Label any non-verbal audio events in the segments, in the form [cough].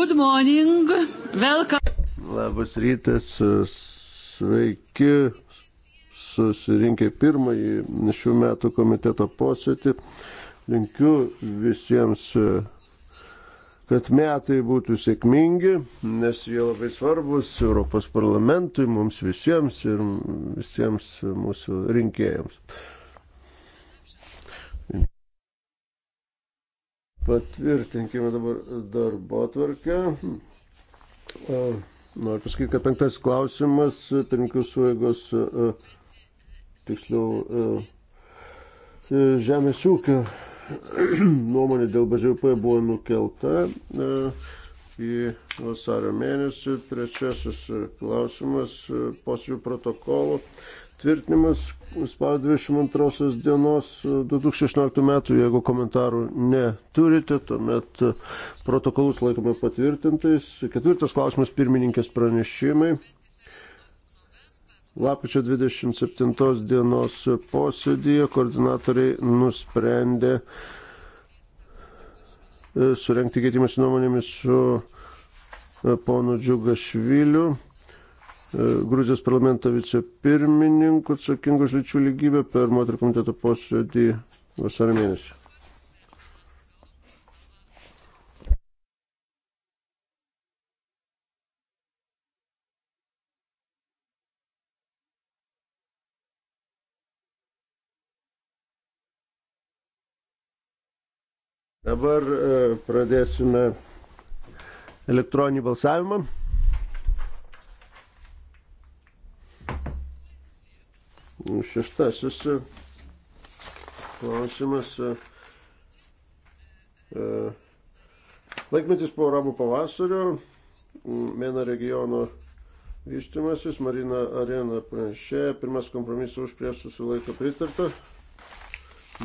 Good morning, welcome. Labas rytas, sveiki susirinkę pirmąjį šių metų komiteto posėdį. Linkiu visiems, kad metai būtų sėkmingi, nes jie labai svarbus Europos parlamentui, mums visiems ir visiems mūsų rinkėjams. Patvirtinkime dabar darbo tvarkę. Noriu pasakyti, kad penktas klausimas, pirmininkų suėgos, tiksliau, žemės ūkio [clears throat] nuomonė dėl BŽP buvo nukelta į vasario mėnesį. Trečiasis klausimas posėdžių protokolo tvirtinimas spalio 22 dienos 2016 e, metų, jeigu komentarų neturite, tuomet e, protokolus laikome patvirtintais. Ketvirtas klausimas pirmininkės pranešimai. Lapkričio 27 dienos posėdėje koordinatoriai nusprendė e, surenkti keitimas nuomonėmis su ponu Džiugašviliu. E, Gruzijos parlamento vicepirmininku atsakingu už lyčių lygybę per moterų komiteto posėdį vasario mėnesį. Dabar e, pradėsime elektroninį balsavimą. Šeštasis e, klausimas. E, e, laikmetis po arabų pavasario, Mena regiono vystimasis, Marina Arena pranešė, pirmas kompromisas už prieš susilaiko pritarta,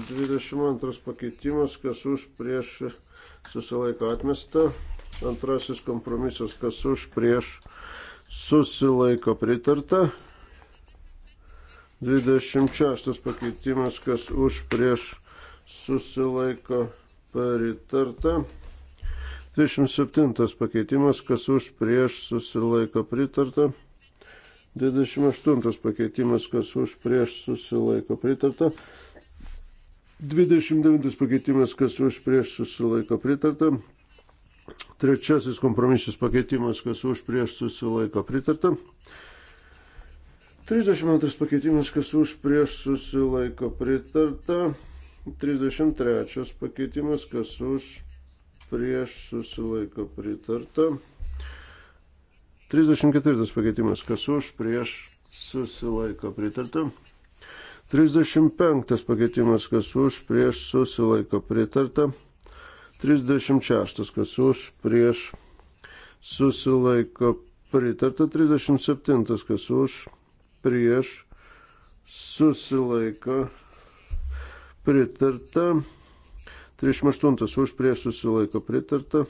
22 pakeitimas, kas už prieš susilaiko atmesta, antrasis kompromisas, kas už prieš susilaiko pritarta. 26 pakeitimas, kas už prieš susilaiko pritarta. 27 pakeitimas, kas už prieš susilaiko pritarta. 28 pakeitimas, kas už prieš susilaiko pritarta. 29 pakeitimas, kas už prieš susilaiko pritarta. Trečiasis kompromisis pakeitimas, kas už prieš susilaiko pritarta. 32 pakeitimas, kas už prieš susilaiko pritarta. 33 pakeitimas, kas už prieš susilaiko pritarta. 34 pakeitimas, kas už prieš susilaiko pritarta. 35 pakeitimas, kas už prieš susilaiko pritarta. 36 kas už prieš susilaiko pritarta. 37 kas už prieš prieš susilaiko pritarta. 38 už prieš susilaiko pritarta.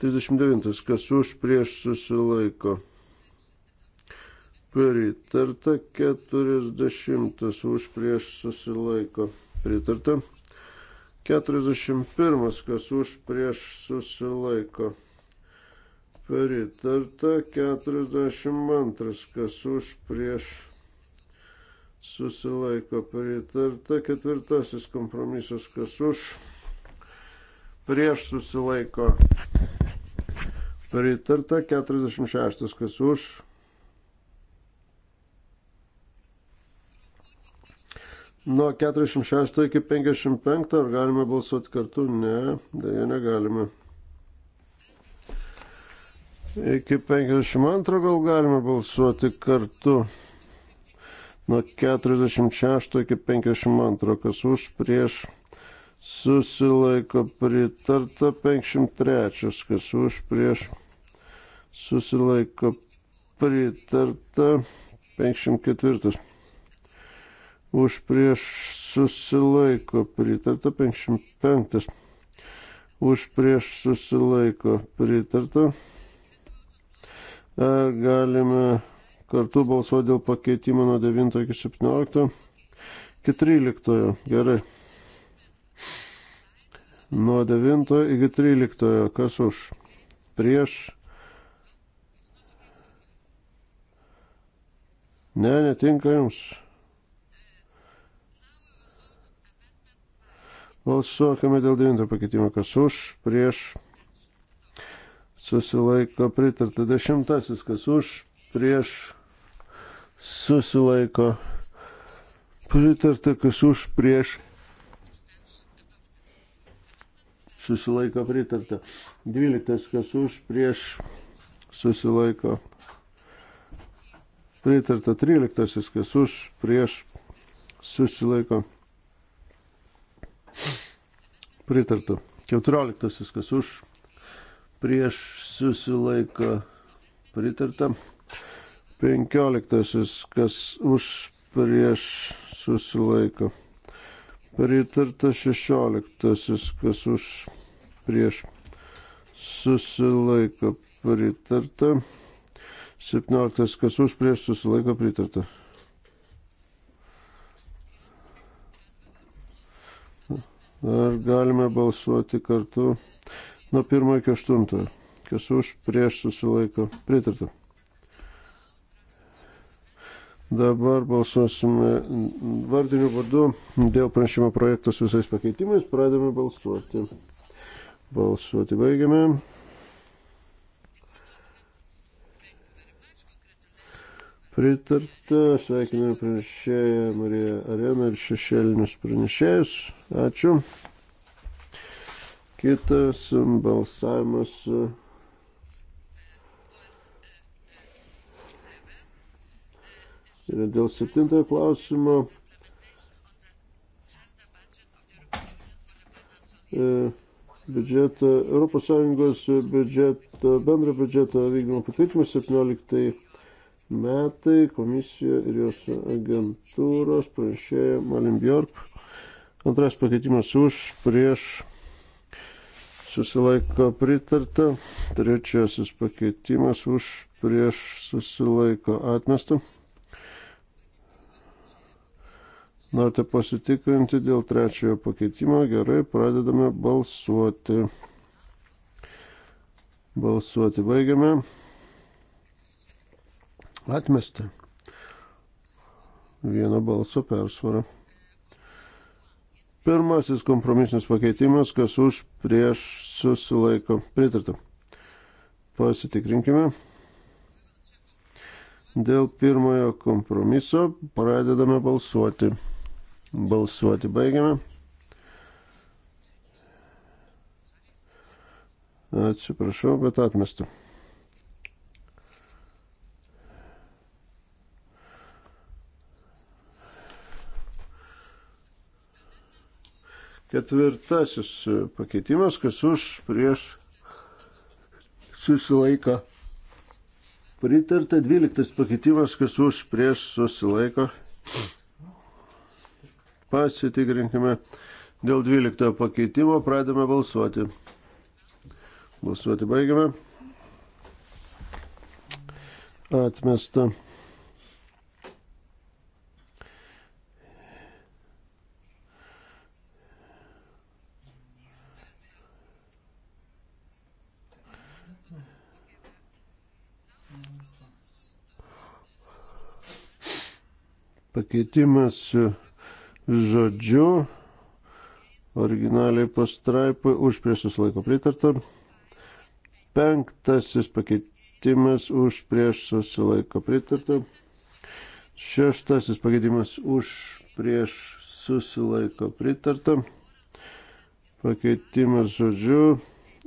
39 kas už prieš susilaiko pritarta. 40 už prieš susilaiko pritarta. 41 kas už prieš susilaiko pritarta pritarta 42, kas už prieš susilaiko pritarta ketvirtasis kompromisas, kas už prieš susilaiko pritarta 46, kas už Nuo 46 iki 55 ar galime balsuoti kartu? Ne, dėja negalime iki 52 gal galime balsuoti kartu. Nuo 46 iki 52, kas už prieš susilaiko pritarta 53, kas už prieš susilaiko pritarta 54. Už prieš susilaiko pritarta 55. Už prieš susilaiko pritarta 55. E, galime kartu balsuoti dėl pakeitimo nuo 9 iki 17. 14. Gerai. Nuo 9 iki 13. Kas už? Prieš. Ne, netinka jums. Balsuokime dėl 9 pakeitimo. Kas už? Prieš susilaiko pritarta. Dešimtasis, kas už, prieš, susilaiko pritarta, kas už, prieš, susilaiko pritarta. Dvyliktas, kas už, prieš, susilaiko pritarta. Tryliktasis, kas už, prieš, susilaiko pritarta. Keturioliktasis, kas už, prieš susilaiko pritarta. 15. Kas už prieš susilaiko. Pritarta 16. Kas už prieš susilaiko. Pritarta. 17. Kas už prieš susilaiko. Pritarta. Ar galime balsuoti kartu? nuo 1 iki 8. Kas už prieš susilaiko pritarta. Dabar balsuosime vardiniu būdu dėl pranešimo projektos visais pakeitimais. Pradėme balsuoti. Balsuoti baigiame. Pritarta, sveikiname pranešėją Mariją Areną ir šešėlinius pranešėjus. Ačiū. Kitas um, balsavimas. Ir uh, dėl septintojo klausimo. Uh, biudžeto, ES biudžeto, bendro biudžeto vykdymo patvirtimas 17 metai, komisija ir jos agentūros pranešėja Malin Bjork. Antras pakeitimas už, prieš susilaiko pritarta, trečiasis pakeitimas už prieš susilaiko atmestą. Norite pasitikrinti dėl trečiojo pakeitimo, gerai, pradedame balsuoti. Balsuoti baigiame. Atmesti. Vieno balso persvarą. Pirmasis kompromisinis pakeitimas, kas už prieš susilaiko. Pritarta. Pasitikrinkime. Dėl pirmojo kompromiso pradedame balsuoti. Balsuoti baigiame. Atsiprašau, bet atmestu. Ketvirtasis pakeitimas, kas už prieš susilaiko. Pritarta dvyliktas pakeitimas, kas už prieš susilaiko. Pasitikrinkime dėl dvyliktojo pakeitimo, pradame balsuoti. Balsuoti baigiame. Atmesta. pakeitimas žodžiu originaliai pastraipai už prieš susilaiko pritarta. Penktasis pakeitimas už prieš susilaiko pritarta. Šeštasis pakeitimas už prieš susilaiko pritarta. Pakeitimas žodžiu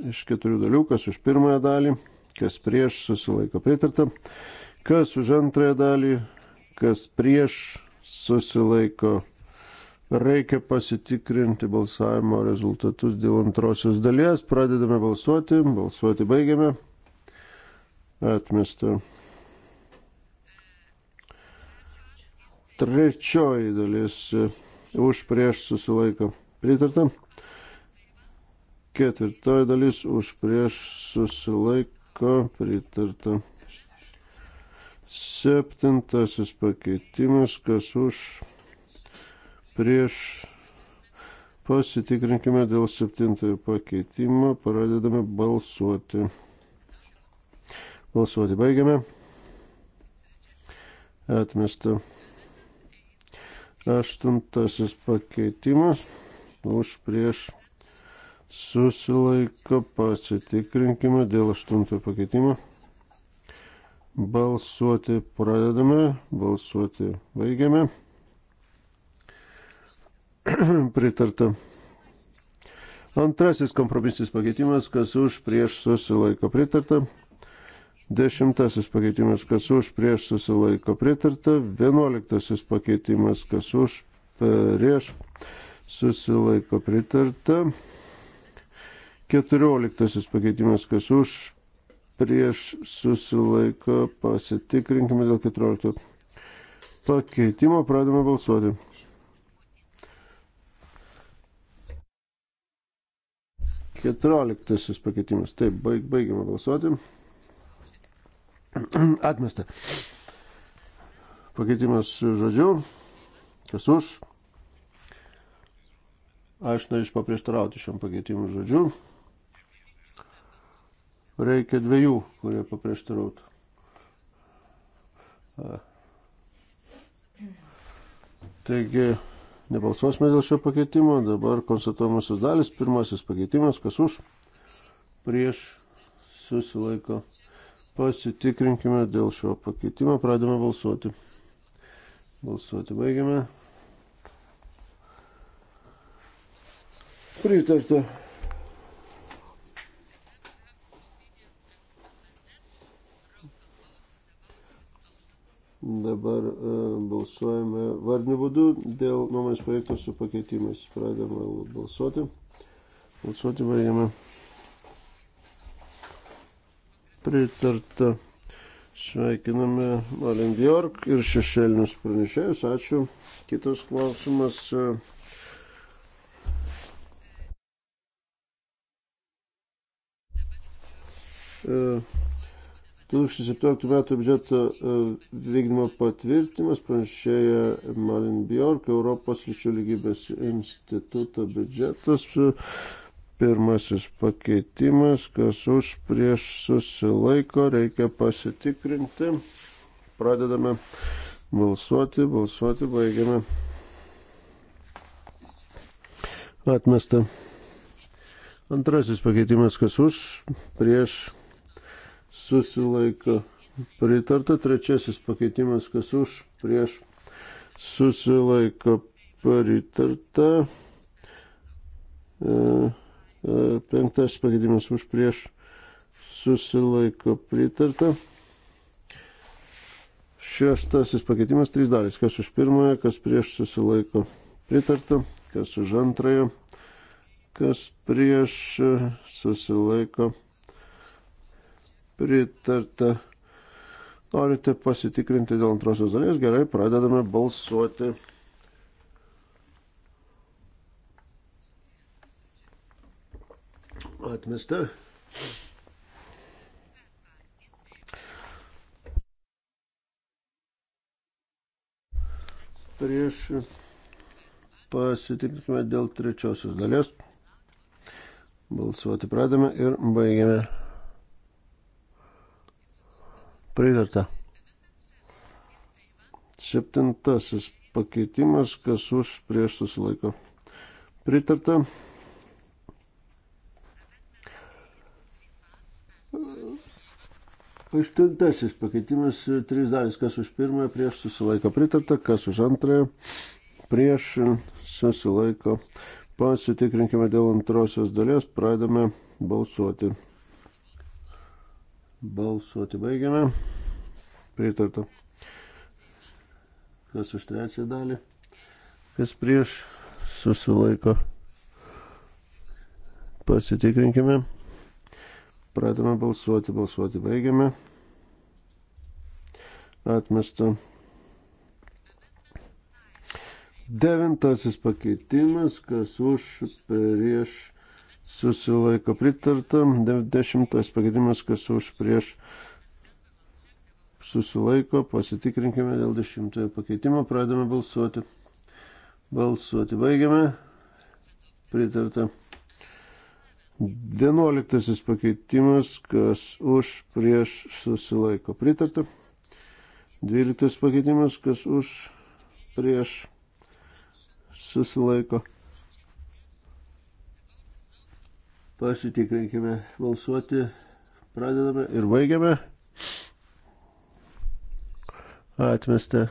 iš keturių dalių, kas už pirmąją dalį, kas prieš susilaiko pritarta, kas už antrąją dalį, kas prieš susilaiko. Reikia pasitikrinti balsavimo rezultatus dėl antrosios dalies. Pradedame balsuoti, balsuoti baigiame. Atmesta. Trečioji dalis už prieš susilaiko. Pritarta. Ketvirtoji dalis už prieš susilaiko. Pritarta. Septintasis pakeitimas, kas už prieš pasitikrinkime dėl septintojo pakeitimo, pradedame balsuoti. Balsuoti baigiame. Atmesta. Aštuntasis pakeitimas už prieš susilaiko pasitikrinkime dėl aštuntojo pakeitimo. Balsuoti pradedame, balsuoti baigiame. [clears throat] Pritarta. Antrasis kompromisinis pakeitimas, kas už prieš susilaiko pritarta. Dešimtasis pakeitimas, kas už prieš susilaiko pritarta. Vienuoliktasis pakeitimas, kas už prieš susilaiko pritarta. Keturioliktasis pakeitimas, kas už prieš susilaiko pasitikrinkime dėl 14 pakeitimo, pradame balsuoti. Keturioliktasis pakeitimas. Taip, baig, baigiame balsuoti. [clears throat] Atmesta. Pakeitimas žodžiu. Kas už? Aš norėčiau paprieštarauti šiam pakeitimui žodžiu. Reikia dviejų, kurie paprieštarautų. Taigi, nebalsuosime dėl šio pakeitimo. Dabar konstatuojamasis dalis, pirmasis pakeitimas, kas už, prieš, susilaiko. Pasitikrinkime dėl šio pakeitimo, pradėme balsuoti. Balsuoti baigiame. Pritarta. Dabar e, balsuojame vardiniu būdu dėl nuomonės projekto su pakeitimais. Pradedame balsuoti. Balsuoti baigiame. Pritarta. Sveikiname Malin Bjork ir šešėlinius pranešėjus. Ačiū. Kitas klausimas. Uh, 2017 metų biudžeto e, vykdymo patvirtinimas pranešėja Malin Bjork, Europos lyčių lygybės instituto biudžetas. Pirmasis pakeitimas, kas už prieš susilaiko, reikia pasitikrinti. Pradedame balsuoti, balsuoti, baigiame. Atmesta. Antrasis pakeitimas, kas už prieš susilaiko pritarta. Trečiasis pakeitimas, kas už, prieš susilaiko pritarta. E, e, Penktas pakeitimas už prieš susilaiko pritarta. Šeštasis pakeitimas trys dalys. Kas už pirmąją, kas prieš susilaiko pritarta, kas už antrąją, kas prieš susilaiko pritarta. Norite pasitikrinti dėl antrosios dalies? Gerai, pradedame balsuoti. Atmesta. Prieš pasitikrinkime dėl trečiosios dalies. Balsuoti pradame ir baigiame pritarta. Septintasis pakeitimas, kas už prieš susilaiko. Pritarta. Aštuntasis pakeitimas, trys dalys, kas už pirmąją prieš susilaiko pritarta, kas už antrąją prieš susilaiko. Pasitikrinkime dėl antrosios dalies, pradame balsuoti. Balsuoti baigiame. Pritarta. Kas už trečią dalį? Kas prieš? Susilaiko. Pasitikrinkime. Pradame balsuoti, balsuoti baigiame. Atmesta. Devintasis pakeitimas, kas už prieš susilaiko pritarta, 90 pakeitimas, kas už prieš susilaiko, pasitikrinkime dėl 10 pakeitimo, pradame balsuoti. Balsuoti baigiame, pritarta. 11 pakeitimas, kas už prieš susilaiko pritarta. 12 pakeitimas, kas už prieš susilaiko pritarta Pasitikrinkime balsuoti. Pradedame ir baigiame. Atmesta.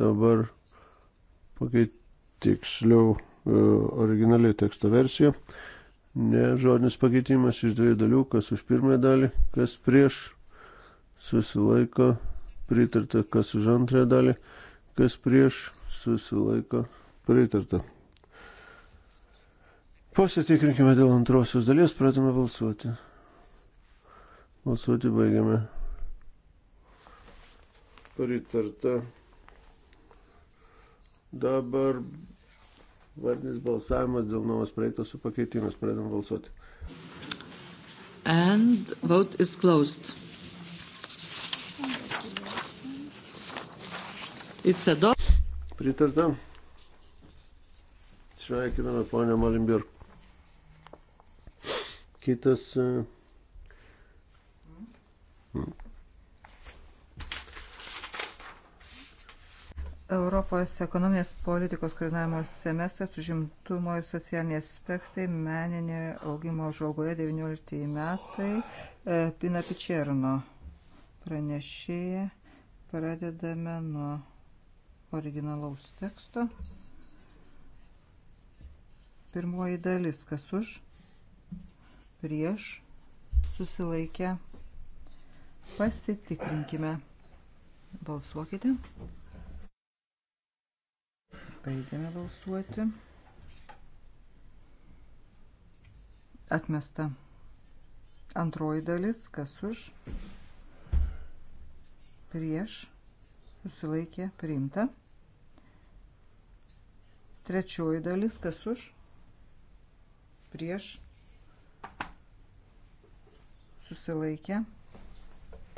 Dabar pakei tiksliau originaliai teksto versija. Ne žodinis pakeitimas iš dviejų dalių, kas už pirmąją dalį, kas prieš susilaiko pritarta, kas už antrąją dalį, kas prieš susilaiko pritarta. Pasitikrinkime dėl antrosios dalies, pradame balsuoti. Balsuoti baigiame. Pritarta. Dabar vardinis balsavimas dėl nuomos projekto su pakeitimas. Pradedam balsuoti. And vote is closed. It's a dog. Pritarta. Sveikiname ponę Malimbir. Kitas. E, Europos ekonominės politikos koordinavimo semestras užimtumo ir socialiniai aspektai meninė augimo žalgoje 19 metai e, Pina Pičerno pranešėja. Pradedame nuo originalaus teksto. Pirmoji dalis, kas už, prieš, susilaikę. Pasitikrinkime. Balsuokite. Baigiame balsuoti. Atmesta. Antroji dalis, kas už, prieš, susilaikė, priimta. Trečioji dalis, kas už, prieš, susilaikę,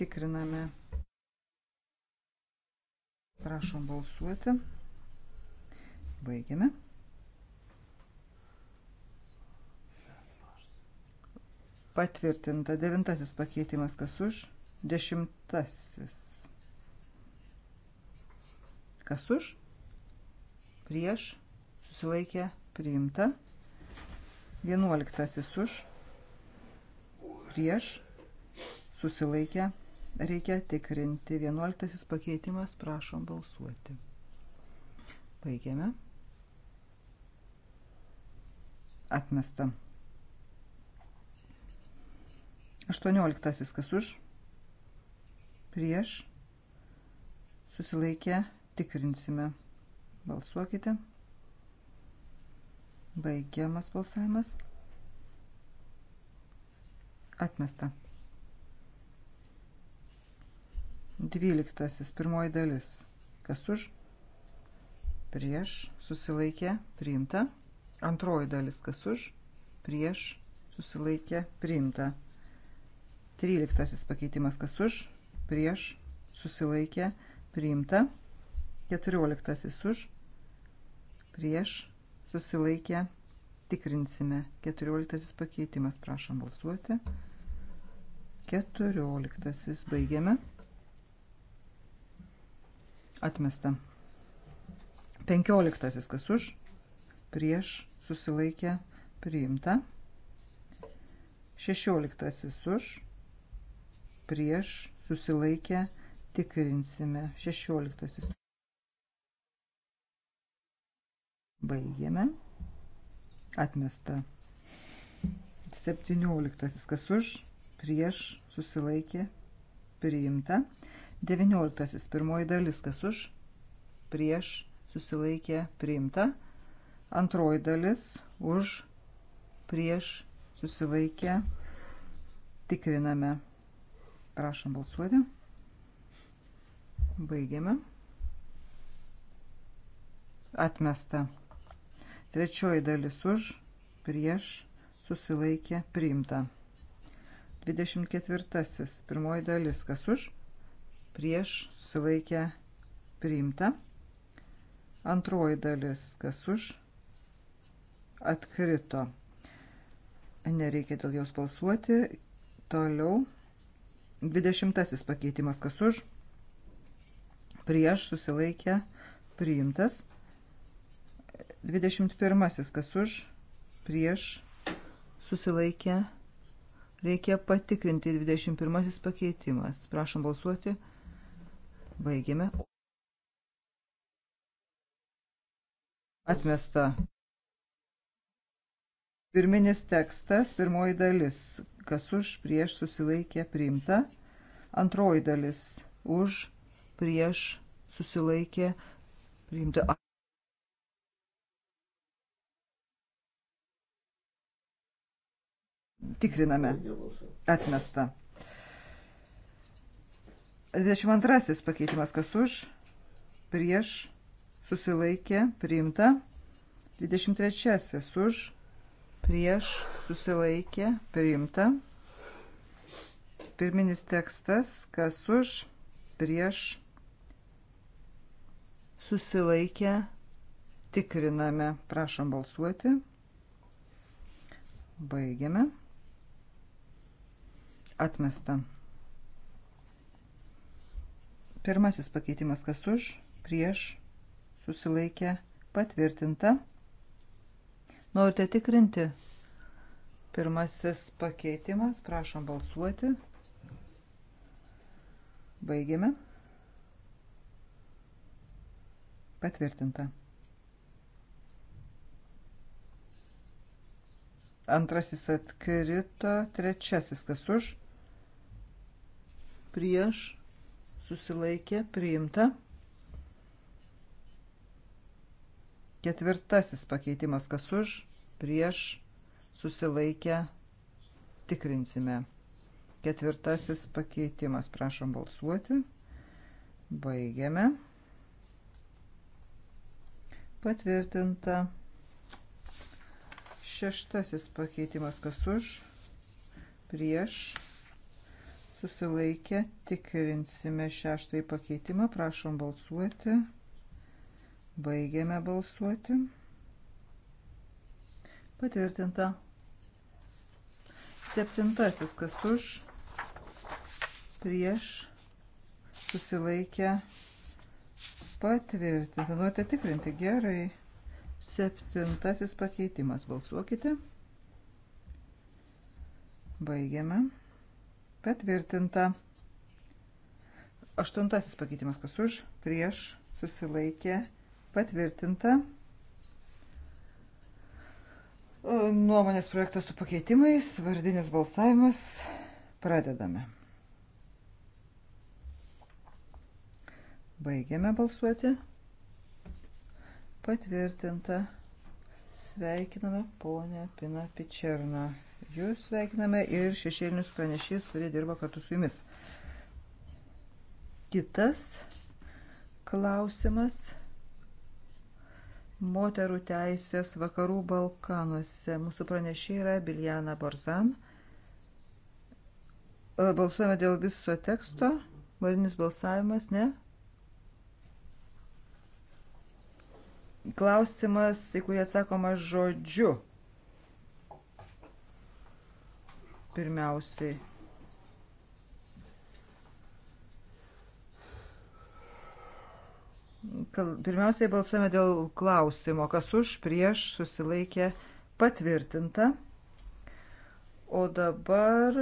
tikriname. Prašom balsuoti. Baigiame. Patvirtinta devintasis pakeitimas, kas už, dešimtasis. Kas už, prieš, prieš susilaikė priimta. Vienuoliktasis už, prieš, susilaikė, reikia tikrinti. Vienuoliktasis pakeitimas, prašom balsuoti. Baigiame. Atmesta. Aštuonioliktasis kas už, prieš, susilaikė, tikrinsime. Balsuokite. Balsuokite. Baigiamas balsavimas. Atmesta. Dvyliktasis, pirmoji dalis. Kas už? Prieš, susilaikė, priimta. Antroji dalis, kas už? Prieš, susilaikė, priimta. Tryliktasis pakeitimas, kas už? Prieš, susilaikė, priimta. Keturioliktasis už, prieš, susilaikė, tikrinsime. 14 pakeitimas, prašom balsuoti. 14 baigiame. Atmesta. 15 kas už, prieš susilaikė, priimta. 16 už, prieš susilaikė, tikrinsime. 16. Baigiame. Atmesta. 17. Kas už, prieš, susilaikė, priimta. 19. Pirmoji dalis. Kas už, prieš, susilaikė, priimta. Antroji dalis. Už, prieš, susilaikė, tikriname. Prašom balsuoti. Baigiame. Atmesta. Trečioji dalis už, prieš, susilaikė, priimta. 24. Pirmoji dalis kas už, prieš, susilaikė, priimta. Antroji dalis kas už, atkrito. Nereikia dėl jos balsuoti. Toliau. 20. pakeitimas kas už, prieš, susilaikė, priimtas. 21. Kas už, prieš, susilaikė. Reikia patikrinti 21. pakeitimas. Prašom balsuoti. Baigėme. Atmesta. Pirminis tekstas, pirmoji dalis. Kas už, prieš, susilaikė, priimta. Antroji dalis. Už, prieš, susilaikė, priimta. Tikriname. Atmesta. 22 pakeitimas kas už, prieš, susilaikė, priimta. 23 už, prieš, susilaikė, priimta. Pirminis tekstas kas už, prieš, susilaikė, tikriname. Prašom balsuoti. Baigiame atmesta. Pirmasis pakeitimas kas už, prieš, susilaikė, patvirtinta. Norite tikrinti? Pirmasis pakeitimas, prašom balsuoti. Baigiame. Patvirtinta. Antrasis atkrito, trečiasis kas už, prieš, susilaikė, priimta. Ketvirtasis pakeitimas, kas už, prieš, susilaikė, tikrinsime. Ketvirtasis pakeitimas, prašom balsuoti. Baigiame. Patvirtinta. Šeštasis pakeitimas, kas už, prieš, susilaikę, tikrinsime šeštąjį pakeitimą, prašom balsuoti, baigiame balsuoti, patvirtinta, septintasis kas už, prieš, susilaikę, patvirtinta, norite tikrinti, gerai, septintasis pakeitimas, balsuokite, baigiame, patvirtinta, Patvirtinta. Aštuntasis pakeitimas kas už, prieš, susilaikė, patvirtinta. E, nuomonės projektas su pakeitimais, vardinis balsavimas, pradedame. Baigiame balsuoti. Patvirtinta. Sveikiname ponę Pina Pičerną. Jūs sveikiname ir šešėlinius pranešėjus, kurie dirba kartu su jumis. Kitas klausimas. Moterų teisės vakarų Balkanuose. Mūsų pranešė yra Biljana Borzan. E, balsuojame dėl viso teksto. Varinis balsavimas, ne? Klausimas, į kurį atsakoma žodžiu pirmiausiai. Pirmiausiai balsuojame dėl klausimo, kas už, prieš, susilaikė, patvirtinta. O dabar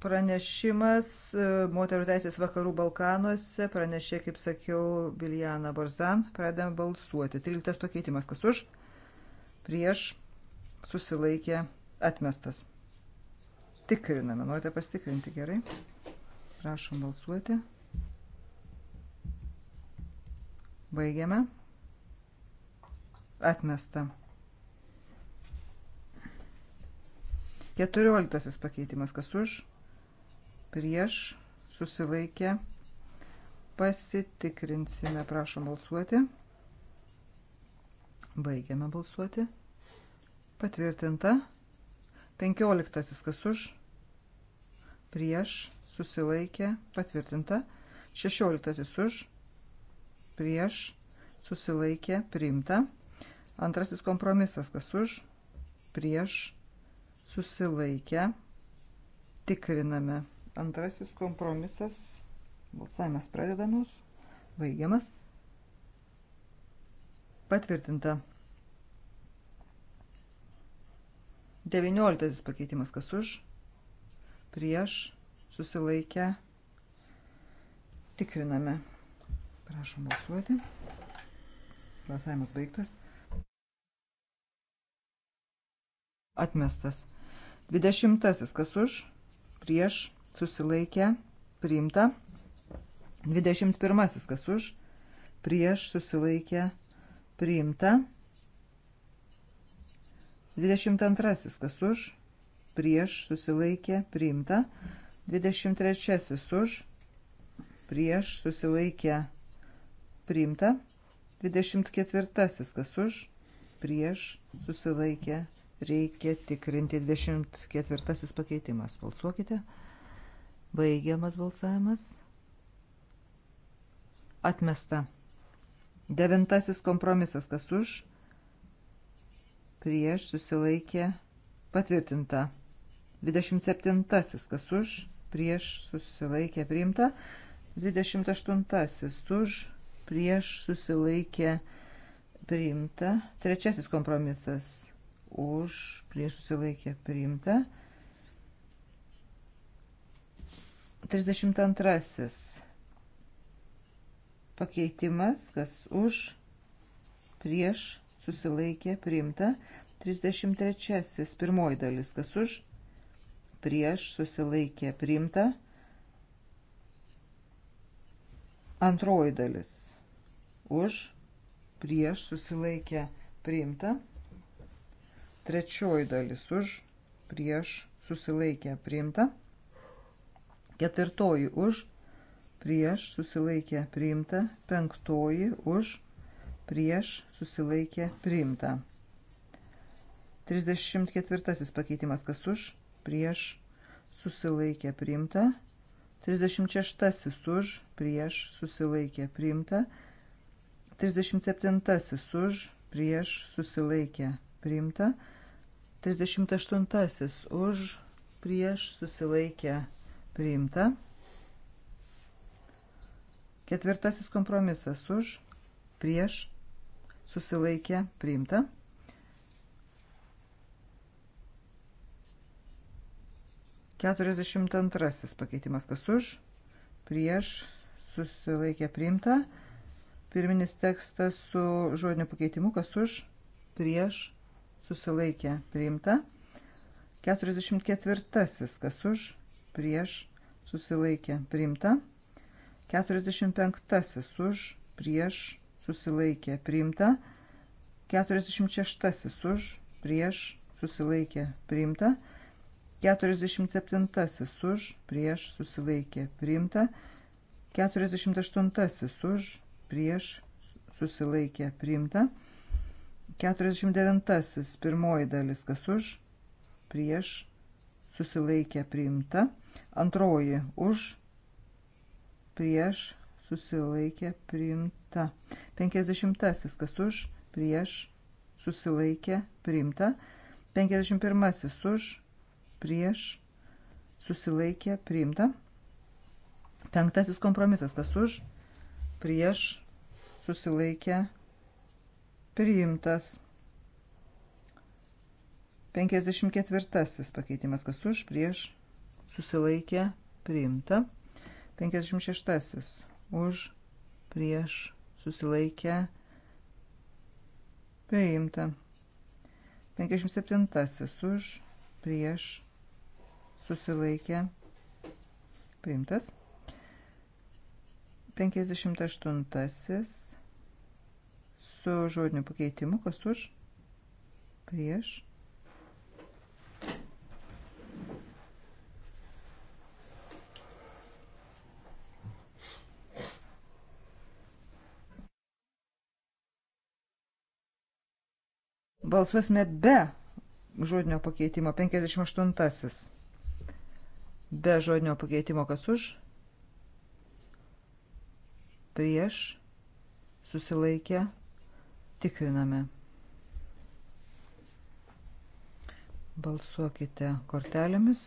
pranešimas e, moterų teisės vakarų Balkanuose, pranešė, kaip sakiau, Biljana Borzan, pradedame balsuoti. 13 pakeitimas, kas už, prieš, susilaikė, atmestas tikriname. Norite pastikrinti gerai? Prašom balsuoti. Baigiame. Atmesta. 14 pakeitimas. Kas už? Prieš. Susilaikė. Pasitikrinsime. Prašom balsuoti. Baigiame balsuoti. Patvirtinta. 15 kas už? prieš, susilaikė, patvirtinta. 16 už, prieš, susilaikė, priimta. Antrasis kompromisas, kas už, prieš, susilaikė, tikriname. Antrasis kompromisas, balsavimas pradedamas, baigiamas. Patvirtinta. 19 pakeitimas kas už, prieš, susilaikę, tikriname. Prašom balsuoti. Balsavimas baigtas. Atmestas. Dvidešimtasis, kas už, prieš, susilaikę, priimta. Dvidešimt pirmasis, kas už, prieš, susilaikę, priimta. Dvidešimt antrasis, kas už, prieš prieš susilaikė priimta. 23 už prieš susilaikė priimta. 24 kas už prieš susilaikė reikia tikrinti. 24 pakeitimas. Balsuokite. Baigiamas balsavimas. Atmesta. Devintasis kompromisas kas už prieš susilaikė patvirtinta. 27. Kas už, prieš susilaikė priimta. 28. Už, prieš susilaikė priimta. Trečiasis kompromisas. Už, prieš susilaikė priimta. 32. Pakeitimas, kas už, prieš, susilaikė, priimta. 33. Pirmoji dalis, kas už, prieš susilaikė priimta. Antroji dalis už prieš susilaikė priimta. Trečioji dalis už prieš susilaikė priimta. Ketvirtoji už prieš susilaikė priimta. Penktoji už prieš susilaikė priimta. 34 pakeitimas kas už prieš susilaikė priimta. 36 už prieš susilaikė priimta. 37 už prieš susilaikė priimta. 38 už prieš susilaikė priimta. Ketvirtasis kompromisas už prieš susilaikė priimta. 42 pakeitimas kas už, prieš susilaikė priimta. Pirminis tekstas su žodiniu pakeitimu kas už, prieš susilaikė priimta. 44 kas už, prieš susilaikė priimta. 45 už, prieš susilaikė priimta. 46 už, prieš susilaikė priimta. 47 už, prieš susilaikė priimta, 48 už, prieš susilaikė priimta, 49 pirmoji dalis kas už, prieš susilaikė priimta, antroji už, prieš susilaikė priimta, 50 kas už, prieš susilaikė priimta, 51 už, prieš susilaikė priimta. Penktasis kompromisas, kas už, prieš susilaikė priimtas. 54 pakeitimas, kas už, prieš susilaikė priimta. 56 už, prieš susilaikė priimta. 57 už, prieš susilaikė priimta susilaikė paimtas. 58 su žodiniu pakeitimu, kas už, prieš. Balsuosime be žodinio pakeitimo 58 be žodinio pakeitimo kas už, prieš, susilaikę, tikriname. Balsuokite kortelėmis,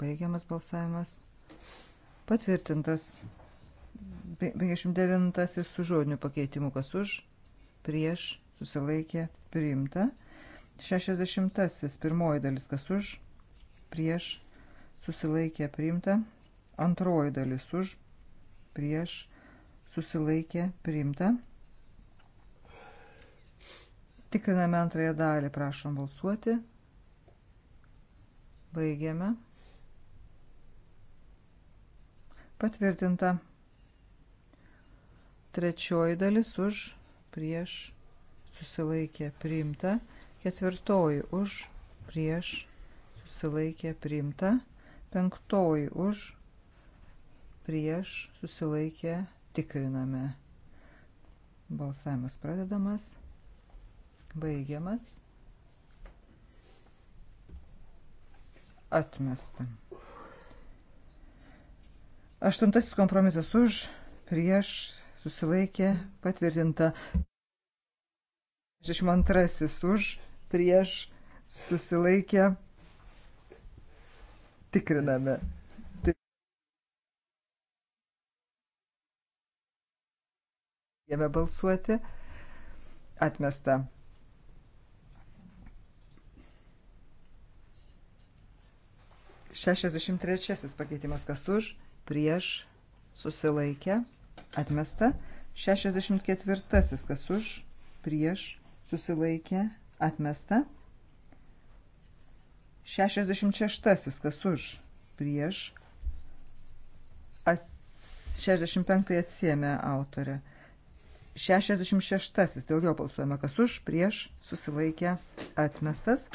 baigiamas balsavimas, patvirtintas 59 su žodiniu pakeitimu kas už, prieš, susilaikė, priimta, 60 pirmoji dalis kas už, prieš, susilaikė priimta, antroji dalis už, prieš, susilaikė priimta. Tikriname antrąją dalį, prašom balsuoti. Baigiame. Patvirtinta. Trečioji dalis už, prieš, susilaikė priimta. Ketvirtoji už, prieš, susilaikė priimta. Penktoji už, prieš, susilaikė, tikriname. Balsavimas pradedamas, baigiamas, atmesta. Aštuntasis kompromisas už, prieš, susilaikė, patvirtinta. 62 už, prieš, susilaikė, patvirtinta tikriname. Jame tai balsuoti. Atmesta. Šešiasdešimt trečiasis pakeitimas kas už, prieš, susilaikę, atmesta. Šešiasdešimt ketvirtasis kas už, prieš, susilaikę, atmesta. 66 kas už prieš. At, 65 atsiemė autorė. 66 dėl jo balsuojame kas už prieš susilaikė atmestas.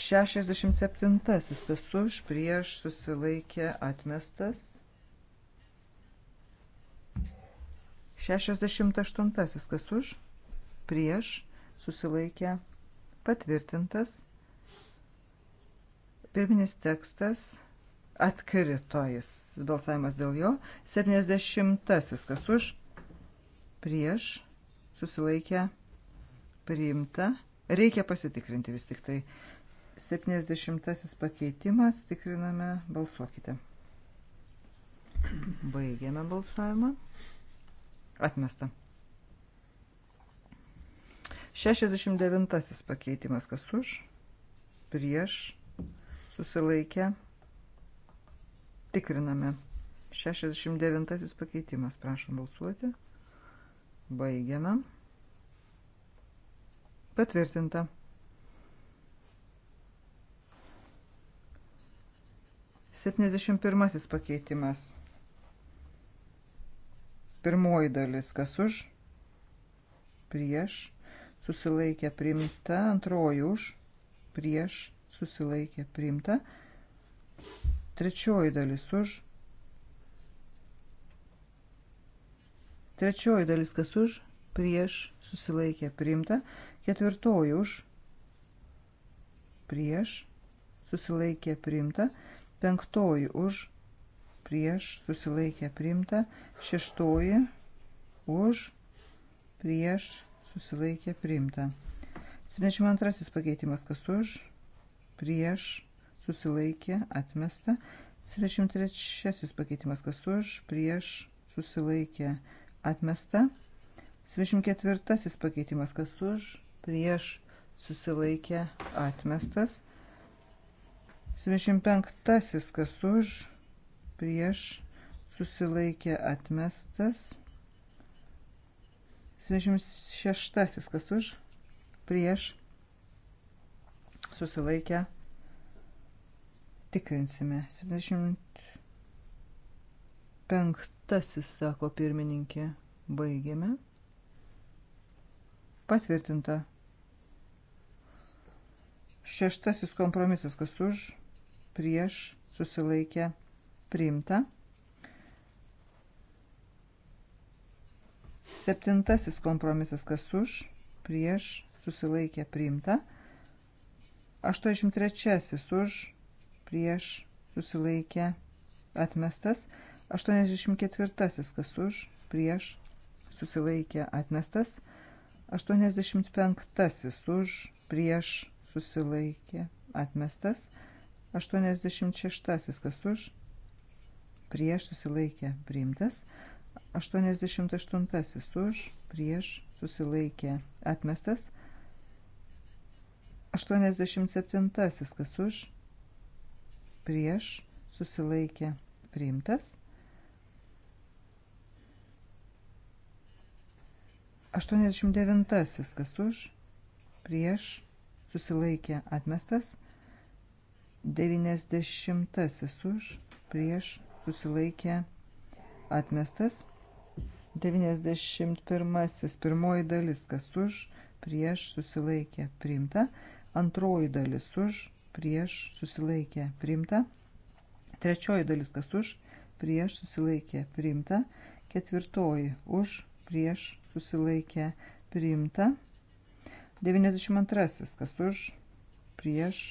67 kas už prieš susilaikė atmestas. 68 kas už prieš susilaikė patvirtintas. Pirminis tekstas atkrito jis. Balsavimas dėl jo. 70. Kas už? Prieš. Susilaikę. Priimta. Reikia pasitikrinti vis tik tai. 70 pakeitimas, tikriname, balsuokite. Baigiame balsavimą. Atmesta. 69 pakeitimas, kas už, prieš, susilaikę. Tikriname. 69 pakeitimas. Prašom balsuoti. Baigiame. Patvirtinta. Septyniasdešimt pirmasis pakeitimas. Pirmoji dalis. Kas už? Prieš. Susilaikė primta. Antroji už. Prieš susilaikė priimta. Trečioji dalis už. Trečioji dalis kas už, prieš susilaikė priimta. Ketvirtoji už, prieš susilaikė priimta. Penktoji už, prieš susilaikė priimta. Šeštoji už, prieš susilaikė priimta. 72 pakeitimas kas už, prieš susilaikė atmesta. 73 pakeitimas kas už, prieš susilaikė atmesta. 74 pakeitimas kas už, prieš susilaikė atmestas. 75 kas už, prieš susilaikė atmestas. 76 kas už, prieš susilaikę. Tikrinsime. 75, sako pirmininkė. Baigėme. Patvirtinta. Šeštasis kompromisas, kas už, prieš, susilaikę, priimta. Septintasis kompromisas, kas už, prieš, susilaikė, priimta. 83 už, prieš, susilaikė, atmestas. 84 kas už, prieš, susilaikė, atmestas. 85 už, prieš, susilaikė, atmestas. 86 kas už, prieš, susilaikė, priimtas. 88 už, prieš, susilaikė, atmestas. 87. Kas už? Prieš susilaikė priimtas. 89. Kas už? Prieš susilaikė atmestas. 90. Už prieš susilaikė atmestas. 91. Pirmoji dalis. Kas už? Prieš susilaikė priimta. Antroji dalis už, prieš, susilaikė, priimta. Trečioji dalis kas už, prieš, susilaikė, priimta. Ketvirtoji už, prieš, susilaikė, priimta. 92 kas už, prieš,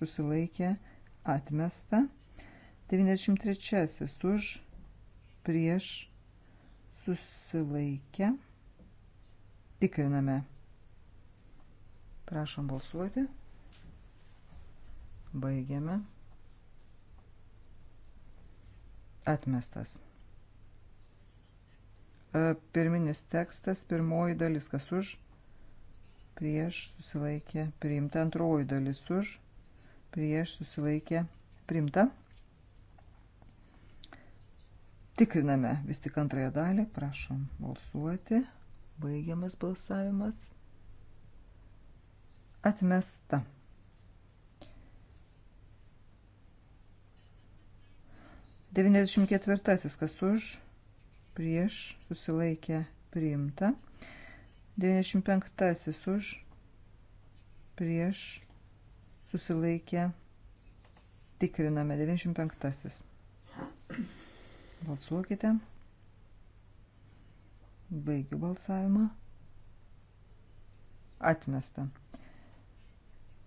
susilaikė, atmesta. 93 už, prieš, susilaikė, tikriname. Prašom balsuoti. Baigiame. Atmestas. E, pirminis tekstas, pirmoji dalis, kas už, prieš susilaikė, priimta, antroji dalis už, prieš susilaikė, priimta. Tikriname vis tik antrąją dalį, prašom balsuoti, baigiamas balsavimas atmesta. Devyniasdešimt ketvirtasis, kas už, prieš, susilaikė, priimta. Devyniasdešimt penktasis už, prieš, susilaikė, tikriname. Devyniasdešimt penktasis. Balsuokite. Baigiu balsavimą. Atmesta.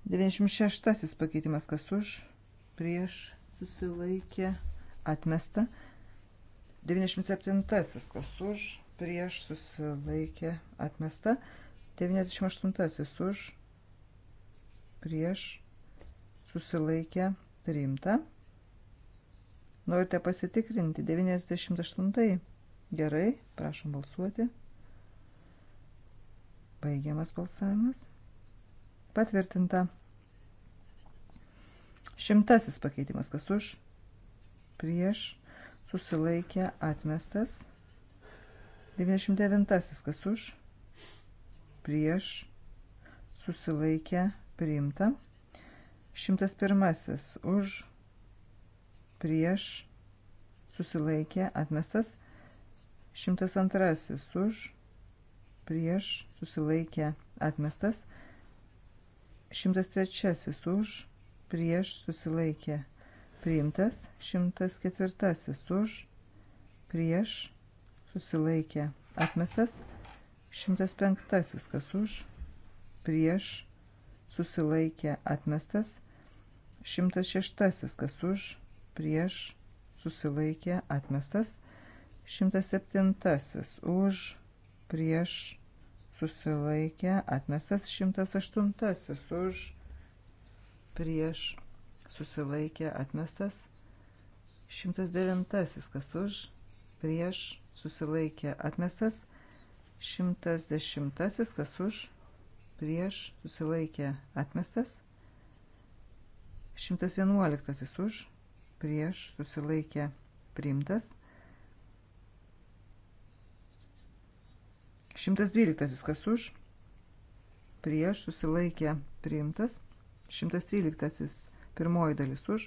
96 pakeitimas kas už, prieš susilaikė atmesta. 97 kas už, prieš susilaikė atmesta. 98 už, prieš susilaikė priimta. Norite pasitikrinti 98. Gerai, prašom balsuoti. Baigiamas balsavimas. Patvirtinta. Šimtasis pakeitimas. Kas už? Prieš. Susilaikė. Atmestas. 99. Kas už? Prieš. Susilaikė. Priimta. 101. Už. Prieš. Susilaikė. Atmestas. 102. Už. Prieš. Susilaikė. Atmestas. 103 už, prieš susilaikė priimtas, 104 už, prieš susilaikė atmestas, 105 kas už, prieš susilaikė atmestas, 106 kas už, prieš susilaikė atmestas, 107 už, prieš susilaikė, atmestas 108 už, prieš susilaikė, atmestas 109 kas už, prieš susilaikė, atmestas 110 kas už, prieš susilaikė, atmestas 111 už, prieš susilaikė, priimtas 112 112 kas už, prieš susilaikė priimtas. 113 pirmoji dalis už,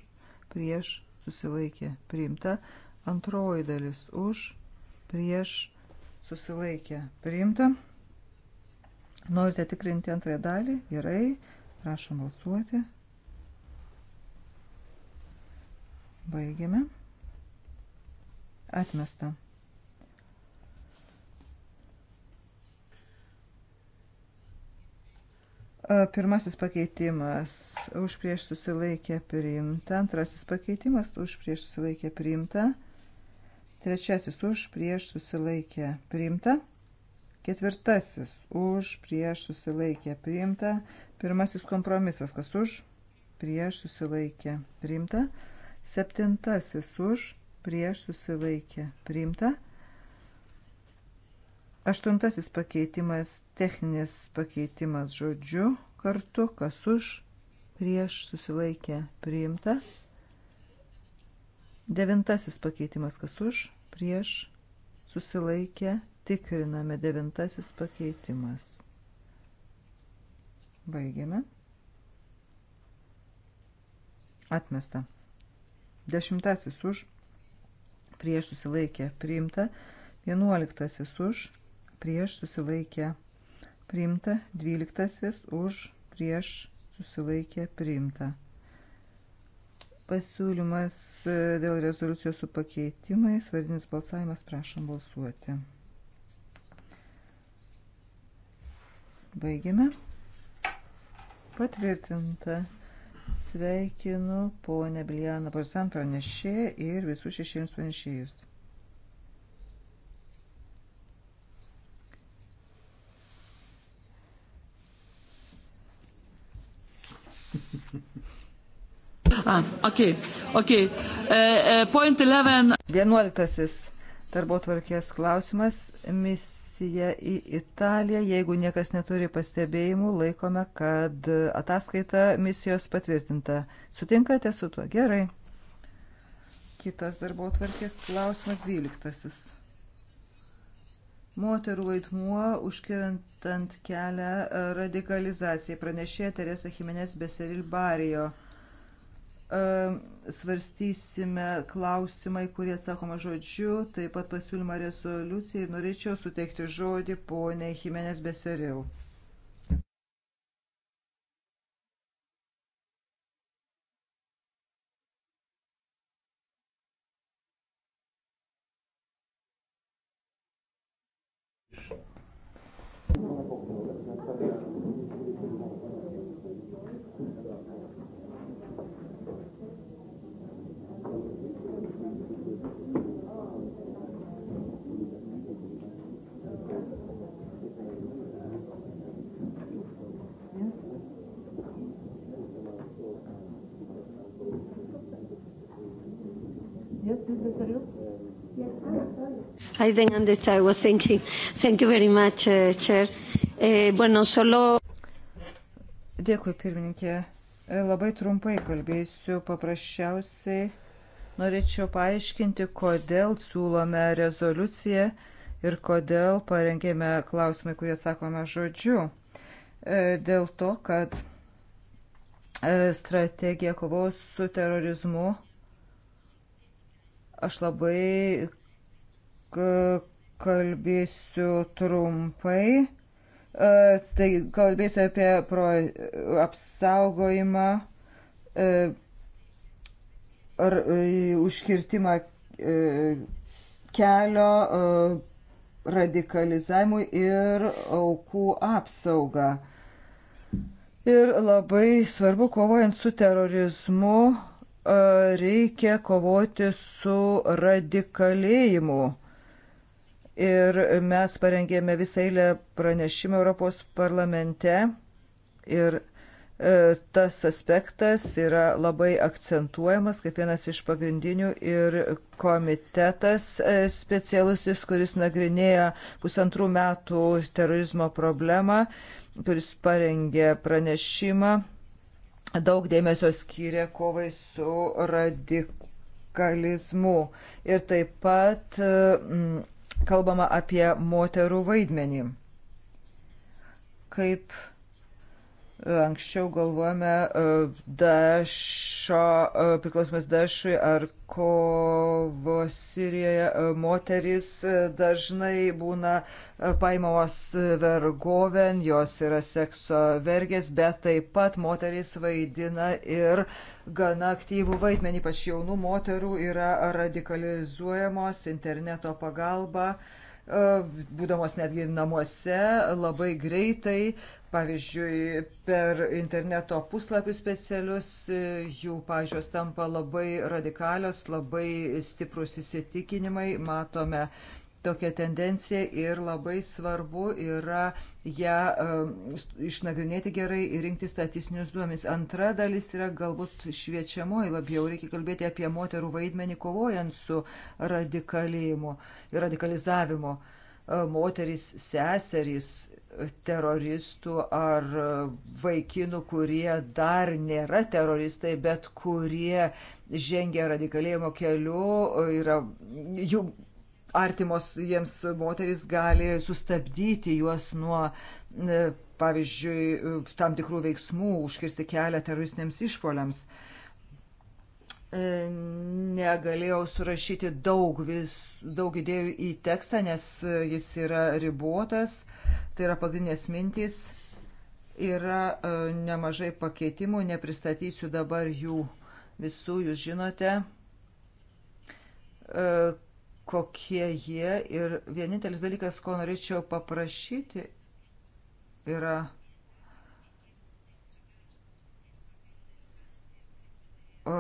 prieš susilaikė priimta. Antroji dalis už, prieš susilaikė priimta. Norite tikrinti antrąją dalį? Gerai. Prašom balsuoti. Baigiame. Atmesta. Pirmasis pakeitimas už prieš susilaikę priimta. Antrasis pakeitimas už prieš susilaikę priimta. Trečiasis už prieš susilaikę priimta. Ketvirtasis už prieš susilaikę priimta. Pirmasis kompromisas kas už prieš susilaikę priimta. Septintasis už prieš susilaikę priimta. Aštuntasis pakeitimas, techninis pakeitimas žodžiu, kartu, kas už, prieš, susilaikė, priimta. Devintasis pakeitimas, kas už, prieš, susilaikė, tikriname devintasis pakeitimas. Baigiame. Atmesta. Dešimtasis už, prieš susilaikė, priimta. Vienuoliktasis už, prieš prieš susilaikę priimta, 12 už prieš susilaikę priimta. Pasiūlymas e, dėl rezoliucijos su pakeitimais, vardinis balsavimas, prašom balsuoti. Baigiame. Patvirtinta. Sveikinu ponę Bilianą Borsan pranešėją ir visus šešėlius pranešėjus. A, ok, ok. Uh, point 11. Vienuoliktasis darbo tvarkės klausimas. Misija į Italiją. Jeigu niekas neturi pastebėjimų, laikome, kad ataskaita misijos patvirtinta. Sutinkate su tuo? Gerai. Kitas darbo tvarkės klausimas. Dvyliktasis. Moterų vaidmuo užkirantant kelią radikalizacijai pranešė Teresa Jimenez Beseril Barijo svarstysime klausimai, kurie atsakoma žodžiu, taip pat pasiūlymą rezoliucijai. Norėčiau suteikti žodį poniai Jimenez Beseril. I didn't understand. I was thinking. Thank you very much, uh, Chair. Eh, bueno, solo... Dėkui, pirmininkė. E, labai trumpai kalbėsiu. Paprasčiausiai norėčiau paaiškinti, kodėl siūlome rezoliuciją ir kodėl parengėme klausimai, kurie sakome žodžiu. E, dėl to, kad e, strategija kovos su terorizmu aš labai E, kalbėsiu trumpai. E, tai kalbėsiu apie pro, apsaugojimą e, ar užkirtimą kelio radikalizavimui ir aukų apsaugą. Ir labai svarbu, kovojant su terorizmu, reikia kovoti su radikalėjimu ir mes parengėme visą eilę pranešimą Europos parlamente ir e, tas aspektas yra labai akcentuojamas kaip vienas iš pagrindinių ir komitetas e, specialusis, kuris nagrinėja pusantrų metų terorizmo problemą, kuris parengė pranešimą, daug dėmesio skyrė kovai su radikalizmu ir taip pat mm, kalbama apie moterų vaidmenį. Kaip Anksčiau galvojame e, Dašo, e, priklausomas Dašui ar kovo Sirijoje, e, moteris dažnai būna paimamos vergoven, jos yra sekso vergės, bet taip pat moteris vaidina ir gana aktyvų vaidmenį, ypač jaunų moterų yra radikalizuojamos interneto pagalba būdamos netgi namuose, labai greitai Pavyzdžiui, per interneto puslapius specialius e, jų pažiūros tampa labai radikalios, labai stiprus įsitikinimai, matome tokią tendenciją ir labai svarbu yra ją e, išnagrinėti gerai ir rinkti statistinius duomenys. Antra dalis yra galbūt šviečiamoji labiau, reikia kalbėti apie moterų vaidmenį kovojant su radikalėjimu ir radikalizavimu. E, moterys, seserys teroristų ar vaikinų, kurie dar nėra teroristai, bet kurie žengia radikalėjimo keliu, yra, jų artimos jiems moteris gali sustabdyti juos nuo, e, pavyzdžiui, e, tam tikrų veiksmų, užkirsti kelią teroristiniams išpoliams. E, negalėjau surašyti daug, vis, daug idėjų į tekstą, nes jis yra ribotas. Uh, tai yra pagrindinės mintys. Yra e, nemažai pakeitimų, nepristatysiu dabar jų visų, jūs žinote, e, kokie jie. Ir vienintelis dalykas, ko norėčiau paprašyti, yra e,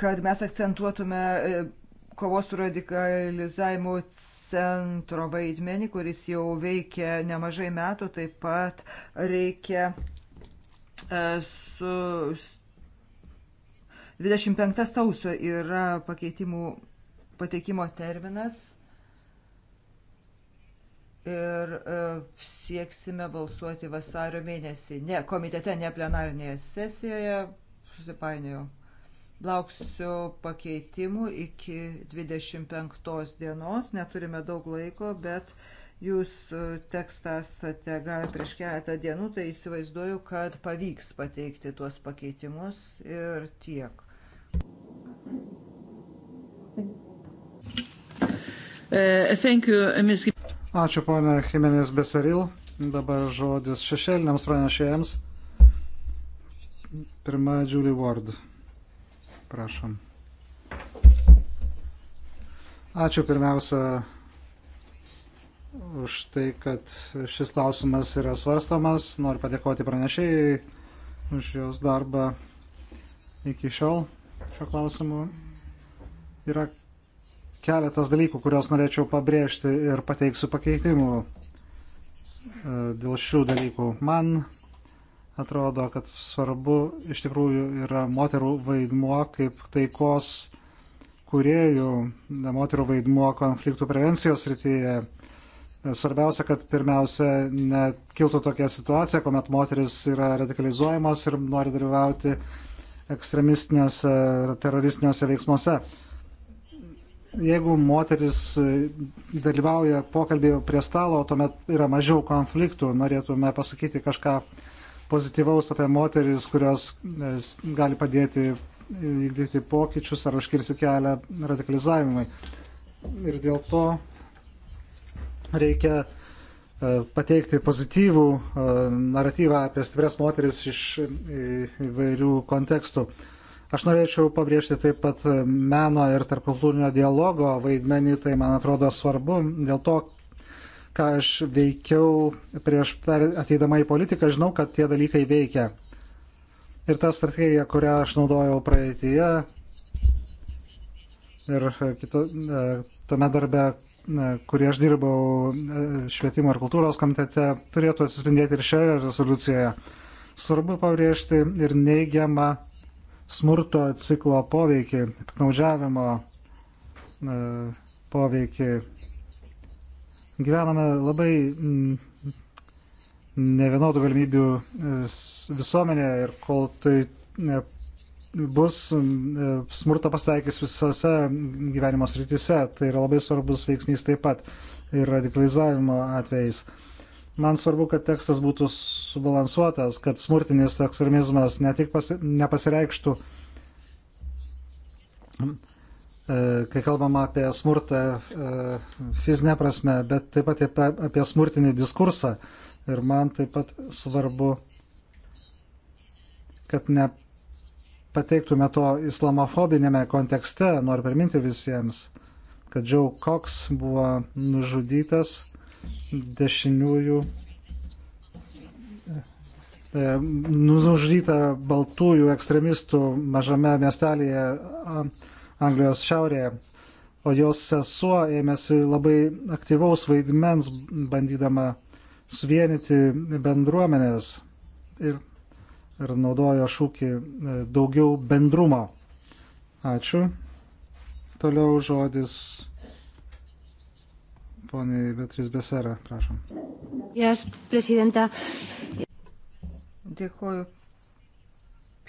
kad mes akcentuotume kovos su radikalizavimu centro vaidmenį, kuris jau veikia nemažai metų, taip pat reikia e, su 25 sausio yra pakeitimų pateikimo terminas ir e, sieksime balsuoti vasario mėnesį. Ne, komitete, ne plenarinėje sesijoje, susipainiojau. Lauksiu pakeitimų iki 25 dienos, neturime daug laiko, bet jūs e, tekstą esate gavę prieš keletą dienų, tai įsivaizduoju, kad pavyks pateikti tuos pakeitimus ir tiek. Uh, uh, Ačiū ponia Jimenez Besaril. Dabar žodis šešėliniams pranešėjams. Pirma, Julie Ward. Prašom. Ačiū pirmiausia už tai, kad šis klausimas yra svarstomas. Noriu padėkoti pranešėjai už jos darbą iki šiol šio klausimu. Yra keletas dalykų, kuriuos norėčiau pabrėžti ir pateiksiu pakeitimų e, dėl šių dalykų. Man atrodo, kad svarbu iš tikrųjų yra moterų vaidmuo kaip taikos kuriejų, moterų vaidmuo konfliktų prevencijos rytyje. Svarbiausia, kad pirmiausia nekiltų tokia situacija, kuomet moteris yra radikalizuojamos ir nori dalyvauti ekstremistinėse ar teroristinėse veiksmuose. Jeigu moteris dalyvauja pokalbį prie stalo, tuomet yra mažiau konfliktų. Norėtume pasakyti kažką pozityvaus apie moteris, kurios e, gali padėti e, vykdyti pokyčius ar užkirsti kelią radikalizavimui. Ir dėl to reikia e, pateikti pozityvų naratyvą apie stiprias moteris iš įvairių kontekstų. Aš norėčiau pabrėžti taip pat meno ir tarpkultūrinio dialogo vaidmenį, tai man atrodo svarbu dėl to, ką aš veikiau prieš ateidama į politiką, žinau, kad tie dalykai veikia. Ir ta strategija, kurią aš naudojau praeitie ir e, kito, e, tame darbe, e, kurį aš dirbau švietimo ir kultūros komitete, turėtų atsispindėti ir šioje rezoliucijoje. Svarbu pabrėžti ir neigiamą smurto ciklo poveikį, piknaudžiavimo poveikį Gyvename labai mm, nevienodų galimybių e, visuomenėje ir kol tai e, bus, e, smurto pasitaikys visose gyvenimo srityse. Tai yra labai svarbus veiksnys taip pat ir radikalizavimo atvejais. Man svarbu, kad tekstas būtų subalansuotas, kad smurtinis ekstremizmas ne tik pasi, nepasireikštų E, kai kalbam apie smurtą e, fizinę prasme, bet taip pat apie smurtinį diskursą. Ir man taip pat svarbu, kad ne pateiktume to islamofobinėme kontekste, noriu priminti visiems, kad Joe Cox buvo nužudytas dešiniųjų, e, nužudyta baltųjų ekstremistų mažame miestelėje Anglijos šiaurėje. O jos sesuo ėmėsi labai aktyvaus vaidmens, bandydama suvienyti bendruomenės ir, ir naudojo šūkį e, daugiau bendrumo. Ačiū. Toliau žodis poniai Beatriz Besera, prašom. Yes, prezidenta. Dėkuoju,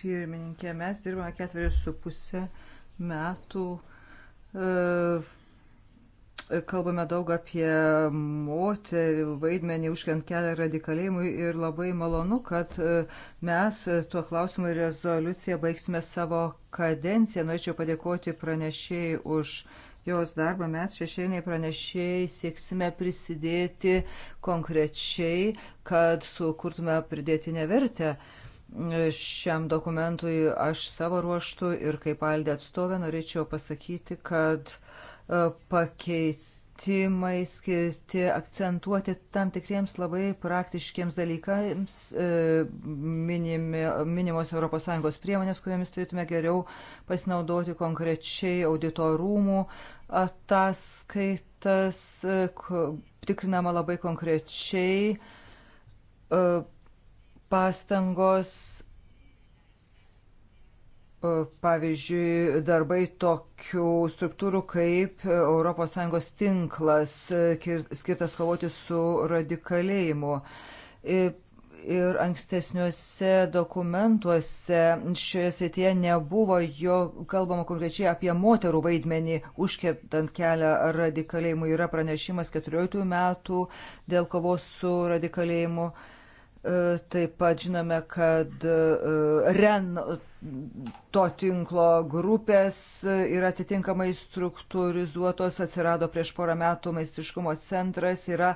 pirmininkė. Mes dirbame ketverius su pusę metų e, kalbame daug apie moterį vaidmenį užkent kelią radikalėjimui ir labai malonu, kad e, mes tuo klausimu ir rezoliuciją baigsime savo kadenciją. Norėčiau padėkoti pranešėjai už jos darbą. Mes šešėliniai pranešėjai sieksime prisidėti konkrečiai, kad sukurtume pridėtinę vertę. Uh, šiam dokumentui aš savo ruoštų ir kaip Aldė atstovė norėčiau pasakyti, kad e, pakeitimai skirti akcentuoti tam tikriems labai praktiškiems dalykams e, minimi, minimos ES priemonės, kuriomis turėtume geriau pasinaudoti konkrečiai auditorumų ataskaitas, e, tikrinama labai konkrečiai pastangos, pavyzdžiui, darbai tokių struktūrų kaip ES tinklas, skirtas kovoti su radikalėjimu. Ir ankstesniuose dokumentuose šioje srityje nebuvo jo kalbama konkrečiai apie moterų vaidmenį, užkertant kelią radikalėjimu. Yra pranešimas 14 metų dėl kovos su radikalėjimu. Uh, E, taip pat žinome, kad e, REN to tinklo grupės yra atitinkamai struktūrizuotos, atsirado prieš porą metų maistiškumo centras, yra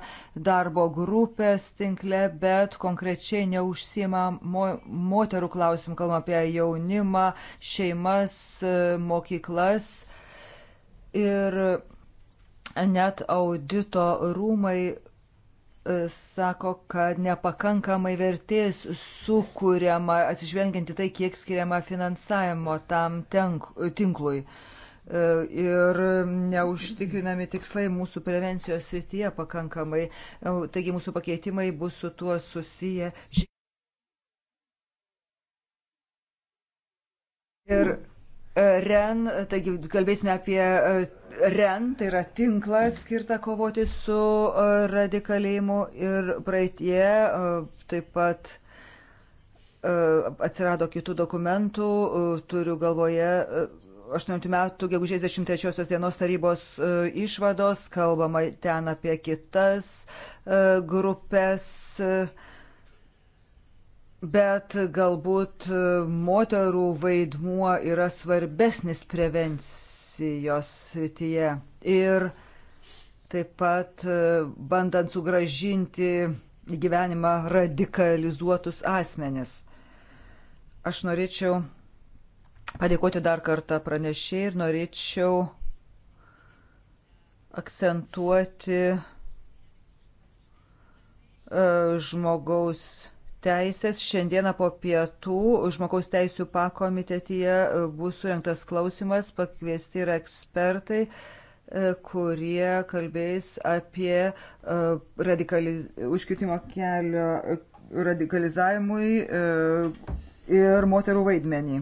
darbo grupės tinkle, bet konkrečiai neužsima mo moterų klausimų, kalbam apie jaunimą, šeimas, e, mokyklas. Ir net audito rūmai sako, kad nepakankamai vertės sukūriama, atsižvelgianti tai, kiek skiriama finansavimo tam tenk, tinklui. E, ir neužtikrinami tikslai mūsų prevencijos srityje pakankamai. E, taigi mūsų pakeitimai bus su tuo susiję. Ir REN, taigi kalbėsime apie e, REN, tai yra tinklą skirtą kovoti su e, radikalėjimu ir praeitie e, taip pat atsirado kitų dokumentų, turiu galvoje 18 metų gegužės 23 dienos tarybos išvados, kalbama ten apie kitas grupės Bet galbūt e, moterų vaidmuo yra svarbesnis prevencijos srityje. Ir taip pat e, bandant sugražinti į gyvenimą radikalizuotus asmenis. Aš norėčiau padėkoti dar kartą pranešėjai ir norėčiau akcentuoti e, žmogaus teisės. Šiandieną po pietų žmogaus teisų pakomitetyje e, bus surinktas klausimas, pakviesti yra ekspertai e, kurie kalbės apie e, radikaliz... užkirtimo kelio radikalizavimui ir moterų vaidmenį.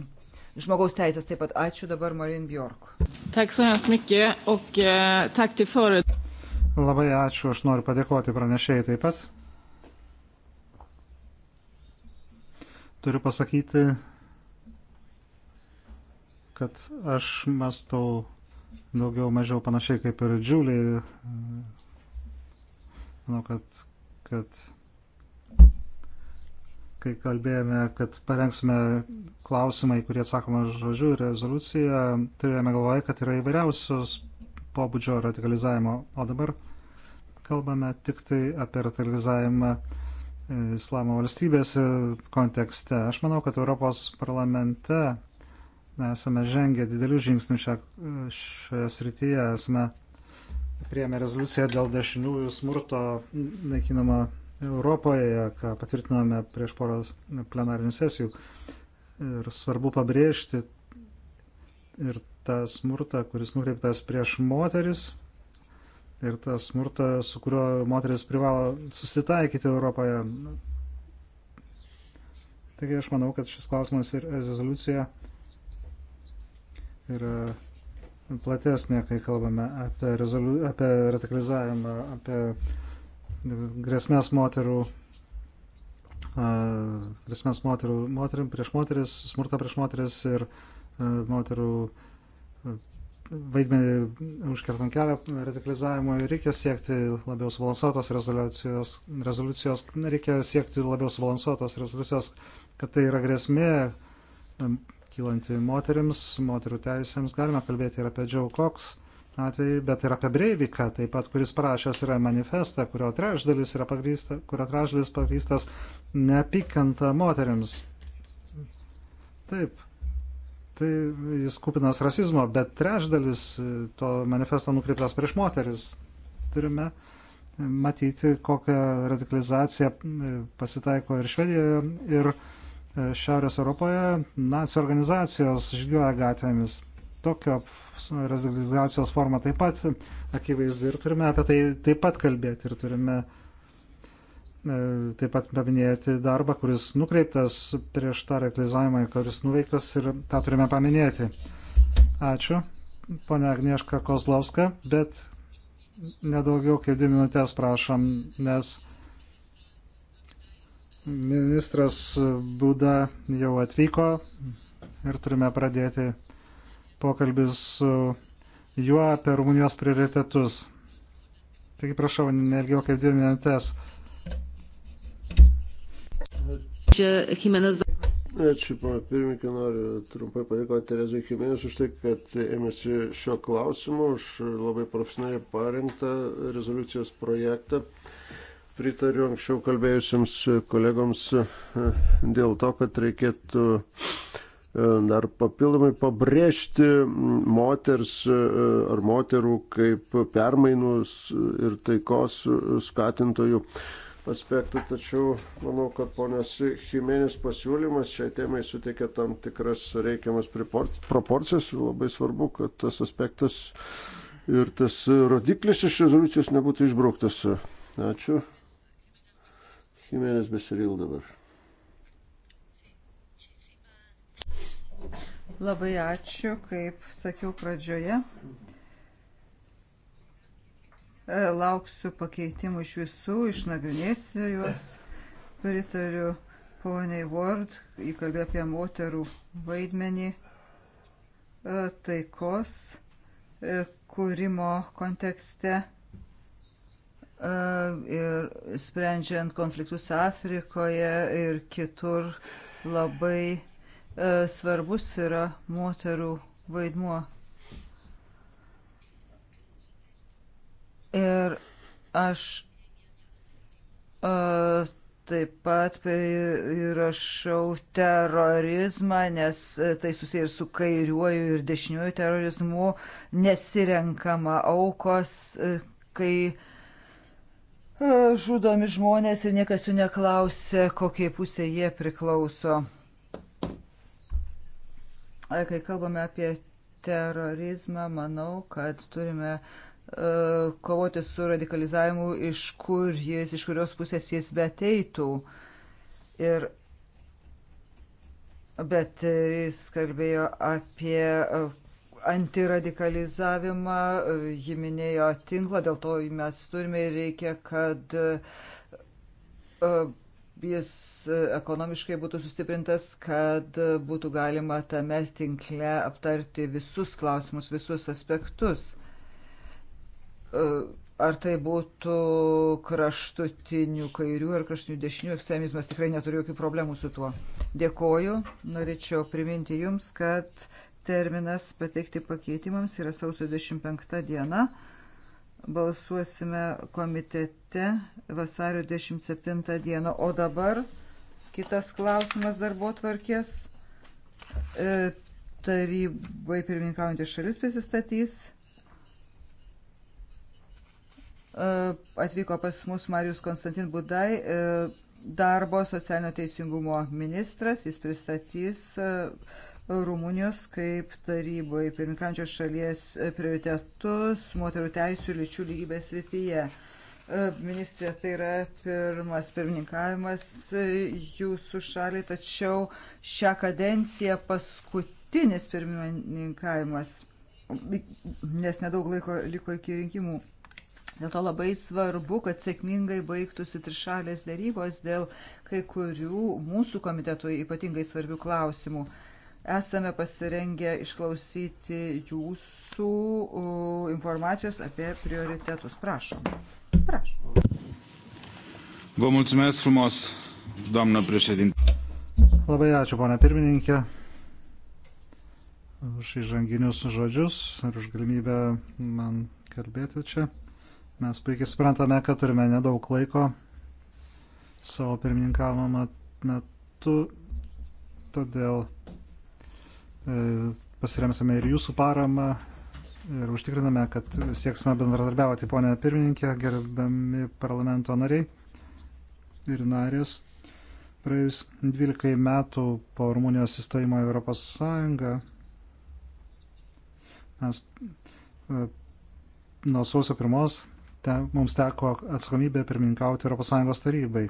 Žmogaus teisės taip pat. Ačiū dabar Marin Bjork. Eh, Labai ačiū, aš noriu padėkoti pranešėjai taip pat. turiu pasakyti, kad aš mastau daugiau mažiau panašiai kaip ir Džiulį. Manau, kad, kad kai kalbėjome, kad parengsime klausimai, kurie atsakoma žodžiu ir rezoliuciją, turėjome galvoje, kad yra įvairiausios pobūdžio radikalizavimo. O dabar kalbame tik tai apie radikalizavimą islamo valstybės kontekste. Aš manau, kad Europos parlamente esame žengę didelių žingsnių šia, šioje srityje. Esame priėmę rezoliuciją dėl dešiniųjų smurto naikinama Europoje, ką patvirtinome prieš poros plenarinių sesijų. Ir svarbu pabrėžti ir tą smurtą, kuris nukreiptas prieš moteris ir tą smurtą, su kuriuo moteris privalo susitaikyti Europoje. Taigi aš manau, kad šis klausimas ir rezoliucija yra platesnė, kai kalbame apie, rezoliu... apie radikalizavimą, apie grėsmės moterų, uh, grėsmės moterų, moterim prieš moteris, smurtą prieš moteris ir uh, moterų vaidmenį užkertant kelią radikalizavimui, reikia siekti labiau subalansuotos rezoliucijos, rezoliucijos, reikia siekti labiau subalansuotos rezoliucijos, kad tai yra grėsmė kylanti moteriams, moterų teisėms. Galime kalbėti ir apie Joe Cox atvejį, bet ir apie Breiviką, taip pat, kuris parašęs yra manifestą, kurio trešdalis yra pagrįsta, kurio trešdalis pagrįstas neapykanta moteriams. Taip, tai jis kupinas rasizmo, bet trečdalis e, to manifesto nukreiptas prieš moteris. Turime e, matyti, kokią radikalizaciją e, pasitaiko ir Švedijoje, ir Šiaurės Europoje nacijų organizacijos žygioja gatvėmis. Tokio radikalizacijos forma taip pat akivaizdi ir turime apie tai taip pat kalbėti ir turime uh, E, taip pat paminėti darbą, kuris nukreiptas prieš tą reklizavimą, kuris nuveiktas ir tą turime paminėti. Ačiū, ponia Agnieška Kozlauska, bet nedaugiau kaip dvi minutės prašom, nes ministras Būda jau atvyko ir turime pradėti pokalbį su juo apie Rumunijos prioritetus. Taigi prašau, nelgiau kaip dvi minutės. Ačiū, pana pirmininkė, noriu trumpai padėkoti Terezai Jimenez už tai, kad ėmėsi šio klausimu, už labai profesionaliai parengtą rezoliucijos projektą. Pritariu anksčiau kalbėjusiems kolegoms e, dėl to, kad reikėtų e, dar papildomai pabrėžti moters e, ar moterų kaip permainus ir taikos skatintojų aspektų, tačiau manau, kad ponios Jimenės pasiūlymas šiai temai suteikia tam tikras reikiamas proporcijas ir labai svarbu, kad tas aspektas ir tas rodiklis iš rezoliucijos nebūtų išbrauktas. Ačiū. Jimenės besiril dabar. Labai ačiū, kaip sakiau pradžioje. E, lauksiu pakeitimų iš visų, išnagrinėsiu juos. Pritariu poniai Ward, įkalbė apie moterų vaidmenį e, taikos e, kūrimo kontekste ir sprendžiant konfliktus Afrikoje ir kitur labai svarbus yra moterų vaidmuo. Ir aš uh, taip pat įrašau terorizmą, nes e, tai susiję ir su kairiuoju ir dešiniuoju terorizmu, nesirenkama aukos, e, kai žudomi žmonės ir niekas jų neklausė, kokie pusė jie priklauso. Kai kalbame apie terorizmą, manau, kad turime uh, E, kovoti su radikalizavimu, iš kur jis, iš kurios pusės jis beteitų. Ir bet jis kalbėjo apie antiradikalizavimą, ji minėjo tinklą, dėl to mes turime ir reikia, kad e, jis ekonomiškai būtų sustiprintas, kad būtų galima tame tinkle aptarti visus klausimus, visus aspektus. E, ar tai būtų kraštutinių kairių ar kraštutinių dešinių ekstremizmas, tikrai neturiu jokių problemų su tuo. Dėkoju, norėčiau priminti Jums, kad terminas pateikti pakeitimams yra sausio 25 diena. Balsuosime komitete vasario 27 dieną. O dabar kitas klausimas darbo tvarkės. E, tarybai pirmininkaujantys šalis prisistatys. E, atvyko pas mus Marijus Konstantin Budai, e, darbo socialinio teisingumo ministras. Jis pristatys e, Rumunijos kaip taryboje pirmininkančios šalies prioritetus moterų teisų ir lyčių lygybės rytyje. Ministrė, tai yra pirmas pirmininkavimas jūsų šaliai, tačiau šią kadenciją paskutinis pirmininkavimas, nes nedaug laiko liko iki rinkimų. Dėl to labai svarbu, kad sėkmingai baigtųsi trišalės darybos dėl kai kurių mūsų komitetui ypatingai svarbių klausimų. Esame pasirengę išklausyti jūsų informacijos apie prioritetus. Prašom. Prašom. Vă mulțumesc frumos, doamnă președinte. Labai ačiū, ponia pirmininkė, už įžanginius žodžius ir už galimybę man kalbėti čia. Mes puikiai suprantame, kad turime nedaug laiko savo pirmininkavimo metu, todėl e, pasiremsime ir jūsų paramą ir užtikriname, kad sieksime bendradarbiauti, ponė pirmininkė, gerbiami parlamento nariai ir narės. Praėjus 12 metų po Rumunijos įstojimo į Europos Sąjungą mes e, nuo sausio pirmos te, mums teko atsakomybė pirmininkauti ES tarybai.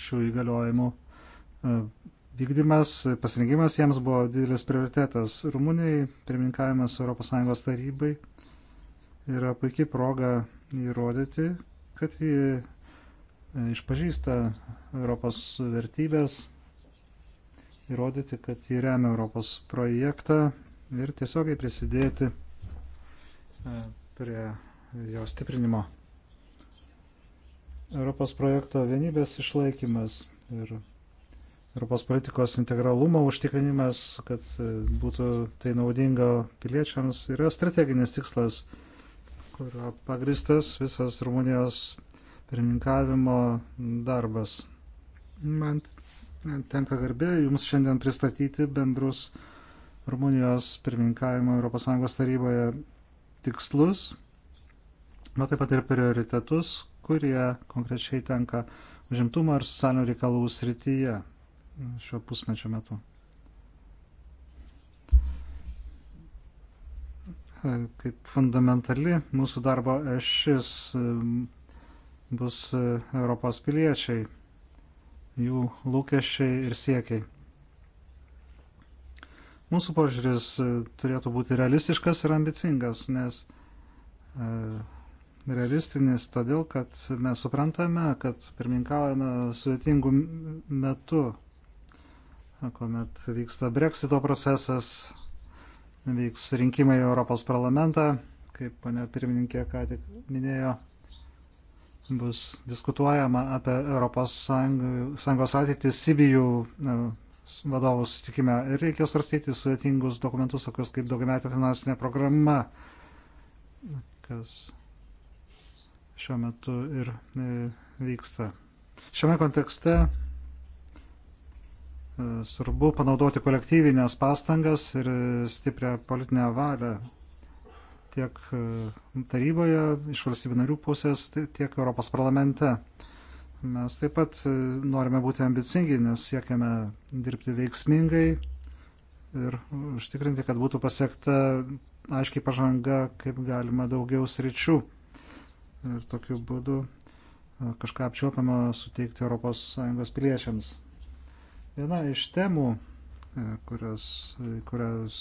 Šių įgaliojimų e, vykdymas, pasirinkimas jiems buvo didelis prioritetas. Rumunijai pirmininkavimas ES tarybai yra puikiai proga įrodyti, kad ji e, išpažįsta Europos vertybės, įrodyti, kad ji remia Europos projektą ir tiesiogiai prisidėti e, prie jo stiprinimo. Europos projekto vienybės išlaikymas ir Europos politikos integralumo užtikrinimas, kad e, būtų tai naudinga piliečiams, yra strateginis tikslas, kurio pagristas visas Rumunijos pirmininkavimo darbas. Man tenka garbė Jums šiandien pristatyti bendrus Rumunijos pirmininkavimo ES taryboje tikslus bet taip pat ir prioritetus, kurie konkrečiai tenka užimtumo ir socialinių reikalų srityje šio pusmečio metu. E, kaip fundamentali mūsų darbo šis e, bus e, Europos piliečiai, jų lūkesčiai ir siekiai. Mūsų požiūris turėtų būti realistiškas ir ambicingas, nes realistinis, todėl kad mes suprantame, kad pirmininkaujame sudėtingų metų, kuomet vyksta breksito procesas, vyks rinkimai į Europos parlamentą, kaip pane pirmininkė ką tik minėjo, bus diskutuojama apie Europos Sąjungos ateitį Sibijų e, vadovų sustikime ir reikia svarstyti sudėtingus dokumentus, tokius kaip daugiametė finansinė programa, kas šiuo metu ir e, vyksta. Šiame kontekste e, svarbu panaudoti kolektyvinės pastangas ir stiprią politinę valią tiek e, taryboje, iš valstybių narių pusės, tiek Europos parlamente. Mes taip pat norime būti ambicingi, nes siekiame dirbti veiksmingai ir užtikrinti, kad būtų pasiekta aiškiai pažanga, kaip galima daugiau sričių ir tokiu būdu e, kažką apčiopiamą suteikti ES piliečiams. Viena iš temų, e, kurias, kurias,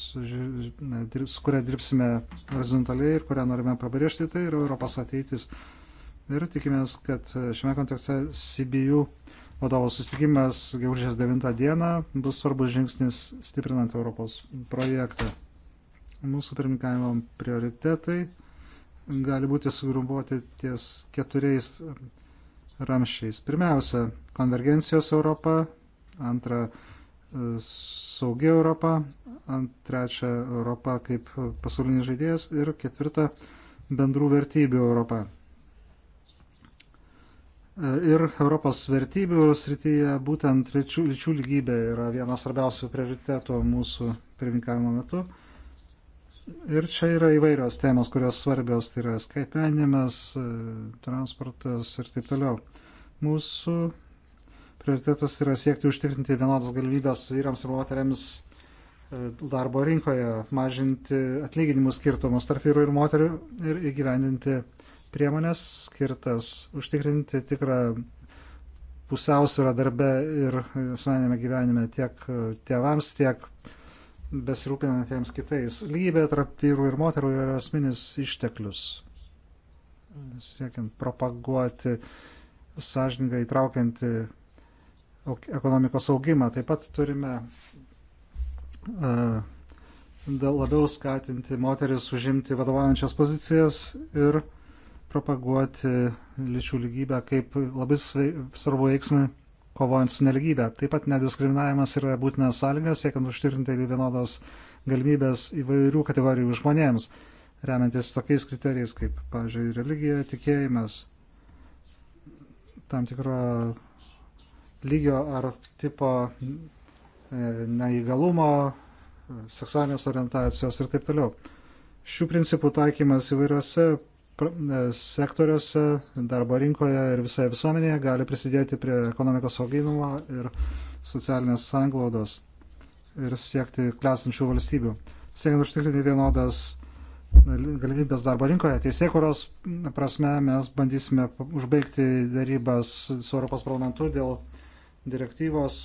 su kuria dirbsime horizontaliai ir kurią norime pabrėžti, tai yra Europos ateitis. Ir tikimės, kad e, šiame kontekste CBU vadovų susitikimas gegužės 9 dieną bus svarbus žingsnis stiprinant Europos projektą. Mūsų pirmininkavimo prioritetai gali būti sugrumbuoti ties keturiais ramščiais. Pirmiausia, konvergencijos Europa, antra, e, saugi Europa, ant, trečia, Europa kaip pasaulinis žaidėjas ir ketvirta, bendrų vertybių Europa. E, ir Europos vertybių srityje būtent lyčių, lyčių lygybė yra vienas svarbiausių prioritetų mūsų pirmininkavimo metu. Ir čia yra įvairios temos, kurios svarbios, tai yra skaitmenimas, e, transportas ir taip toliau. Mūsų prioritetas yra siekti užtikrinti vienodas galimybės vyrams ir moteriams e, darbo rinkoje, mažinti atlyginimų skirtumus tarp vyrų ir moterių ir įgyvendinti priemonės skirtas užtikrinti tikrą pusiausvyrą darbe ir e, asmeniniame gyvenime tiek tėvams, tiek besirūpinantiems kitais. Lygybė tarp vyrų ir moterų yra asmenis išteklius, siekiant propaguoti sąžininką įtraukiantį ekonomikos augimą. Taip pat turime uh, labiau skatinti moteris užimti vadovaujančias pozicijas ir propaguoti lyčių lygybę kaip labai svarbu veiksmai kovojant su neligybė. Taip pat nediskriminavimas yra būtina sąlyga, siekiant užtikrinti vienodas galimybės įvairių kategorijų žmonėms, remiantis tokiais kriterijais kaip, pavyzdžiui, religija, tikėjimas, tam tikro lygio ar tipo e, neįgalumo, seksualinės orientacijos ir taip toliau. Šių principų taikymas įvairiose E, sektoriuose, darbo rinkoje ir visoje visuomenėje gali prisidėti prie ekonomikos auginimo ir socialinės sanglaudos ir siekti klesančių valstybių. Siekiant užtikrinti vienodas galimybės darbo rinkoje, teisėkuros prasme mes bandysime užbaigti darybas su Europos parlamentu dėl direktyvos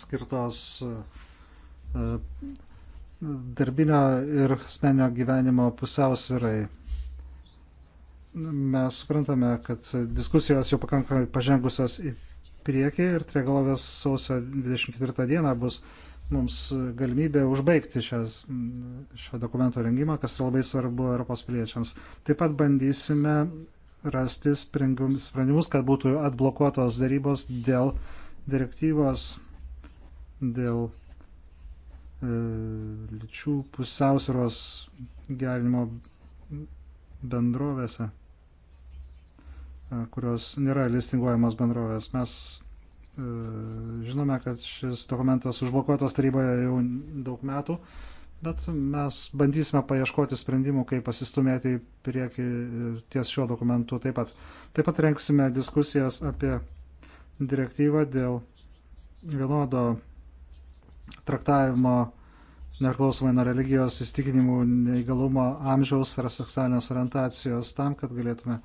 skirtos e, darbinio ir asmeninio gyvenimo pusiausvirai. Mes suprantame, kad diskusijos jau pakankamai pažengusios į priekį ir trialogas sausio 24 dieną bus mums galimybė užbaigti šios, šio dokumento rengimą, kas yra labai svarbu Europos piliečiams. Taip pat bandysime rasti sprendimus, kad būtų atblokuotos darybos dėl direktyvos, dėl E, lyčių pusiausvėros gerinimo bendrovėse, e, kurios nėra listinguojamos bendrovės. Mes e, žinome, kad šis dokumentas užblokuotas taryboje jau daug metų, bet mes bandysime paieškoti sprendimų, kaip pasistumėti į priekį ties šiuo dokumentu taip pat. Taip pat renksime diskusijas apie direktyvą dėl vienodo traktavimo neklausomai nuo religijos, įstikinimų, neįgalumo, amžiaus ar seksualinės orientacijos tam, kad galėtume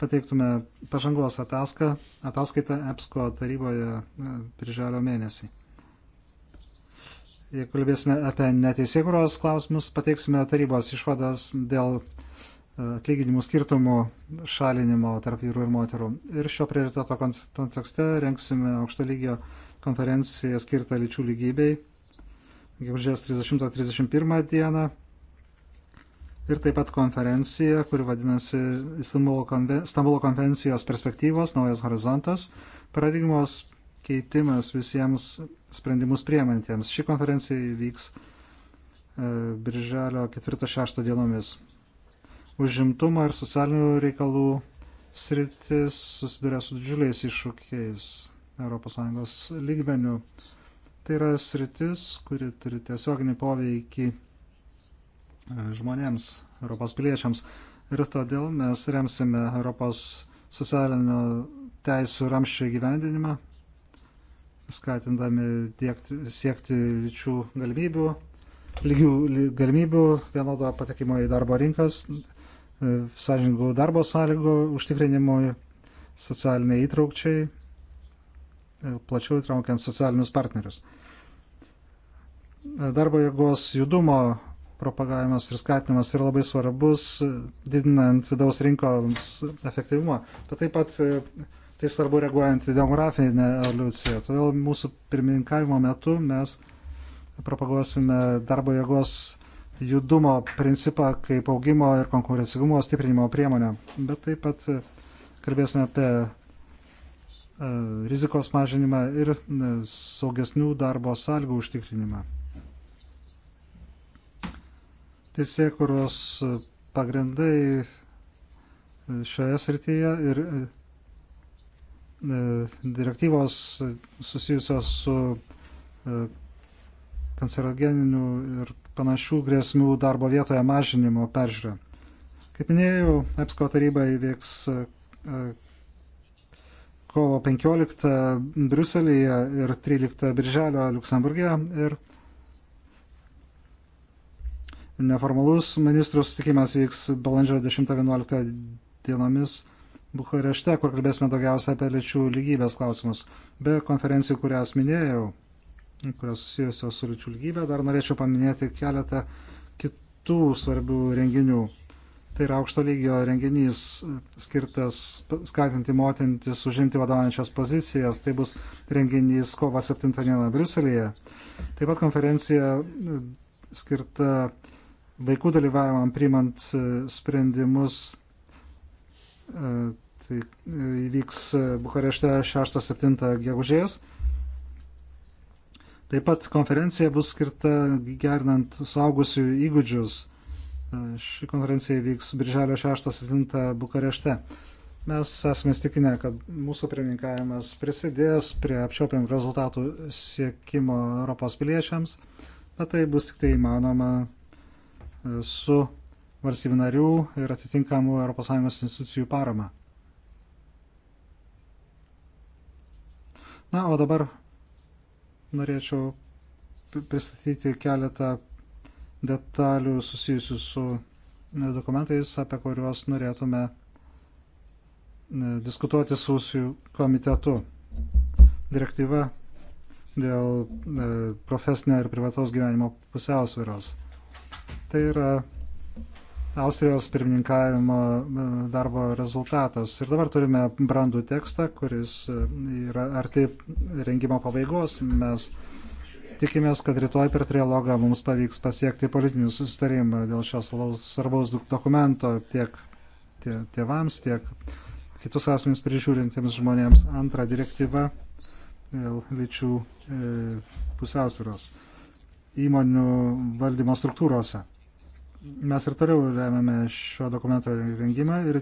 pateiktume pažangos ataską, ataskaitą EPSCO taryboje e, birželio mėnesį. Jei kalbėsime apie neteisėkuros klausimus, pateiksime tarybos išvadas dėl e, atlyginimų skirtumų šalinimo tarp vyrų ir moterų. Ir šio prioriteto kontekste renksime aukšto lygio konferenciją skirtą lyčių lygybei gegužės 30-31 dieną ir taip pat konferencija, kuri vadinasi Stambulo konven konvencijos perspektyvos, naujas horizontas, paradigmos keitimas visiems sprendimus priemantiems. Ši konferencija vyks e, birželio 4-6 dienomis. Užimtumo ir socialinių reikalų sritis susiduria su didžiuliais iššūkiais ES lygmenių. Tai yra sritis, kuri turi tiesioginį poveikį e, žmonėms, Europos piliečiams. Ir todėl mes remsime Europos socialinio teisų ramščio įgyvendinimą, skatindami diekti, siekti lyčių galimybių, lygių galimybių, vienodo patekimo į darbo rinkas, e, sąžingų darbo sąlygų užtikrinimui, socialiniai įtraukčiai, e, plačiau įtraukiant socialinius partnerius darbo jėgos judumo propagavimas ir skatinimas yra labai svarbus, didinant vidaus rinkos efektyvumą. Bet taip pat e, tai svarbu reaguojant į demografinę evoliuciją. Todėl mūsų pirmininkavimo metu mes propaguosime darbo jėgos judumo principą kaip augimo ir konkurencingumo stiprinimo priemonę. Bet taip pat e, kalbėsime apie e, rizikos mažinimą ir saugesnių darbo sąlygų užtikrinimą teisėkuros pagrindai šioje srityje ir e, direktyvos susijusios su e, kancerogeninių ir panašių grėsmių darbo vietoje mažinimo peržiūrą. Kaip minėjau, EPSCO taryba įveiks e, kovo 15 Bruselėje ir 13 Birželio Luksemburgėje ir Neformalus ministrų susitikimas vyks balandžio 10-11 dienomis Bukarešte, kur kalbėsime daugiausia apie lyčių lygybės klausimus. Be konferencijų, kurias minėjau, kurios susijusios su lyčių lygybė, dar norėčiau paminėti keletą kitų svarbių renginių. Tai yra aukšto lygio renginys skirtas skatinti motintis užimti vadovančias pozicijas. Tai bus renginys kovo 7 dieną Briuselėje. Taip pat konferencija skirta uh, vaikų dalyvavimam priimant e, sprendimus. E, tai e, įvyks Bukarešte 6-7 gegužės. Taip pat konferencija bus skirta gerinant suaugusių įgūdžius. Ši konferencija vyks birželio 6-7 Bukarešte. Mes esame stikinę, kad mūsų pirmininkavimas prisidės prie apčiopiam rezultatų siekimo Europos piliečiams, bet tai bus tik tai įmanoma E, su valstybių narių ir atitinkamų ES institucijų parama. Na, o dabar norėčiau pristatyti keletą detalių susijusių su e, dokumentais, apie kuriuos norėtume e, diskutuoti su jūsų komitetu. Direktyva dėl profesinio ir privataus gyvenimo pusiausvėros. Tai yra Austrijos pirmininkavimo e, darbo rezultatas. Ir dabar turime brandų tekstą, kuris e, yra arti rengimo pabaigos. Mes tikimės, kad rytoj per trialogą mums pavyks pasiekti politinį susitarimą dėl šios svarbaus dokumento tiek tėvams, tiek kitus asmenys prižiūrintiems žmonėms. Antra direktyva dėl lyčių e, pusiausvėros įmonių valdymo struktūrose. Mes ir toliau remiame šio dokumento rengimą ir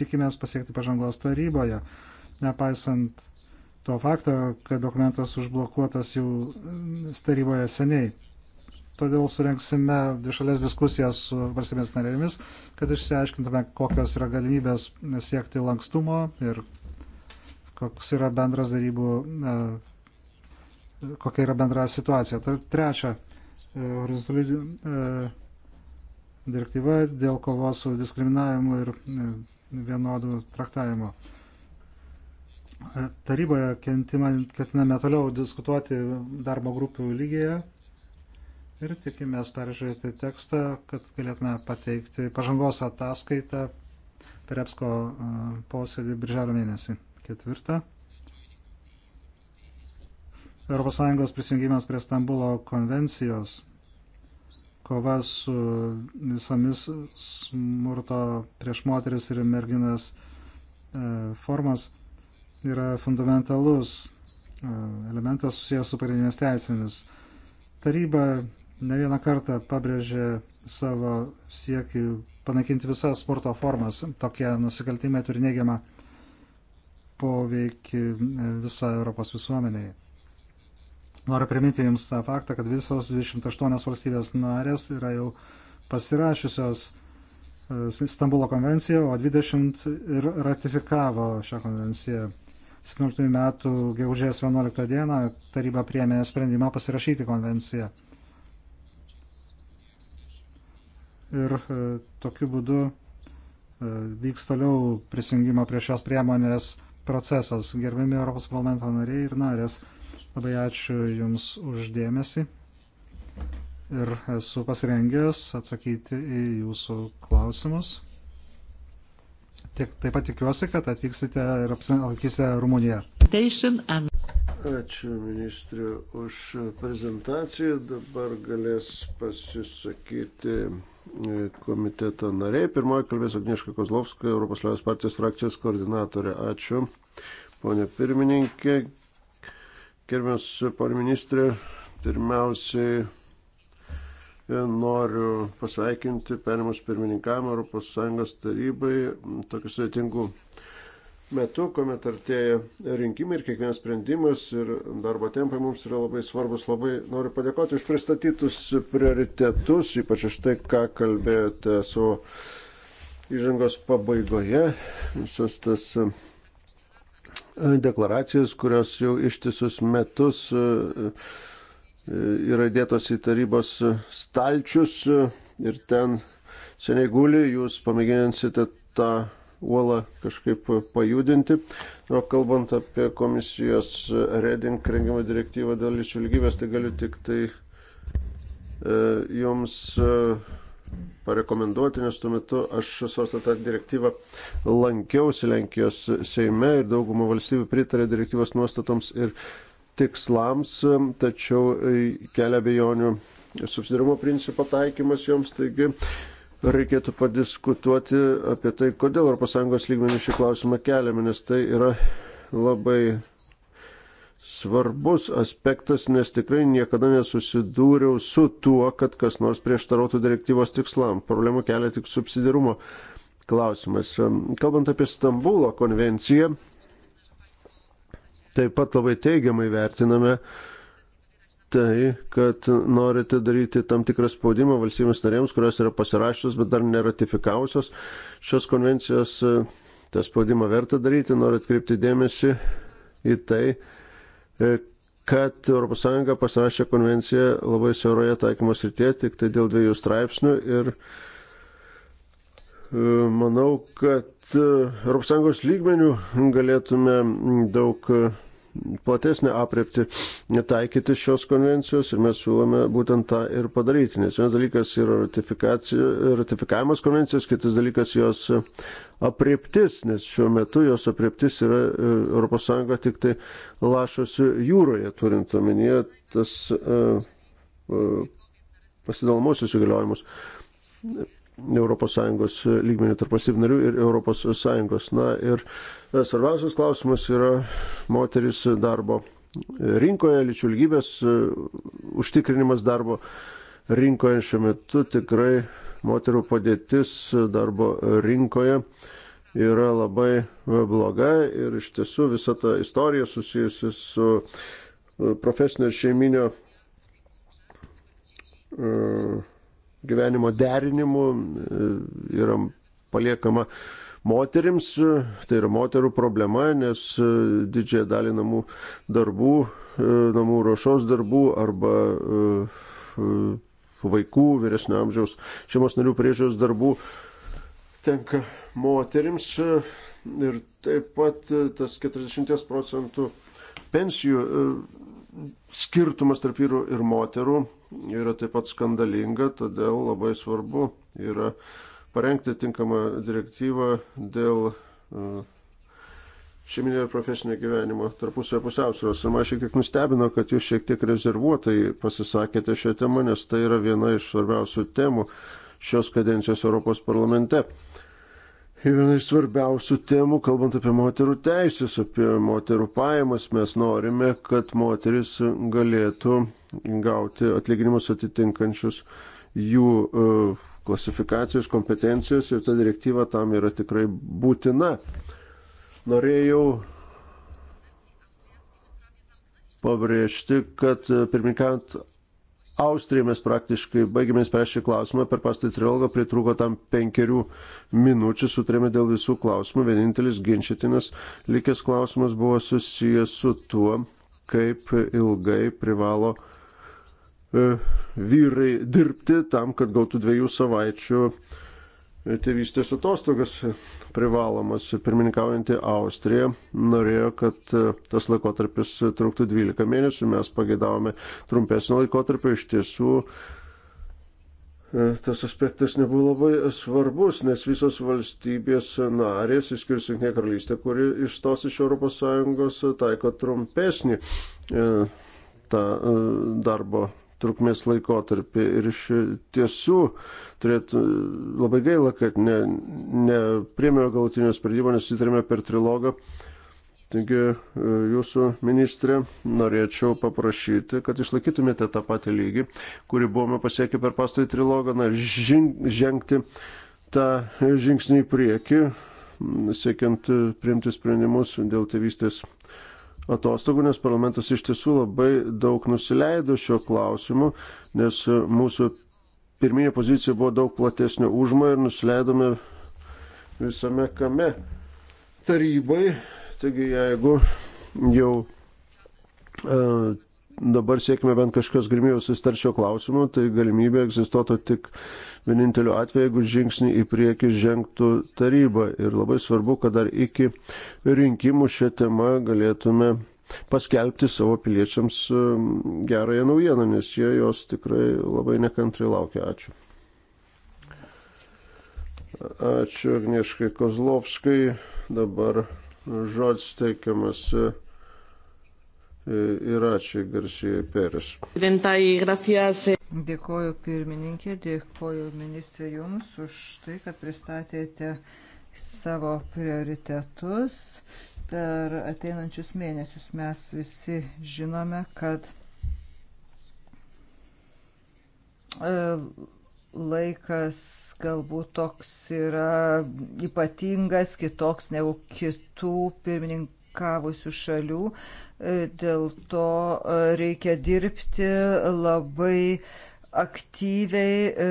tikimės pasiekti pažangos taryboje, nepaisant to fakto, kad dokumentas užblokuotas jau mm, taryboje seniai. Todėl surenksime dvišalės diskusijas su valstybės narėmis, kad išsiaiškintume, kokios yra galimybės siekti lankstumo ir koks yra bendras darybų, e, kokia yra bendra situacija. Trečia, e, horizontalių e, direktyva dėl kovos su diskriminavimu ir e, vienodų traktavimo. E, taryboje ketiname toliau diskutuoti darbo grupių lygėje ir tikimės peržiūrėti tekstą, kad galėtume pateikti pažangos ataskaitą per EPSCO e, posėdį birželio mėnesį. Ketvirta. ES prisijungimas prie Stambulo konvencijos kova su visomis smurto prieš moteris ir merginas e, formas yra fundamentalus e, elementas susijęs su pagrindinės teisėmis. Taryba ne vieną kartą pabrėžė savo siekį panaikinti visas smurto formas. Tokie nusikaltimai turi neigiamą poveikį e, visą Europos visuomenėje. Noriu priminti Jums tą faktą, kad visos 28 valstybės narės yra jau pasirašiusios e, Stambulo konvenciją, o 20 ir ratifikavo šią konvenciją. 17 metų gegužės 11 dieną taryba priemė sprendimą pasirašyti konvenciją. Ir e, tokiu būdu e, vyks toliau prisijungimo prie šios priemonės procesas. Gerbimi Europos parlamento nariai ir narės. Labai ačiū Jums uždėmesi ir esu pasirengęs atsakyti į Jūsų klausimus. Tik, taip pat tikiuosi, kad atvyksite ir apsilankysite Rumuniją. Ačiū ministriu už prezentaciją. Dabar galės pasisakyti e, komiteto nariai. Pirmoji kalbės Agnieška Kozlovska, Europos Liaudės partijos frakcijos koordinatorė. Ačiū. Pone pirmininkė, Gerbiamas ponė ministrė, pirmiausiai e, noriu pasveikinti perimus pirmininkavimą ES tarybai tokiu sveitingu metu, kuomet artėja rinkimai ir kiekvienas sprendimas ir darbo tempai mums yra labai svarbus. Labai noriu padėkoti už pristatytus prioritetus, ypač už tai, ką kalbėjote savo įžangos pabaigoje. Visas tas. Uh, deklaracijas, kurios jau ištisus metus e, e, yra dėtos į tarybos stalčius e, ir ten seniai guli, jūs pamėginsite tą uolą kažkaip pajudinti. O kalbant apie komisijos Reding rengiamą direktyvą dėl lyčių lygybės, tai galiu tik tai e, jums e, parekomenduoti, nes tuo metu aš svarstą tą direktyvą lankiausi Lenkijos Seime ir daugumą valstybių pritarė direktyvos nuostatoms ir tikslams, tačiau e, kelia bejonių subsidirumo principo taikymas joms, taigi reikėtų padiskutuoti apie tai, kodėl ES lygmenį šį klausimą keliame, nes tai yra labai svarbus aspektas, nes tikrai niekada nesusidūriau su tuo, kad kas nors prieštarautų direktyvos tikslam. Problemą kelia tik subsidirumo klausimas. Kalbant apie Stambulo konvenciją, taip pat labai teigiamai vertiname tai, kad norite daryti tam tikrą spaudimą valstybės narėms, kurios yra pasirašytos, bet dar neratifikavusios šios konvencijos. Ta spaudimą verta daryti, noriu atkreipti dėmesį į tai, E, kad ES pasirašė konvenciją labai siauroje taikymo srityje, tik tai dėl dviejų straipsnių ir e, manau, kad ES lygmenių galėtume daug e, platesnę apriepti taikyti šios konvencijos ir mes siūlome būtent tą ir padaryti. Nes vienas dalykas yra ratifikavimas konvencijos, kitas dalykas jos apriptis, nes šiuo metu jos apriptis yra ES tik tai lašosi jūroje, turint omenyje tas e, e, pasidalomosius įgaliojimus. ES lygmenių tarp valstybinarių ir ES. Na ir e, svarbiausias klausimas yra moteris darbo rinkoje, lyčių lygybės užtikrinimas darbo rinkoje šiuo metu tikrai moterų padėtis darbo rinkoje yra labai bloga ir iš tiesų visa ta istorija susijusi su e, profesinio ir šeiminio e, gyvenimo derinimu e, yra paliekama moterims, tai yra moterų problema, nes didžiąją dalį namų darbų, namų ruošos darbų arba vaikų, vyresnio amžiaus šeimos narių priežiūros darbų tenka moterims ir taip pat tas 40 procentų pensijų e, skirtumas tarp vyrų ir moterų yra taip pat skandalinga, todėl labai svarbu yra parengti tinkamą direktyvą dėl e, šeiminio ir profesinio gyvenimo tarpusavio pusiausvėros. Ir man šiek tiek nustebino, kad jūs šiek tiek rezervuotai pasisakėte šią temą, nes tai yra viena iš svarbiausių temų šios kadencijos Europos parlamente. Ir viena iš svarbiausių temų, kalbant apie moterų teisės, apie moterų pajamas, mes norime, kad moteris galėtų gauti atlyginimus atitinkančius jų uh, klasifikacijos kompetencijos ir ta direktyva tam yra tikrai būtina. Uh, Norėjau pabrėžti, kad e, pirmininkant Austrija mes praktiškai baigėme spręsti klausimą, per pastarį trilogą pritruko tam penkerių minučių, sutrėmė dėl visų klausimų, vienintelis ginčytinas likęs klausimas buvo susijęs su tuo, kaip ilgai privalo e, vyrai dirbti tam, kad gautų dviejų savaičių e, tėvystės atostogas privalomas. Pirmininkaujantį Austriją norėjo, kad e, tas laikotarpis e, truktų 12 mėnesių, mes pagėdavome trumpesnį laikotarpį, iš tiesų e, tas aspektas nebuvo labai svarbus, nes visos valstybės narės, išskyrus Junktinė karalystė, kuri išstos iš ES, taiko trumpesnį tą darbo trukmės laikotarpį. Ir iš tiesų turėtų labai gaila, kad nepriemėjo ne, ne galutinio sprendimo, nes įtarėme per trilogą. Taigi jūsų ministrė, norėčiau paprašyti, kad išlaikytumėte tą patį lygį, kurį buvome pasiekę per pastarį trilogą, na, žing, žengti tą žingsnį į priekį, siekiant priimti sprendimus dėl tėvystės. Tai atostogų, nes parlamentas iš tiesų labai daug nusileido šiuo klausimu, nes mūsų pirminė pozicija buvo daug platesnio užmo ir nusileidome visame kame tarybai. Taigi jeigu jau e, dabar siekime bent kažkokios galimybės sustarčio klausimų, tai galimybė egzistuotų tik vieninteliu atveju, jeigu žingsnį į priekį žengtų taryba. Ir labai svarbu, kad dar iki rinkimų šią temą galėtume paskelbti savo piliečiams um, gerąją naujieną, nes jie jos tikrai labai nekantrai laukia. Ačiū. Ačiū Agnieškai Kozlovskai. Dabar žodis teikiamas. Uh, E, ir ačiū Garsijai Peres. Eh. Dėkoju pirmininkė, dėkoju ministrė Jums už tai, kad pristatėte savo prioritetus. Per ateinančius mėnesius mes visi žinome, kad e, laikas galbūt toks yra ypatingas, kitoks negu kitų pirmininkų ratifikavusių šalių, e, dėl to e, reikia dirbti labai aktyviai. E,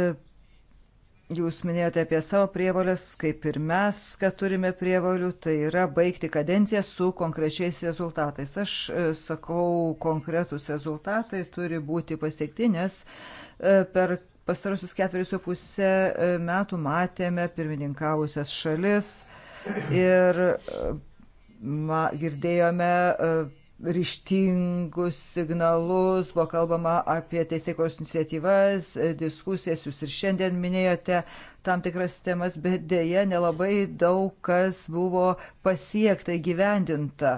jūs minėjote apie savo prievalės, kaip ir mes, kad turime prievalių, tai yra baigti kadenciją su konkrečiais rezultatais. Aš sakau, konkretūs rezultatai turi būti pasiekti, nes per pastarosius ketverius su pusę metų matėme pirmininkavusias šalis ir ma, girdėjome e, ryštingus signalus, buvo kalbama apie teisėkos iniciatyvas, e, diskusijas, jūs ir šiandien minėjote tam tikras temas, bet dėja nelabai daug kas buvo pasiekta, gyvendinta.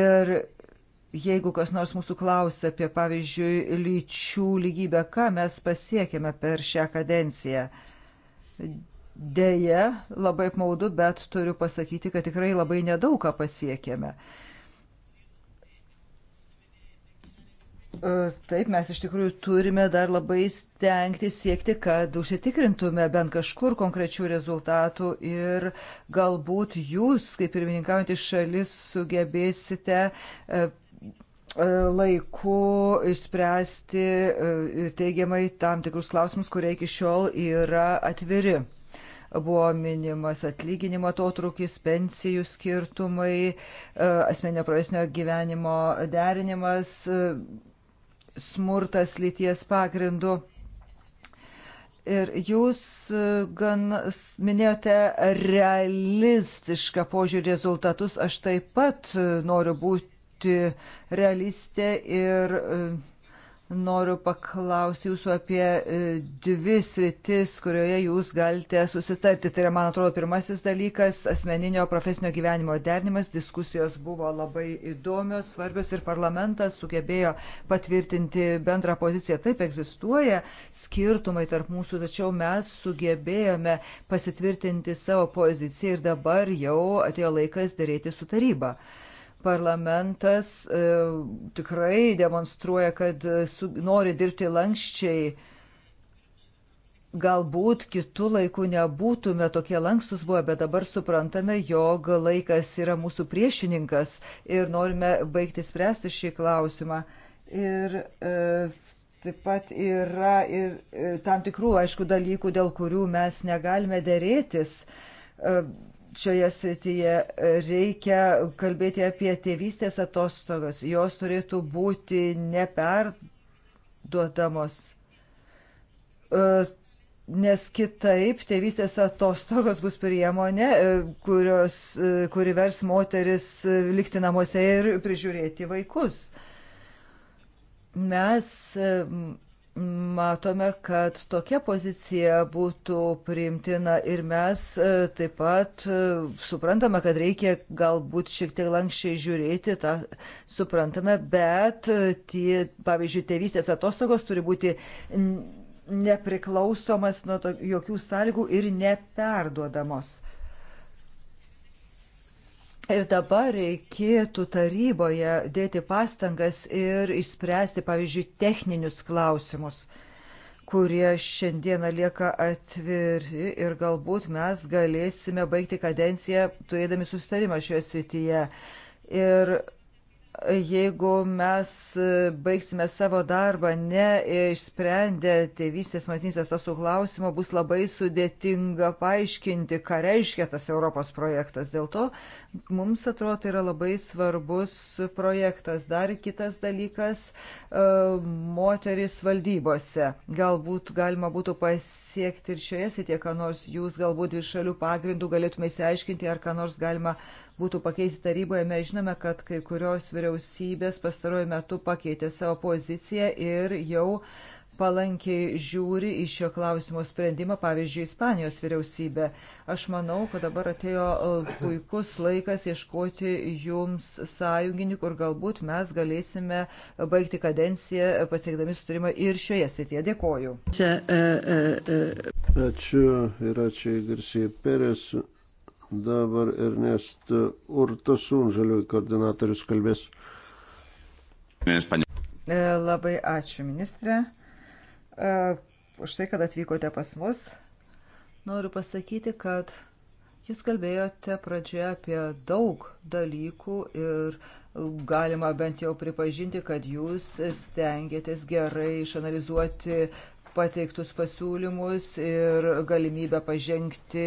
Ir jeigu kas nors mūsų klausia apie, pavyzdžiui, lyčių lygybę, ką mes pasiekėme per šią kadenciją, Deja, labai apmaudu, bet turiu pasakyti, kad tikrai labai nedaug ką pasiekėme. E, taip, mes iš tikrųjų turime dar labai stengti siekti, kad užsitikrintume bent kažkur konkrečių rezultatų ir galbūt jūs, kaip pirmininkaujantis šalis, sugebėsite e, e, laiku išspręsti teigiamai tam tikrus klausimus, kurie iki šiol yra atviri. Buvo minimas atlyginimo atotrukis, pensijų skirtumai, e, asmenio profesinio gyvenimo derinimas, e, smurtas lyties pagrindu. Ir jūs e, gan minėjote realistišką požiūrį rezultatus. Aš taip pat noriu būti realistė ir Noriu paklausti jūsų apie e, dvi sritis, kurioje jūs galite susitarti. Tai yra, man atrodo, pirmasis dalykas - asmeninio profesinio gyvenimo dernimas. Diskusijos buvo labai įdomios, svarbios ir parlamentas sugebėjo patvirtinti bendrą poziciją. Taip egzistuoja skirtumai tarp mūsų, tačiau mes sugebėjome pasitvirtinti savo poziciją ir dabar jau atėjo laikas dėrėti su taryba. Uh, Parlamentas e, tikrai demonstruoja, kad e, su, nori dirbti lankščiai. Galbūt kitų laikų nebūtume tokie lankstus buvę, bet dabar suprantame, jog laikas yra mūsų priešininkas ir norime baigti spręsti šį klausimą. Ir e, taip pat yra ir e, tam tikrų, aišku, dalykų, dėl kurių mes negalime dėrėtis. E, šioje srityje reikia kalbėti apie tėvystės atostogas. Jos turėtų būti neperduodamos, e, nes kitaip tėvystės atostogos bus priemonė, e, kurios, e, kuri vers moteris likti namuose ir prižiūrėti vaikus. Mes matome, kad tokia pozicija būtų priimtina ir mes e, taip pat e, suprantame, kad reikia galbūt šiek tiek lankščiai žiūrėti, tą suprantame, bet e, tie, pavyzdžiui, tėvystės atostogos turi būti nepriklausomas nuo to, jokių sąlygų ir neperduodamos. Ir dabar reikėtų taryboje dėti pastangas ir išspręsti, pavyzdžiui, techninius klausimus kurie šiandieną lieka atviri ir galbūt mes galėsime baigti kadenciją turėdami susitarimą šioje srityje. Ir jeigu mes baigsime savo darbą neišsprendę tėvystės matinysės tasų klausimo, bus labai sudėtinga paaiškinti, ką reiškia tas Europos projektas. Dėl to Mums atrodo, tai yra labai svarbus projektas. Dar kitas dalykas e, - moteris valdybose. Galbūt galima būtų pasiekti ir šioje srityje, ką nors jūs galbūt iš šalių pagrindų galėtume įsiaiškinti, ar ką nors galima būtų pakeisti taryboje. Mes žinome, kad kai kurios vyriausybės pastaruoju metu pakeitė savo poziciją ir jau uh, palankiai žiūri į šio klausimo sprendimą, pavyzdžiui, Ispanijos vyriausybė. Aš manau, kad dabar atėjo puikus laikas ieškoti jums sąjungininkų ir galbūt mes galėsime baigti kadenciją pasiekdami sutarimą ir šioje srityje. Dėkoju. Čia, uh, uh, uh. Ačiū ir ačiū Garsiai Perės. Dabar Ernest Urtasun, žaliųjų koordinatorius, kalbės. E, labai ačiū, ministrė. E, už tai, kad atvykote pas mus. Noriu pasakyti, kad jūs kalbėjote pradžioje apie daug dalykų ir galima bent jau pripažinti, kad jūs stengiatės gerai išanalizuoti pateiktus pasiūlymus ir galimybę pažengti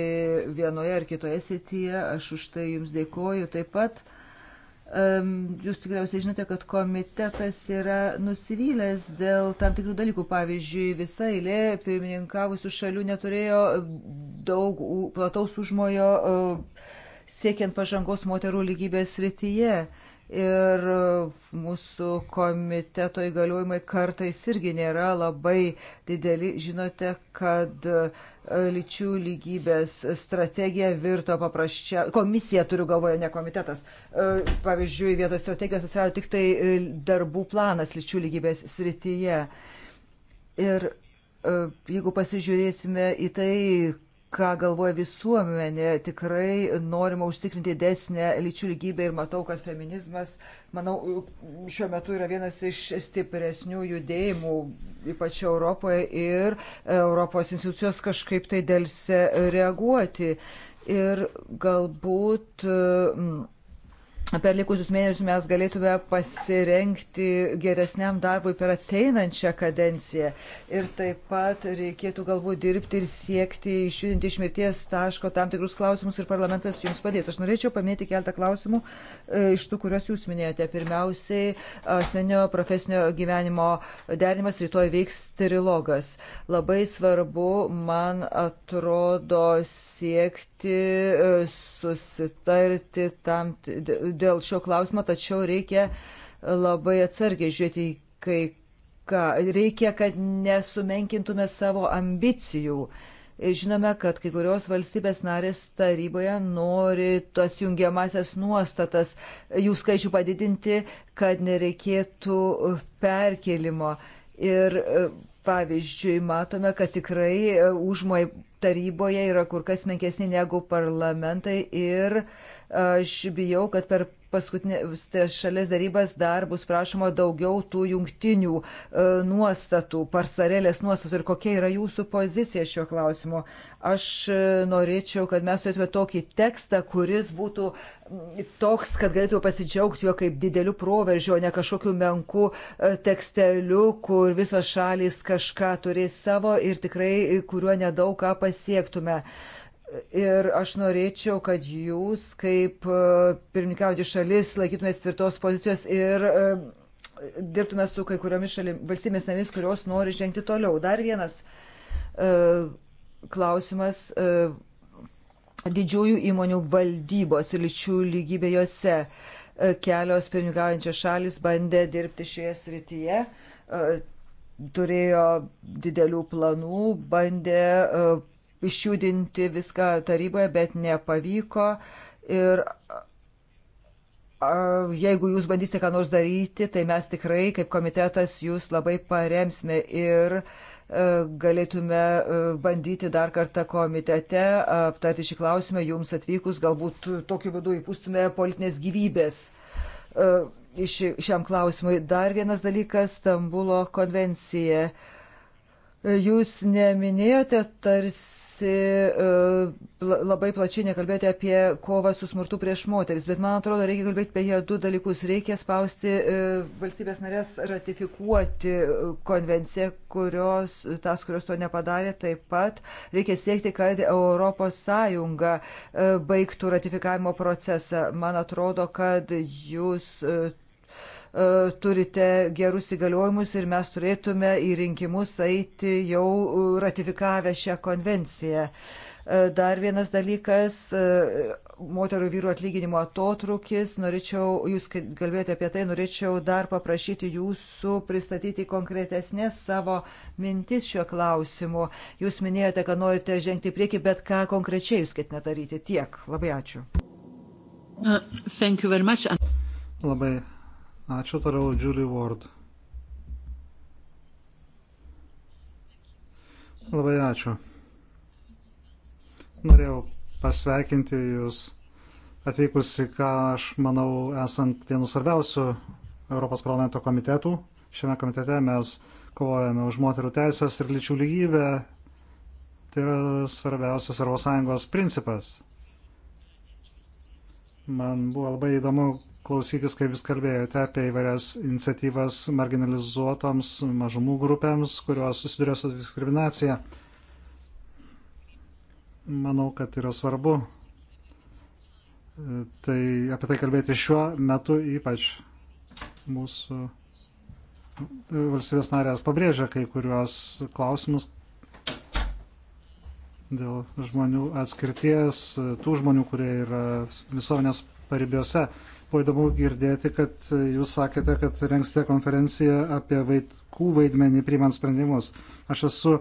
vienoje ar kitoje srityje. Aš už tai jums dėkoju. Taip pat uh, Jūs tikriausiai žinote, kad komitetas yra nusivylęs dėl tam tikrų dalykų. Pavyzdžiui, visa eilė pirmininkavusių šalių neturėjo daug plataus užmojo e, siekiant pažangos moterų lygybės rytyje ir mūsų komiteto įgaliojimai kartais irgi nėra labai dideli. Žinote, kad e, lyčių lygybės strategija virto paprasčia, komisija turiu galvoje, ne komitetas. E, pavyzdžiui, vietoj strategijos atsirado tik tai e, darbų planas lyčių lygybės srityje. Ir jeigu pasižiūrėsime į tai, ką galvoja visuomenė, tikrai norima užtikrinti didesnę lyčių lygybę ir matau, kad feminizmas, manau, šiuo metu yra vienas iš stipresnių judėjimų, ypač Europoje, ir Europos institucijos kažkaip tai dėlse reaguoti. Ir galbūt. Mm, per likusius mėnesius mes galėtume pasirenkti geresniam darbui per ateinančią kadenciją. Ir taip pat reikėtų galbūt dirbti ir siekti išjudinti iš mirties taško tam tikrus klausimus ir parlamentas jums padės. Aš norėčiau paminėti keltą klausimų e, iš tų, kuriuos jūs minėjote. Pirmiausiai, asmenio profesinio gyvenimo derinimas rytoj veiks trilogas. Labai svarbu, man atrodo, siekti e, susitarti tam dėl šio klausimo, tačiau reikia labai atsargiai žiūrėti į kai ką. Reikia, kad nesumenkintume savo ambicijų. Žinome, kad kai kurios valstybės narės taryboje nori tas jungiamasias nuostatas, jų skaičių padidinti, kad nereikėtų perkelimo. Ir pavyzdžiui, matome, kad tikrai e, užmojai taryboje yra kur kas menkesni negu parlamentai ir Aš bijau, kad per paskutinės šalies darybas dar bus prašoma daugiau tų jungtinių e, nuostatų, parsarelės nuostatų ir kokia yra jūsų pozicija šiuo klausimu. Aš e, norėčiau, kad mes turėtume tokį tekstą, kuris būtų toks, kad galėtume pasidžiaugti juo kaip dideliu proveržiu, o ne kažkokiu menku e, teksteliu, kur visos šalys kažką turės savo ir tikrai kuriuo nedaug ką pasiektume. E, Ir aš norėčiau, kad jūs, kaip e, pirmininkaujantys šalis, laikytumės tvirtos pozicijos ir e, dirbtume su kai kuriomis šalim, valstybės namis, kurios nori žengti toliau. Dar vienas uh, klausimas uh, didžiųjų įmonių valdybos ir lyčių lygybė jose. Uh, kelios pirmininkaujančios šalis bandė dirbti šioje srityje, turėjo didelių planų, bandė išjudinti viską taryboje, bet nepavyko. Ir jeigu jūs bandysite ką nors daryti, tai mes tikrai kaip komitetas jūs labai paremsime ir e, galėtume e, bandyti dar kartą komitete aptarti šį klausimą jums atvykus, galbūt tokiu būdu įpūstume politinės gyvybės. E, iš šiam klausimui dar vienas dalykas - Stambulo konvencija. Jūs neminėjote tarsi tarsi e, labai plačiai nekalbėjote apie kovą su smurtu prieš moteris, bet man atrodo, reikia kalbėti apie jie du dalykus. Reikia spausti e, valstybės narės ratifikuoti e, konvenciją, kurios, tas, kurios to nepadarė, taip pat reikia siekti, kad ES baigtų ratifikavimo procesą. Man atrodo, kad jūs E, turite gerus įgaliojimus ir mes turėtume į rinkimus eiti jau ratifikavę šią konvenciją. E, dar vienas dalykas e, - moterų vyrų atlyginimo atotrukis. Norėčiau, jūs kalbėjote apie tai, norėčiau dar paprašyti jūsų pristatyti konkretesnės savo mintis šiuo klausimu. Jūs minėjote, kad norite žengti prieki, bet ką konkrečiai jūs ketinate daryti? Tiek. Labai ačiū. Uh, Labai Ačiū toliau Julie Ward. Labai ačiū. Norėjau pasveikinti Jūs atvykus į ką aš manau esant vienu svarbiausių Europos parlamento komitetų. Šiame komitete mes kovojame už moterų teisės ir lyčių lygybę. Tai yra svarbiausias Europos Sąjungos principas. Man buvo labai įdomu klausytis, kaip jūs kalbėjote apie įvairias iniciatyvas marginalizuotoms mažumų grupėms, kurios susiduria su diskriminacija. Manau, kad yra svarbu e, tai apie tai kalbėti šiuo metu ypač mūsų valstybės narės pabrėžia kai kuriuos klausimus dėl žmonių atskirties, tų žmonių, kurie yra visuomenės paribiuose buvo įdomu girdėti, kad jūs sakėte, kad rengsite konferenciją apie vaikų vaidmenį priimant sprendimus. Aš esu,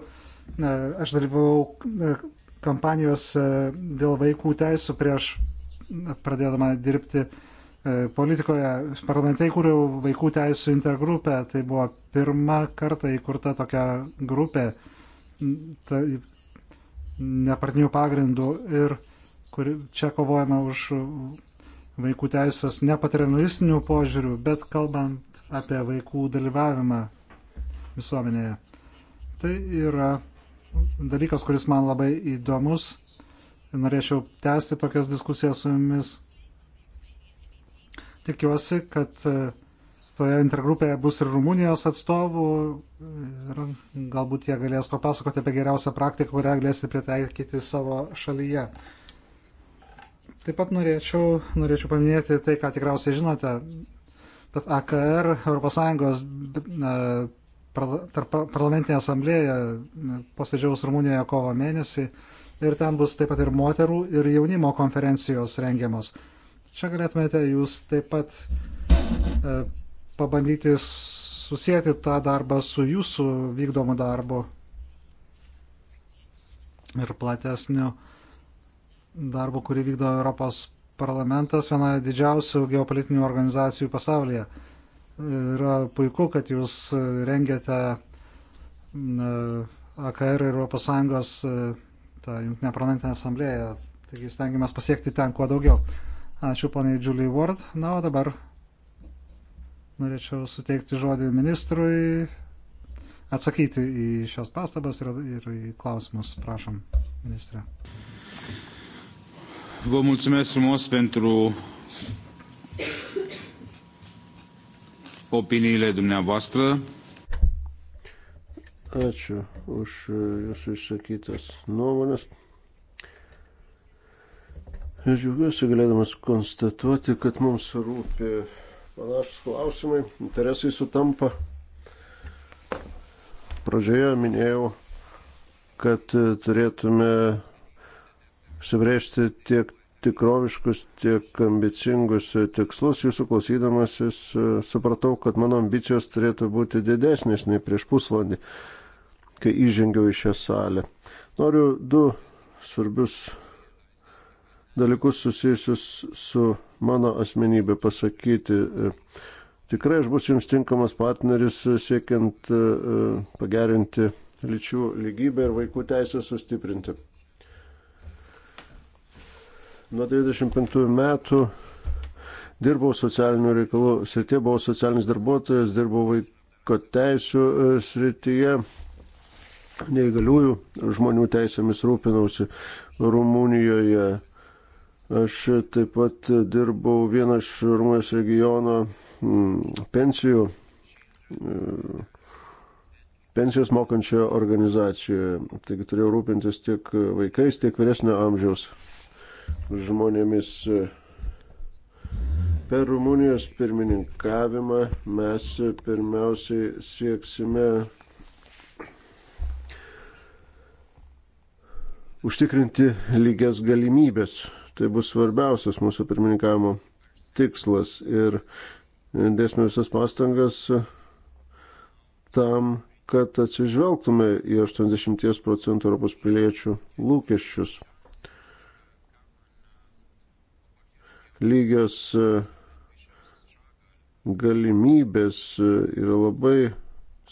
e, aš dalyvau e, kampanijos dėl vaikų teisų prieš pradėdama dirbti e, politikoje. Parlamentai kūriau vaikų teisų intergrupę. Tai buvo pirmą kartą įkurta tokia grupė ta, nepartinių pagrindų ir kur čia kovojama už vaikų teisės nepaternalistinių požiūrių, bet kalbant apie vaikų dalyvavimą visuomenėje. Tai yra dalykas, kuris man labai įdomus. Norėčiau tęsti tokias diskusijas su jumis. Tikiuosi, kad e, toje intergrupėje bus ir Rumunijos atstovų ir galbūt jie galės papasakoti apie geriausią praktiką, kurią galėsite pritaikyti savo šalyje. Taip pat norėčiau, norėčiau paminėti tai, ką tikriausiai žinote, bet AKR, ES parlamentinė asamblėja posėdžiaus Rumunijoje kovo mėnesį ir ten bus taip pat ir moterų ir jaunimo konferencijos rengiamos. Čia galėtumėte jūs taip pat e, pabandyti susijęti tą darbą su jūsų vykdomu darbu ir platesniu darbu, kurį vykdo Europos parlamentas, viena didžiausių geopolitinių organizacijų pasaulyje. Yra puiku, kad jūs rengiate AKR ir ES tą jungtinę parlamentinę asamblėją. Taigi stengiamės pasiekti ten kuo daugiau. Ačiū poniai Julie Ward. Na, o dabar norėčiau suteikti žodį ministrui atsakyti į šios pastabas ir, ir į klausimus. Prašom, ministrė. Vă mulțumesc frumos pentru opiniile dumneavoastră. Ačiū už jūsų išsakytas nuomonės. Aš džiaugiuosi galėdamas konstatuoti, kad mums rūpi panašus klausimai, interesai sutampa. Pradžioje minėjau, kad turėtume užsibrėžti tiek tikroviškus, tiek ambicingus tikslus. Jūsų klausydamasis e, supratau, kad mano ambicijos turėtų būti didesnės nei prieš pusvalandį, kai įžengiau į šią salę. Noriu du svarbius dalykus susijusius su mano asmenybė pasakyti. E, tikrai aš būsiu jums tinkamas partneris e, siekiant pagerinti lyčių lygybę ir vaikų teisę sustiprinti. Nuo 95 metų dirbau socialinių reikalų srityje, buvau socialinis darbuotojas, dirbau vaiko teisų e, srityje, neįgaliųjų žmonių teisėmis rūpinausi Rumunijoje. Aš taip pat dirbau vieno iš Rumunijos regiono mm, pensijų, e, pensijos mokančioje organizacijoje. Taigi turėjau rūpintis tiek vaikais, tiek vyresnio amžiaus žmonėmis. E, per Rumunijos pirmininkavimą mes e, pirmiausiai sieksime užtikrinti lygias galimybės. Tai bus svarbiausias mūsų pirmininkavimo tikslas ir dėsime visas pastangas e, tam, kad atsižvelgtume į 80 procentų Europos piliečių lūkesčius. lygios e, galimybės e, yra labai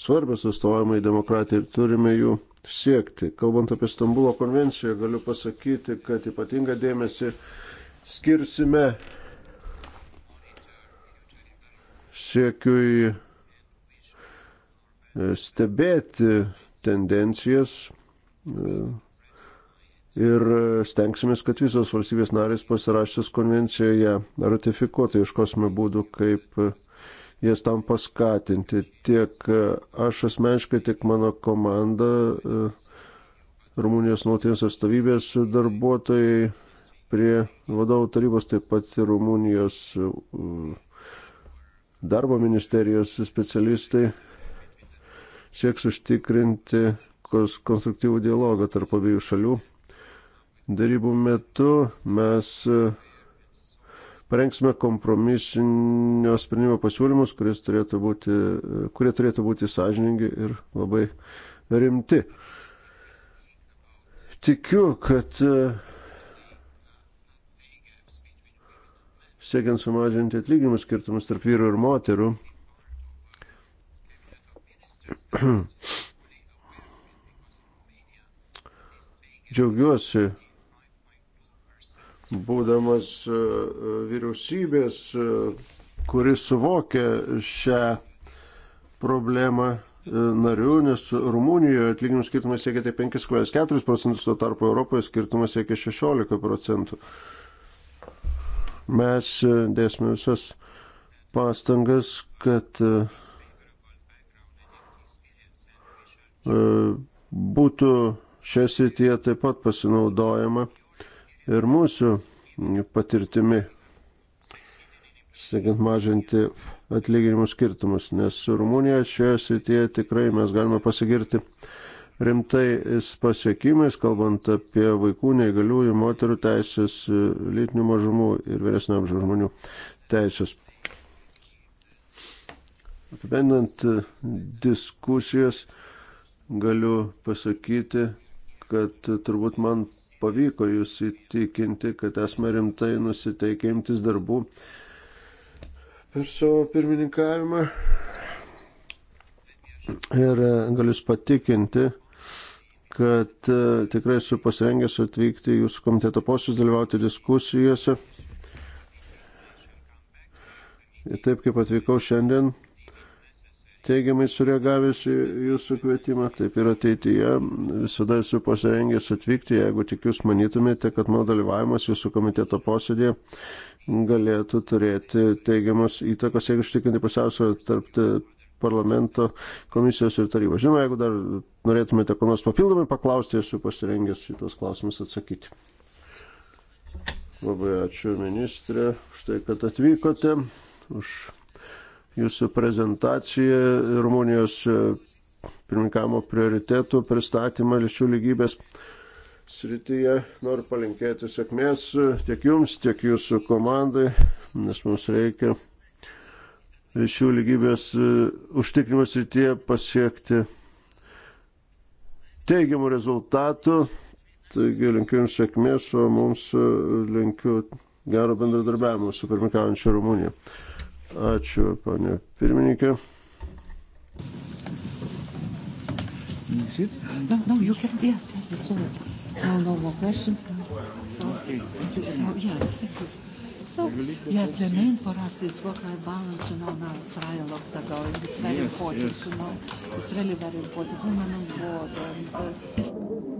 svarbios atstovavimai demokratijai ir turime jų siekti. Kalbant apie Stambulo konvenciją, galiu pasakyti, kad ypatingą dėmesį skirsime siekiui e, stebėti tendencijas ir e, stengsimės, kad visos valstybės narės pasirašęs konvenciją ją ratifikuotų, ieškosime būdų, kaip e, jas tam paskatinti. Tiek e, aš asmeniškai, tiek mano komanda, Rumunijos nuotinės atstovybės darbuotojai prie vadovų tarybos, taip pat ir Rumunijos darbo ministerijos specialistai sieks užtikrinti konstruktyvų dialogą tarp abiejų šalių darybų metu mes e, parengsime kompromisinio sprendimo pasiūlymus, turėtų būti, e, kurie turėtų būti sąžiningi ir labai rimti. Tikiu, kad e, siekiant sumažinti atlyginimų skirtumus tarp vyrų ir moterų, [clears throat] džiaugiuosi būdamas e, e, vyriausybės, e, kuris suvokė šią problemą narių, nes Rumunijoje atlyginimų skirtumas siekia tai 5,4 procentus, tuo tarpu Europoje skirtumas siekia 16 procentų. Mes dėsime visas pastangas, kad būtų šioje srityje taip pat pasinaudojama ir mūsų patirtimi, siekiant mažinti atlyginimų skirtumus, nes su Rumunija šioje srityje tikrai mes galime pasigirti rimtais pasiekimais, kalbant apie vaikų neįgaliųjų, moterų teisės, lytinių mažumų ir vyresnio amžiaus žmonių teisės. Apibendant diskusijas, galiu pasakyti, kad turbūt man pavyko jūs įtikinti, kad esame rimtai nusiteikę imtis darbų per savo pirmininkavimą. Ir e, galiu patikinti, kad e, tikrai esu pasirengęs atvykti jūsų komiteto posėdžius, dalyvauti diskusijose. Ir taip kaip atvykau šiandien, teigiamai sureagavęs į jūsų kvietimą, taip ir ateityje. Visada esu pasirengęs atvykti, jeigu tik jūs manytumėte, kad mano dalyvavimas jūsų komiteto posėdėje galėtų turėti teigiamas įtakos, jeigu ištikinti pusiausvę tarp parlamento komisijos ir tarybos. Žinoma, jeigu dar norėtumėte ko nors papildomai paklausti, esu pasirengęs šitos klausimus atsakyti. Labai ačiū ministrė už tai, kad atvykote, už jūsų prezentaciją Rumunijos e, pirmininkamo prioritėtų pristatymą lyčių lygybės srityje. Noriu palinkėti sėkmės e, tiek jums, tiek jūsų komandai, nes mums reikia lyčių lygybės e, užtikrinimo srityje pasiekti teigiamų rezultatų. Taigi linkiu jums sėkmės, o mums linkiu gero bendradarbiavimo su pirmininkaujančiu Rumuniju. Ačiū, panė pirmininkė. Is it? No, no, you can. Yes, yes, it's all. No, no more questions. No. So, okay, thank you. So, yeah, it's been good. So, yes, the main for us is work-life balance, you know, now trialogues are going. It's very yes, important, yes. you know. It's really very important. Women on board and... Uh,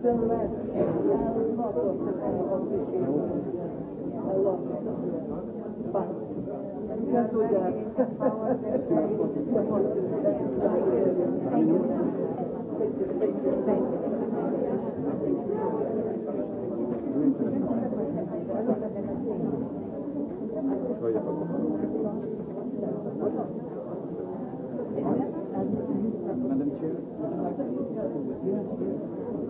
Still less. There is not of official. A lot. But you can do that. Thank you. Thank you. Madam Chair, would you like to? Yes, yes.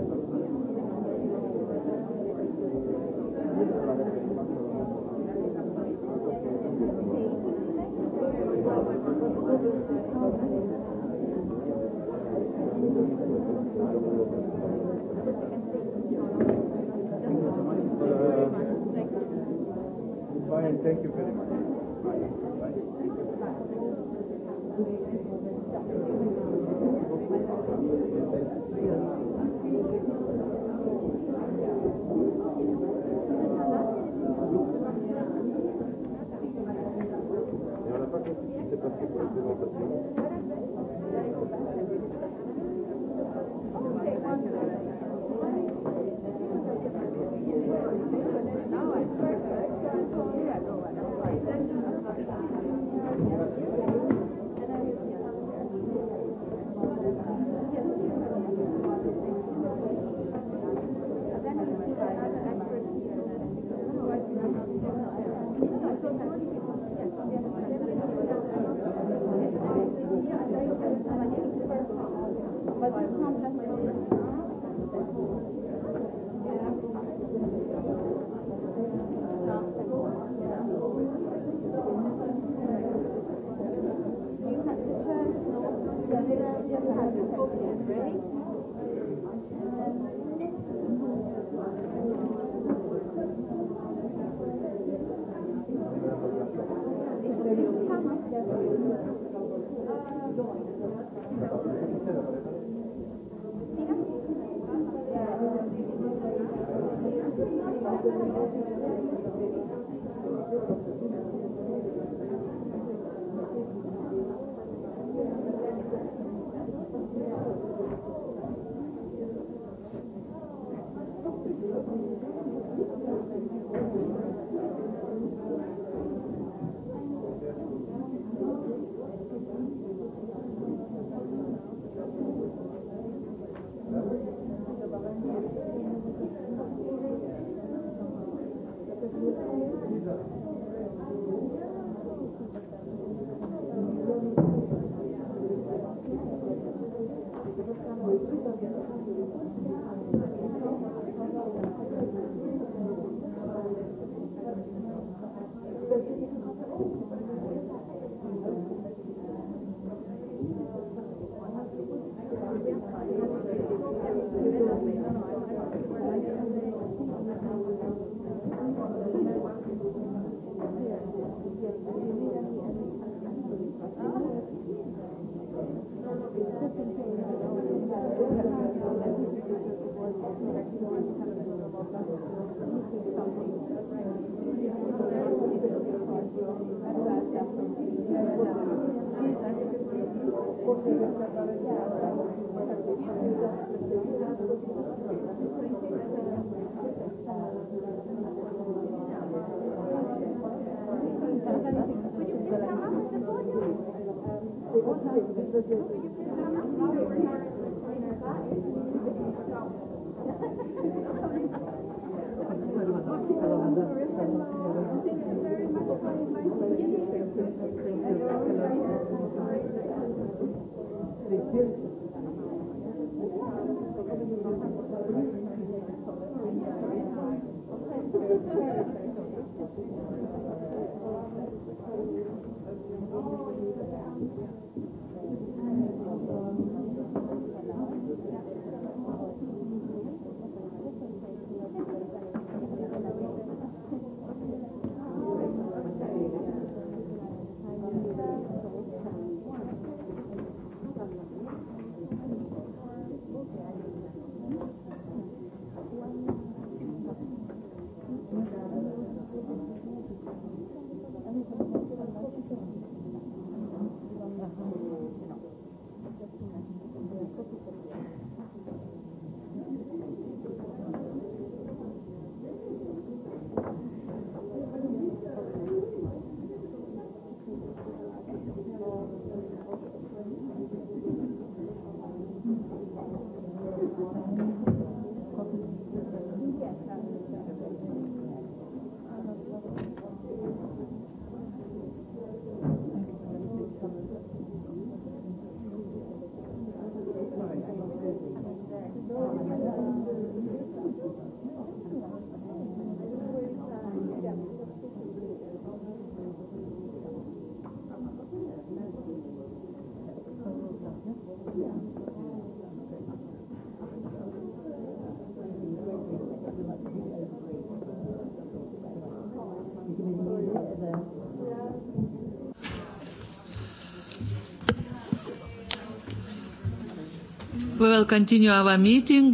continue our meeting.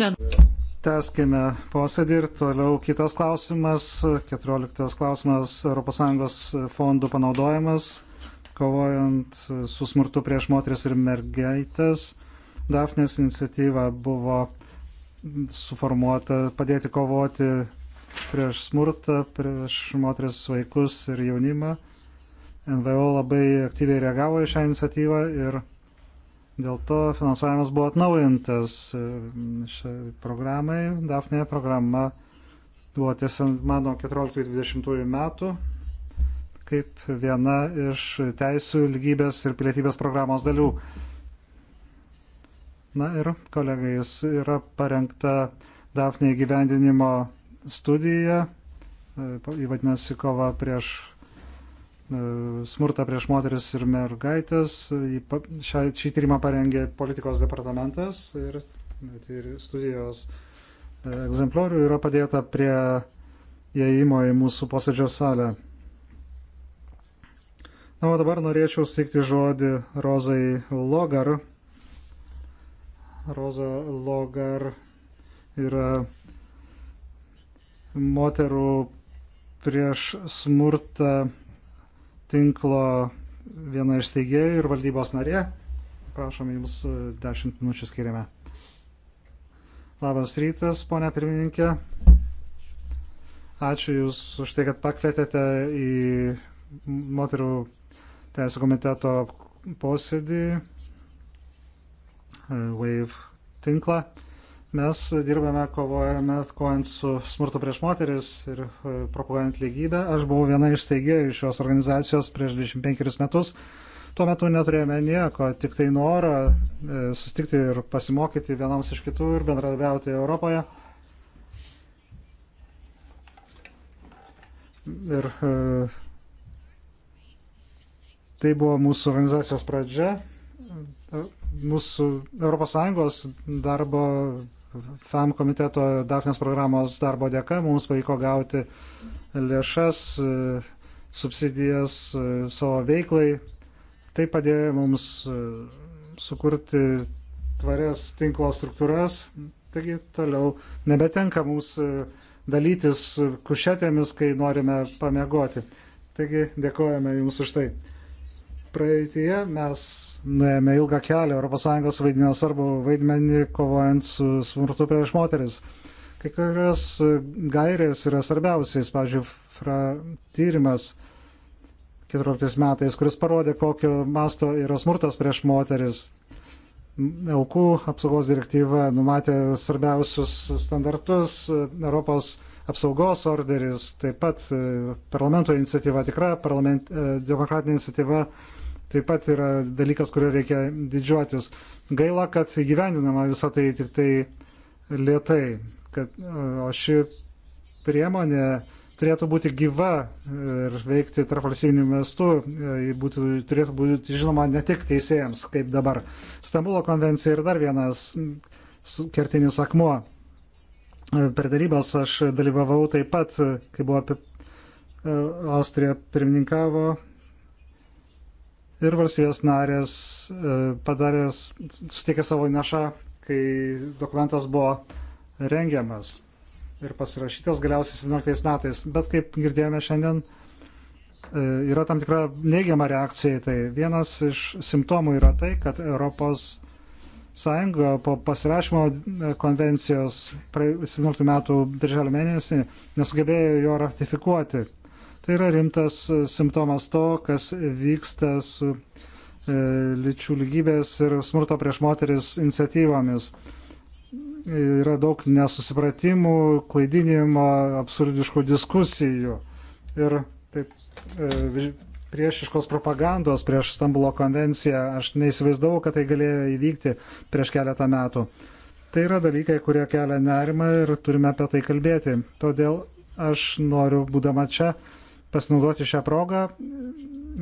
Teskime posėdį ir toliau kitas klausimas, 14 klausimas ES fondų panaudojimas, kovojant su smurtu prieš moteris ir mergaitės. Dafnės iniciatyva buvo suformuota padėti kovoti prieš smurtą, prieš moteris, vaikus ir jaunimą. NVO labai aktyviai reagavo į šią iniciatyvą ir Dėl to finansavimas buvo atnaujintas e, šiai programai. DAFNE programa buvo tiesa mano 14-20 metų kaip viena iš teisų lygybės ir pilietybės programos dalių. Na ir kolegai, jis yra parengta DAFNE įgyvendinimo studija, įvadinasi e, kova prieš E, smurtą prieš moteris ir mergaitės. Šią, šį tyrimą parengė politikos departamentas ir, ir studijos e, egzempliorių yra padėta prie įėjimo į mūsų posėdžio salę. Na, o dabar norėčiau steikti žodį Rozai Logar. Roza Logar yra moterų prieš smurtą tinklo viena iš steigėjų ir valdybos narė. Prašom, jums 10 e, minučių skiriame. Labas rytas, ponia pirmininkė. Ačiū Jūs už tai, kad pakvietėte į moterų teisų komiteto posėdį e, Wave tinklą. Mes dirbame, kovojame, kovojant su smurtu prieš moteris ir e, propaguojant lygybę. Aš buvau viena iš steigėjų šios organizacijos prieš 25 metus. Tuo metu neturėjome nieko, tik tai norą e, sustikti ir pasimokyti vienams iš kitų ir bendradarbiauti Europoje. Ir e, tai buvo mūsų organizacijos pradžia. Mūsų ES darbo FAM komiteto Dafnės programos darbo dėka mums pavyko gauti lėšas, e, subsidijas e, savo veiklai. Tai padėjo mums e, sukurti tvarias tinklo struktūras. Taigi toliau nebetenka mums dalytis kušetėmis, kai norime pamiegoti. Taigi dėkojame Jums už tai praeitie mes nuėjome ilgą kelią, ES vaidino svarbu vaidmenį kovojant su smurtu prieš moteris. Kai kurios gairės yra svarbiausiais, pavyzdžiui, tyrimas 14 metais, kuris parodė, kokio masto yra smurtas prieš moteris. Aukų apsaugos direktyva numatė svarbiausius standartus, Europos apsaugos orderis, taip pat e, parlamento iniciatyva, tikra parlament, e, demokratinė iniciatyva taip pat yra dalykas, kurio reikia didžiuotis. Gaila, kad gyvendinama visą tai tik tai lietai, kad, o ši priemonė turėtų būti gyva ir veikti tarp valstybinių miestų, e, būtų, turėtų būti žinoma ne tik teisėjams, kaip dabar. Stambulo konvencija ir dar vienas kertinis akmuo. E, per darybas aš dalyvavau taip pat, kai buvo apie e, Austrija pirmininkavo ir valstybės narės e, padarės, sutikė savo įnašą, kai dokumentas buvo rengiamas ir pasirašytas galiausiai 17 metais. Bet kaip girdėjome šiandien, e, yra tam tikra neigiama reakcija į tai. Vienas iš simptomų yra tai, kad Europos Sąjunga po pasirašymo e, konvencijos 17 metų birželio mėnesį nesugebėjo jo ratifikuoti. Tai yra rimtas e, simptomas to, kas vyksta su e, lyčių lygybės ir smurto prieš moteris iniciatyvomis. Yra daug nesusipratimų, klaidinimo, absurdiškų diskusijų ir taip, e, priešiškos propagandos prieš Stambulo konvenciją. Aš neįsivaizdavau, kad tai galėjo įvykti prieš keletą metų. Tai yra dalykai, kurie kelia nerimą ir turime apie tai kalbėti. Todėl aš noriu, būdama čia, pasinaudoti šią progą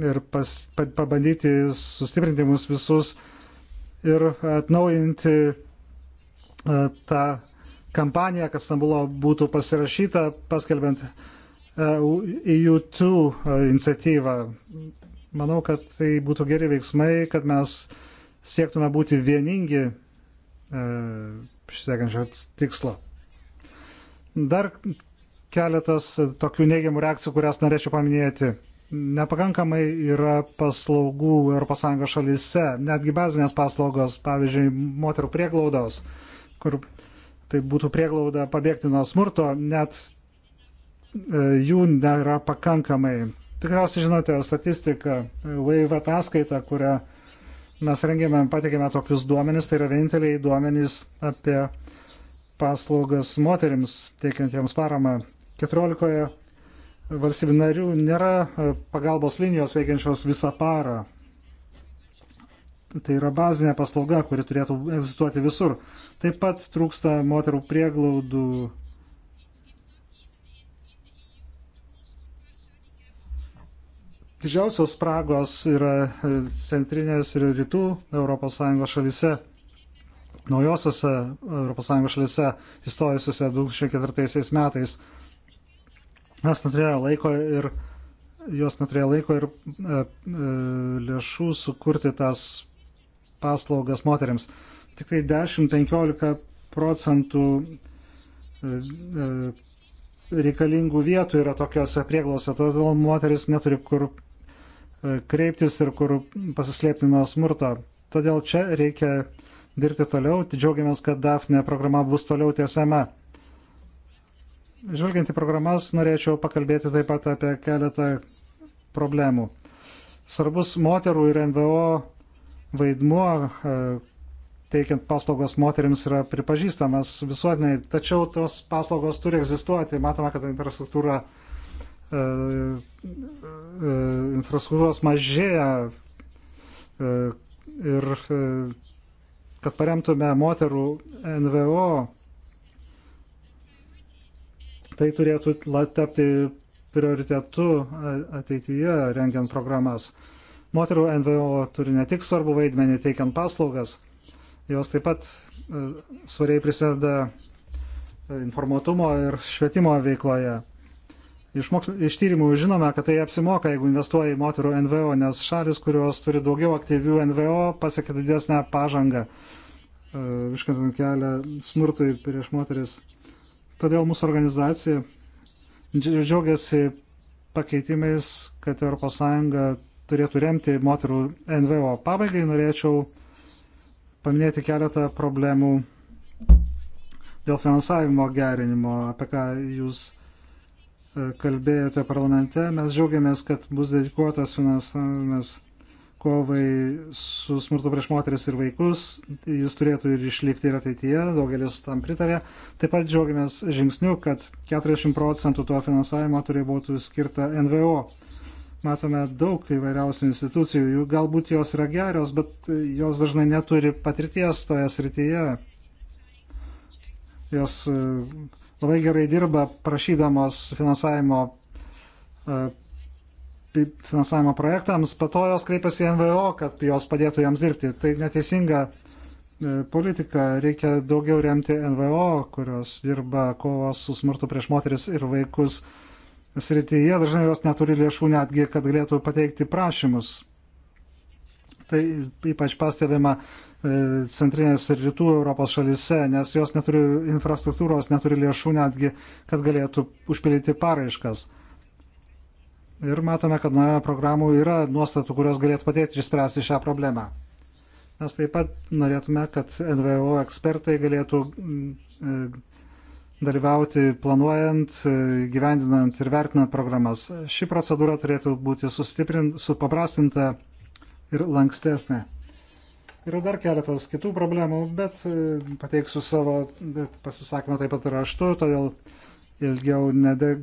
ir pas, pa, pabandyti sustiprinti mus visus ir atnaujinti e, tą kampaniją, kad Stambulo būtų pasirašyta, paskelbent EU2 e, iniciatyvą. Manau, kad tai būtų geri veiksmai, kad mes siektume būti vieningi e, siekiančio tikslo. Dar keletas tokių neigiamų reakcijų, kurias norėčiau paminėti. Nepakankamai yra paslaugų ES šalyse, netgi bazinės paslaugos, pavyzdžiui, moterų prieglaudos, kur tai būtų prieglauda pabėgti nuo smurto, net e, jų nėra pakankamai. Tikriausiai žinote statistiką, WAVE ataskaitą, kurią mes rengėme, patikėme tokius duomenis, tai yra vieninteliai duomenys apie paslaugas moteriams teikiantiems paramą. 14 valstybių narių nėra e, pagalbos linijos veikiančios visą parą. Tai yra bazinė paslauga, kuri turėtų egzistuoti visur. Taip pat trūksta moterų prieglaudų didžiausios spragos yra e, centrinės ir rytų ES šalyse, naujosiose ES šalyse, įstojusiuose 2004 metais. Mes neturėjome laiko ir jos neturėjo laiko ir e, e, lėšų sukurti tas paslaugas moteriams. Tik tai 10-15 procentų e, e, reikalingų vietų yra tokiuose prieglose, todėl moteris neturi kur e, kreiptis ir kur pasislėpti nuo smurto. Todėl čia reikia dirbti toliau. Džiaugiamės, kad DAFNE programa bus toliau tiesiama. Žvelgiant į programas, norėčiau pakalbėti taip pat apie keletą problemų. Svarbus moterų ir NVO vaidmuo e, teikiant paslaugas moteriams yra pripažįstamas visuotinai, tačiau tos paslaugos turi egzistuoti. Matome, kad infrastruktūra, e, e, infrastruktūros mažėja e, ir e, kad paremtume moterų NVO Tai turėtų tapti prioritetu ateityje rengiant programas. Moterų NVO turi ne tik svarbu vaidmenį teikiant paslaugas, jos taip pat svariai prisideda informuotumo ir švietimo veikloje. Iš, moksl... iš tyrimų žinome, kad tai apsimoka, jeigu investuoja į moterų NVO, nes šalis, kurios turi daugiau aktyvių NVO, pasiekia didesnę pažangą, iškantant kelią smurtui prieš moteris Todėl mūsų organizacija džiaugiasi pakeitimais, kad ES turėtų remti moterų NVO. Pabaigai norėčiau paminėti keletą problemų dėl finansavimo gerinimo, apie ką jūs e, kalbėjote parlamente. Mes džiaugiamės, kad bus dedikuotas finansavimas kovai su smurtu prieš moteris ir vaikus. Jis turėtų ir išlikti ir ateityje, daugelis tam pritarė. Taip pat džiaugiamės žingsniu, kad 40 procentų to finansavimo turi būti skirta NVO. Matome daug tai įvairiausių institucijų, galbūt jos yra geros, bet jos dažnai neturi patirties toje srityje. Jos e, labai gerai dirba prašydamos finansavimo e, finansavimo projektams, pato jos kreipiasi į NVO, kad jos padėtų jiems dirbti. Tai neteisinga e, politika, reikia daugiau remti NVO, kurios dirba kovos su smurtu prieš moteris ir vaikus srityje, dažnai jos neturi lėšų netgi, kad galėtų pateikti prašymus. Tai ypač pastebima e, centrinės ir rytų Europos šalise, nes jos neturi infrastruktūros, neturi lėšų netgi, kad galėtų užpildyti paraiškas. Ir matome, kad na, programų yra nuostatų, kurios galėtų padėti išspręsti šią problemą. Mes taip pat norėtume, kad NVO ekspertai galėtų mm, e, dalyvauti planuojant, e, gyvendinant ir vertinant programas. Ši procedūra turėtų būti sustiprinta, supaprastinta ir lankstesnė. Yra dar keletas kitų problemų, bet e, pateiksiu savo pasisakymą taip pat raštu, todėl ilgiau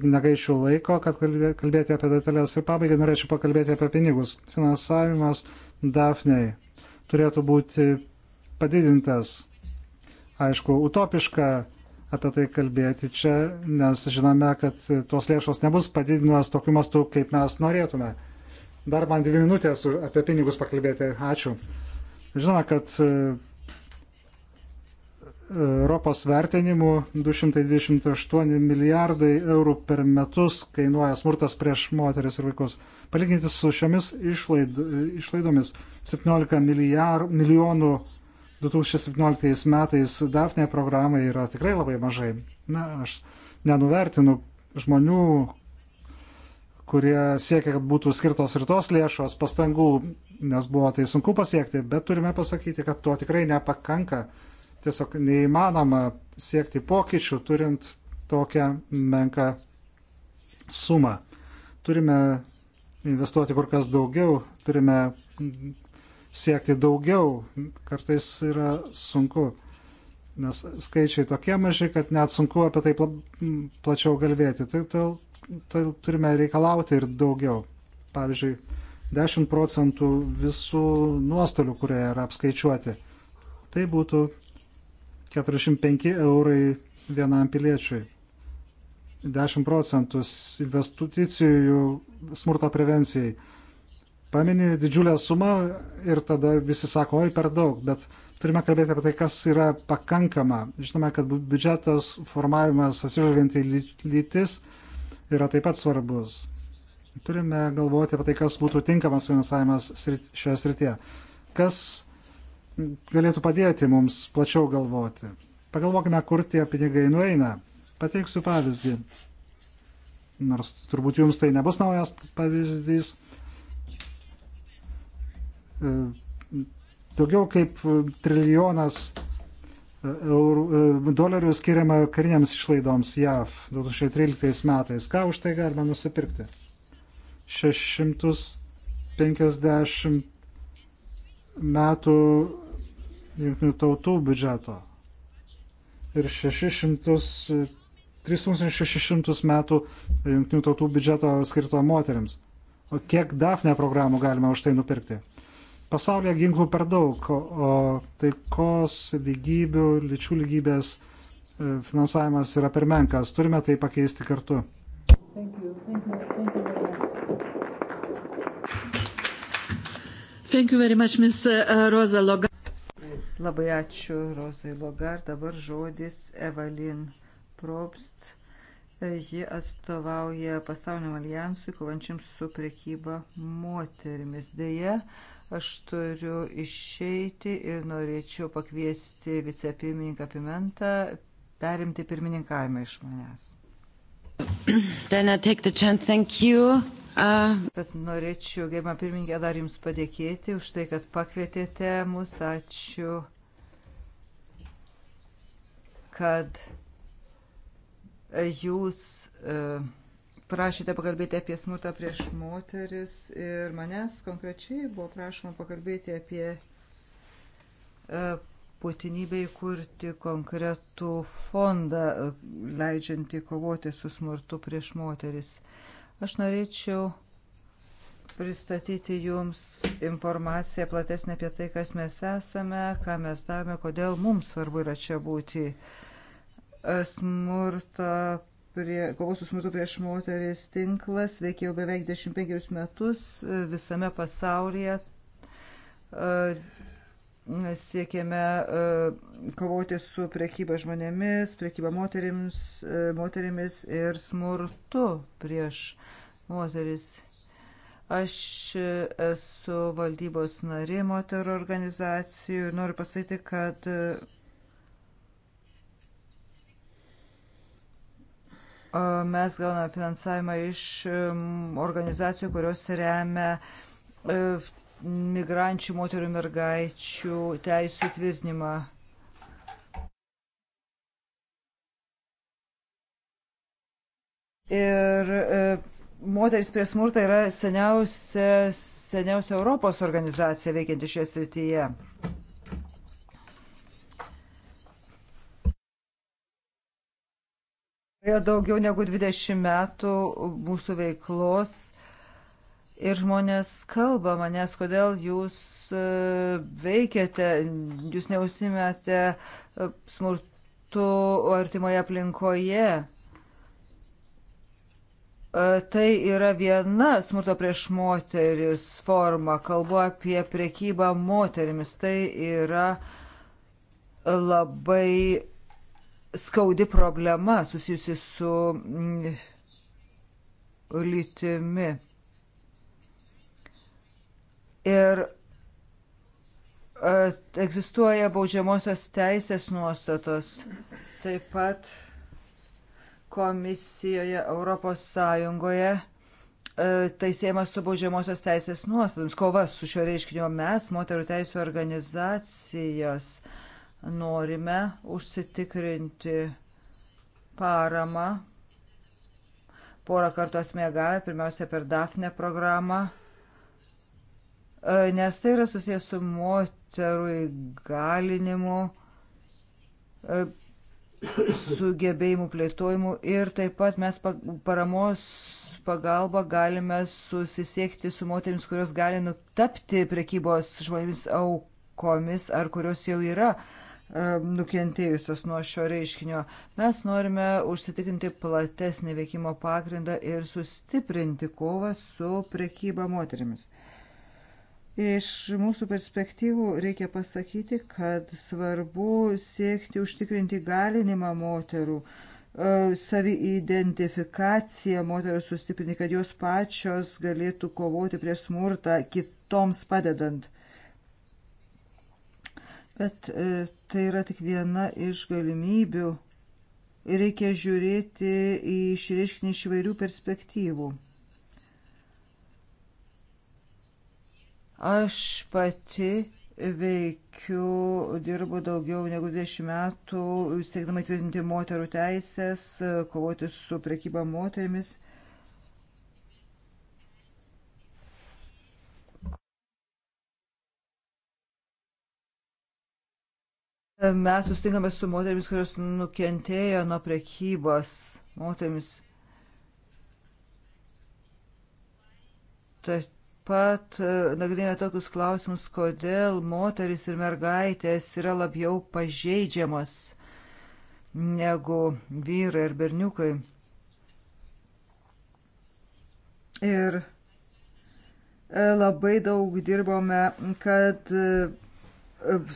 negaišiu laiko, kad kalbėti apie detalės. Ir pabaigai norėčiau pakalbėti apie pinigus. Finansavimas Dafniai turėtų būti padidintas. Aišku, utopiška apie tai kalbėti čia, nes žinome, kad tos lėšos nebus padidinamas tokiu mastu, kaip mes norėtume. Dar man dvi minutės apie pinigus pakalbėti. Ačiū. Žinoma, kad Europos vertinimu 228 milijardai eurų per metus kainuoja smurtas prieš moteris ir vaikus. Palyginti su šiomis išlaid, išlaidomis 17 milijar, milijonų 2017 metais DAFNE programai yra tikrai labai mažai. Na, aš nenuvertinu žmonių, kurie siekia, kad būtų skirtos ir tos lėšos pastangų, nes buvo tai sunku pasiekti, bet turime pasakyti, kad to tikrai nepakanka tiesiog neįmanoma siekti pokyčių, turint tokią menką sumą. Turime investuoti kur kas daugiau, turime siekti daugiau, kartais yra sunku, nes skaičiai tokie maži, kad net sunku apie tai pla plačiau kalbėti. Tai, tai, tai turime reikalauti ir daugiau. Pavyzdžiui, 10 procentų visų nuostolių, kurie yra apskaičiuoti. Tai būtų 45 eurai vienam piliečiui. 10 procentus investicijų smurto prevencijai. Pamini didžiulę sumą ir tada visi sako, oi per daug, bet turime kalbėti apie tai, kas yra pakankama. Žinome, kad biudžetas formavimas atsižvelgiant į lytis yra taip pat svarbus. Turime galvoti apie tai, kas būtų tinkamas finansavimas šioje srityje. Kas galėtų padėti mums plačiau galvoti. Pagalvokime, kur tie pinigai nueina. Pateiksiu pavyzdį. Nors turbūt jums tai nebus naujas pavyzdys. E, daugiau kaip trilijonas e, eurų, e, dolerių skiriama kariniams išlaidoms JAV 2013 metais. Ką už tai galima nusipirkti? 650 metų jungtinių tautų biudžeto. Ir 600, 3600 metų jungtinių tautų biudžeto skirto moteriams. O kiek DAFNE programų galima už tai nupirkti? Pasaulyje ginklų per daug, o taikos, lygybių, lyčių lygybės e, finansavimas yra per menkas. Turime tai pakeisti kartu. Thank you. Thank you. Thank you. Thank you very much, Ms. Uh, Rosa Logan. Labai ačiū Rozai Logar. Dabar žodis Evalin Probst. Ji atstovauja pasauliniam alijansui, kovančiam su prekyba moterimis. Deja, aš turiu išeiti ir norėčiau pakviesti vicepirmininką Pimentą perimti pirmininkavimą iš manęs. Uh... Bet norėčiau, gerbama pirmininkė, dar Jums padėkėti už tai, kad pakvietėte mus. Ačiū kad e, jūs e, prašėte pakalbėti apie smurtą prieš moteris ir manęs konkrečiai buvo prašoma pakalbėti apie e, būtinybę įkurti konkretų fondą leidžiantį kovoti su smurtu prieš moteris. Aš norėčiau pristatyti jums informaciją platesnę apie tai, kas mes esame, ką mes darome, kodėl mums svarbu yra čia būti. Smurta prie kovos su smurtu prieš moteris tinklas veikia jau beveik 25 metus visame pasaulyje. Siekėme e, kovoti su priekyba žmonėmis, priekyba moterims, e, moterimis ir smurtu prieš moteris. Aš esu valdybos narė moterų organizacijų ir noriu pasakyti, kad e, mes gauname finansavimą iš organizacijų, kurios remia e, migrančių moterų mergaičių teisų tvirtinimą. Ir e, moteris prie smurto yra seniausia, seniausia Europos organizacija veikianti šioje srityje. Praėjo daugiau negu 20 metų mūsų veiklos ir žmonės kalba manęs, kodėl jūs e, veikiate, jūs neusimėte e, smurtu artimoje aplinkoje. E, tai yra viena smurto prieš moteris forma. Kalbu apie prekybą moterimis. Tai yra labai skaudi problema susijusi su mm, lytimi. Ir e, egzistuoja baudžiamosios teisės nuostatos. Taip pat komisijoje Europos Sąjungoje e, tai siejama su baudžiamosios teisės nuostatomis. Kova su šio reiškinio mes, moterų teisų organizacijos, norime užsitikrinti paramą. Porą kartų esmė gavę, pirmiausia per DAFNE programą, e, nes tai yra susijęs su moterų įgalinimu e, sugebėjimų plėtojimų ir taip pat mes paramos pagalba galime susisiekti su moteriams, kurios gali nutapti prekybos žmonėmis aukomis ar kurios jau yra e, nukentėjusios nuo šio reiškinio. Mes norime užsitikrinti platesnį veikimo pagrindą ir sustiprinti kovą su prekyba moterimis. Iš mūsų perspektyvų reikia pasakyti, kad svarbu siekti užtikrinti galinimą moterų, e, savi identifikaciją moterų sustiprinti, kad jos pačios galėtų kovoti prieš smurtą kitoms padedant. Bet e, tai yra tik viena iš galimybių ir reikia žiūrėti į šį reiškinį iš vairių perspektyvų. Aš pati veikiu, dirbu daugiau negu 20 metų, siekdama įtvirtinti moterų teisės, kovoti su prekyba moterimis. Mes sustinkame su moterimis, kurios nukentėjo nuo prekybos moterimis. Tad pat e, nagrinėjame tokius klausimus, kodėl moteris ir mergaitės yra labiau pažeidžiamas negu vyrai ir berniukai. Ir e, labai daug dirbome, kad e,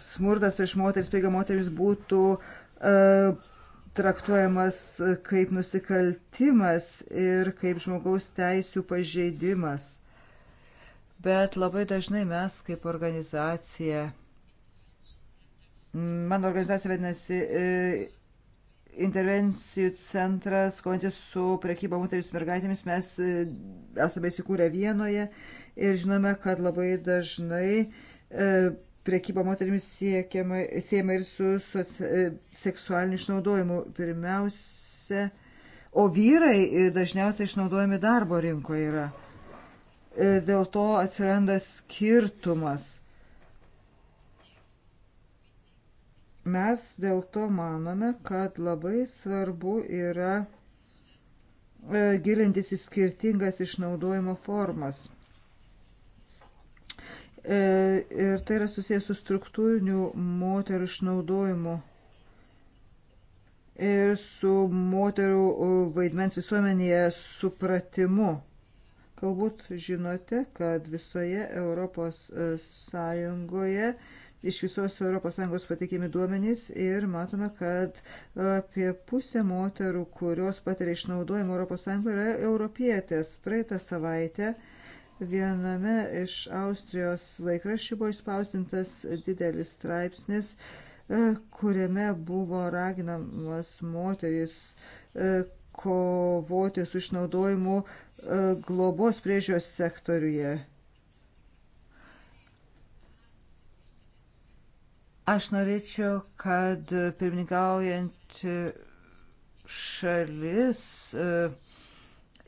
smurtas prieš moteris, priega moteris būtų traktuojamas kaip nusikaltimas ir kaip žmogaus teisų pažeidimas bet labai dažnai mes kaip organizacija, mano organizacija vadinasi e, intervencijų centras, kovintis su prekyba moteris mergaitėmis, mes e, esame įsikūrę vienoje ir žinome, kad labai dažnai e, prekyba moterimis siekiama, siejama ir su, su seksualiniu išnaudojimu. Pirmiausia, o vyrai dažniausiai išnaudojami darbo rinkoje yra. E, dėl to atsiranda skirtumas. Mes dėl to manome, kad labai svarbu yra e, gilintis į skirtingas išnaudojimo formas. E, ir tai yra susijęs su struktūriniu moterų išnaudojimu ir su moterų vaidmens visuomenėje supratimu. Galbūt žinote, kad visoje Europos e, Sąjungoje iš visos ES patikimi duomenys ir matome, kad apie pusę moterų, kurios patiria išnaudojimą ES, yra europietės. Praeitą savaitę viename iš Austrijos laikraščių buvo išspausdintas didelis straipsnis, e, kuriame buvo raginamas moteris e, kovoti su išnaudojimu globos priežios sektoriuje. Aš norėčiau, kad pirmininkaujant šalis e,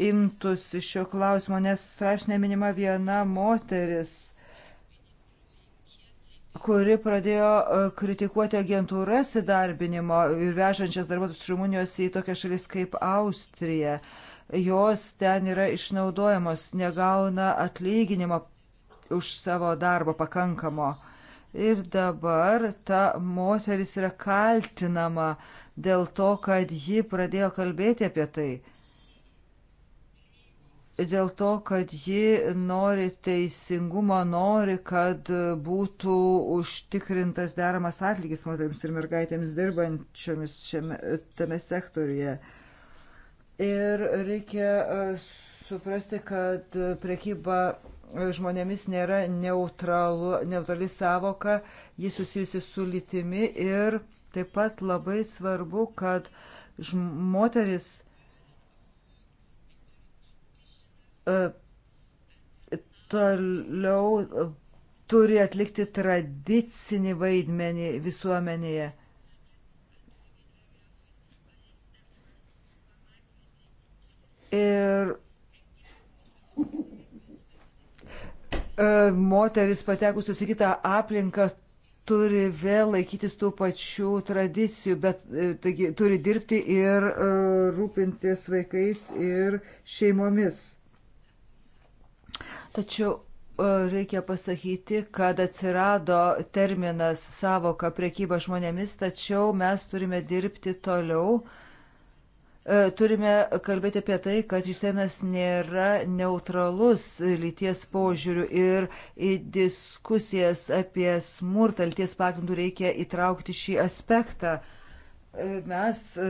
imtųsi šio klausimo, nes straipsnė minima viena moteris, kuri pradėjo e, kritikuoti agentūras įdarbinimo ir vežančias darbuotojus iš Rumunijos į tokias šalis kaip Austrija. Uh, jos ten yra išnaudojamos, negauna atlyginimo už savo darbą pakankamo. Ir dabar ta moteris yra kaltinama dėl to, kad ji pradėjo kalbėti apie tai. Dėl to, kad ji nori teisingumo, nori, kad būtų užtikrintas deramas atlygis moteriams ir mergaitėms dirbančiomis šiame, tame sektoriuje. Ir reikia e, suprasti, kad e, prekyba e, žmonėmis nėra neutralu, neutrali savoka, ji susijusi su lytimi ir taip pat labai svarbu, kad moteris toliau turi atlikti tradicinį vaidmenį visuomenėje. Ir e, moteris patekusios į kitą aplinką turi vėl laikytis tų pačių tradicijų, bet e, taigi, turi dirbti ir e, rūpintis vaikais ir šeimomis. Tačiau reikia pasakyti, kad atsirado terminas savoka priekyba žmonėmis, tačiau mes turime dirbti toliau uh, E, turime kalbėti apie tai, kad išsėmės nėra neutralus lyties požiūrių ir į diskusijas apie smurtą lyties pagrindų reikia įtraukti šį aspektą. E, mes e,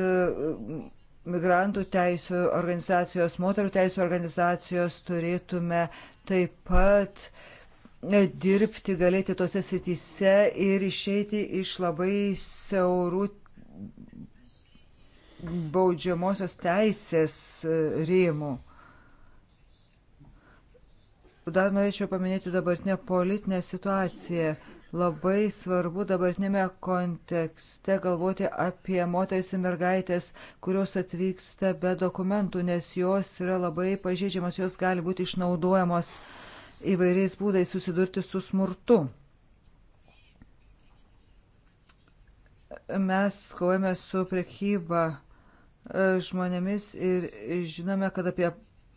migrantų teisų organizacijos, moterų teisų organizacijos turėtume taip pat dirbti, galėti tose srityse ir išeiti iš labai siaurų baudžiamosios teisės e, rėmų. Dar norėčiau paminėti dabartinę politinę situaciją. Labai svarbu dabartinėme kontekste galvoti apie moteris ir mergaitės, kurios atvyksta be dokumentų, nes jos yra labai pažeidžiamas, jos gali būti išnaudojamos įvairiais būdais susidurti su smurtu. Mes kovojame su prekyba E, žmonėmis ir žinome, kad apie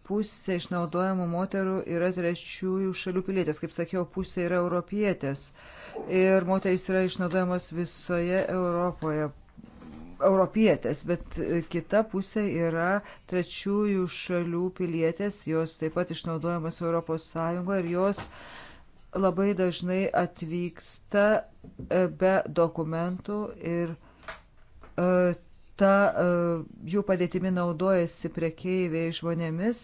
pusė išnaudojamų moterų yra trečiųjų šalių pilietės. Kaip sakiau, pusė yra europietės. Ir moterys yra išnaudojamos visoje Europoje. Europietės, bet kita pusė yra trečiųjų šalių pilietės, jos taip pat išnaudojamas ES ir jos labai dažnai atvyksta e, be dokumentų ir e, ta e, jų padėtimi naudojasi prekeiviai žmonėmis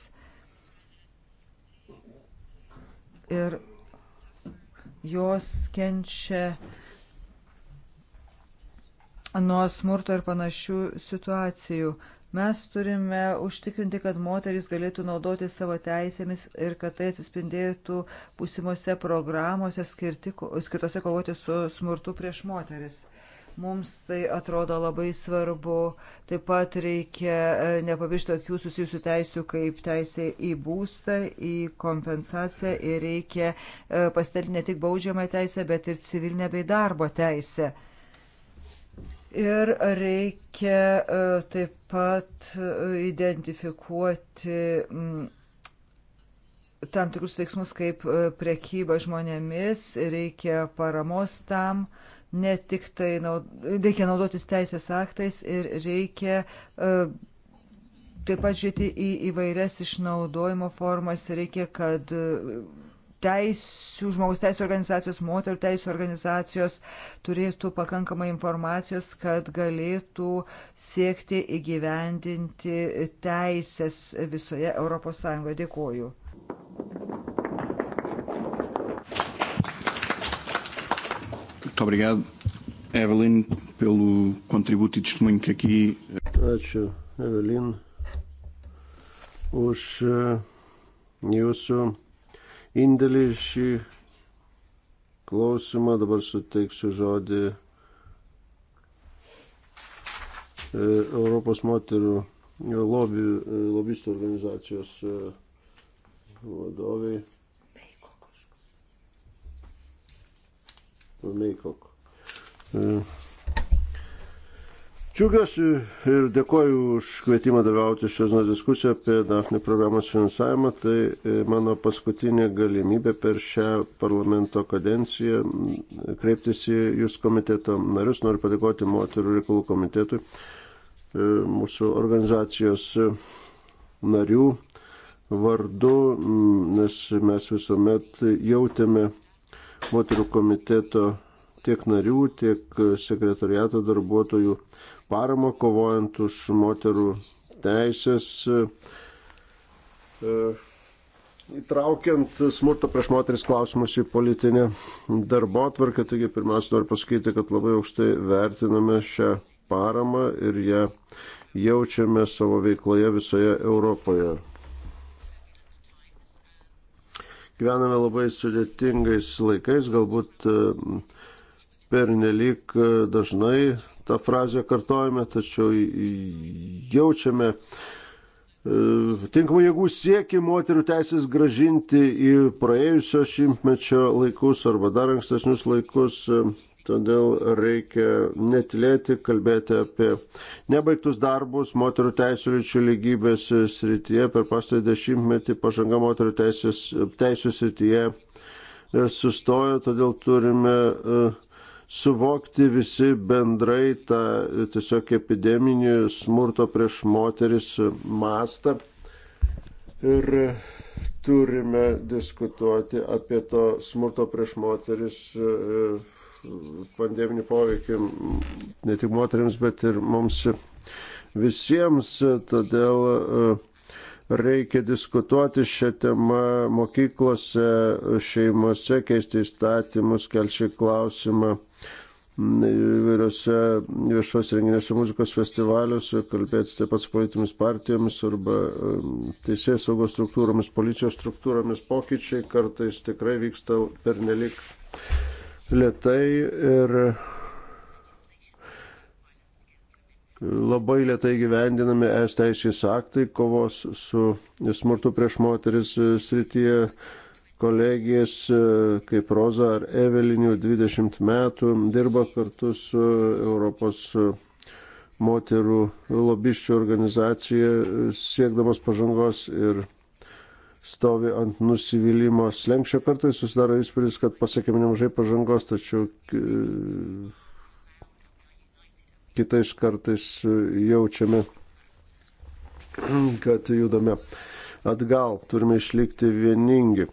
ir jos kenčia nuo smurto ir panašių situacijų. Mes turime užtikrinti, kad moteris galėtų naudoti savo teisėmis ir kad tai atsispindėtų būsimose programuose skirti, skirtose kovoti su smurtu prieš moteris. Mums tai atrodo labai svarbu. Taip pat reikia e, nepamiršti tokių susijusių teisių kaip teisė į būstą, į kompensaciją ir reikia e, pasitelti ne tik baudžiamą teisę, bet ir civilinę bei darbo teisę. Ir reikia e, taip pat identifikuoti tam tikrus veiksmus kaip prekyba žmonėmis, reikia paramos tam, uh, ne tik tai naud, reikia naudotis teisės aktais ir reikia uh, taip pat žiūrėti į įvairias išnaudojimo formas, reikia, kad e, teisų, žmogaus teisų organizacijos, moterų teisų organizacijos turėtų pakankamai informacijos, kad galėtų siekti įgyvendinti teisės visoje ES. Dėkuoju. Muito obrigado, Evelyn, pelo contributo e testemunho que aqui. Ačiū, Evelyn, už eh, jūsų indėlį šį klausimą. Dabar suteiksiu žodį eh, Europos moterų lobby, eh, lobistų organizacijos vadoviai. Meikok. E, Džiugiuosi ir dėkoju už kvietimą dalyvauti šios diskusiją apie DAFNI programos finansavimą. Tai e, mano paskutinė galimybė per šią parlamento kadenciją kreiptis į Jūs komiteto narius. Noriu padėkoti moterų reikalų komitetui, e, mūsų organizacijos narių vardu, nes mes visuomet jautėme moterų komiteto tiek narių, tiek sekretariato darbuotojų paramą kovojant už moterų teisės, e, įtraukiant smurto prieš moteris klausimus į politinę darbo atvarkę. Taigi pirmiausia, noriu pasakyti, kad labai aukštai vertiname šią paramą ir ją jaučiame savo veikloje visoje Europoje. Gyvename labai sudėtingais laikais, galbūt e, pernelyg e, dažnai tą frazę kartojame, tačiau jaučiame e, tinkamų jėgų siekį moterų teisės gražinti į praėjusio šimtmečio laikus arba dar ankstesnius laikus. Todėl reikia netilėti, kalbėti apie nebaigtus darbus moterų teisų lyčių lygybės srityje. Per pastarį dešimtmetį pažanga moterų teisės, teisų srityje e, sustojo, todėl turime e, suvokti visi bendrai tą e, tiesiog epideminį smurto prieš moteris mastą. Ir turime diskutuoti apie to smurto prieš moteris pandeminį poveikį ne tik moteriams, bet ir mums visiems. Todėl e, reikia diskutuoti šią temą mokyklose, šeimose, keisti įstatymus, kelšį klausimą įvairiose viešos renginėse muzikos festivaliuose, kalbėti taip pat su politinėmis partijomis arba teisės saugos struktūromis, policijos struktūromis pokyčiai kartais tikrai vyksta pernelik lietai ir labai lietai gyvendinami es teisės aktai kovos su smurtu prieš moteris srityje. Kolegijas e, kaip Roza ar Evelinių 20 metų dirba kartu su Europos moterų lobiščių organizacija siekdamas pažangos ir stovi ant nusivylimo slemščio. Kartais susidaro įspūdis, kad pasiekėme nemažai pažangos, tačiau e, kitais kartais jaučiame, kad judame atgal, turime išlikti vieningi.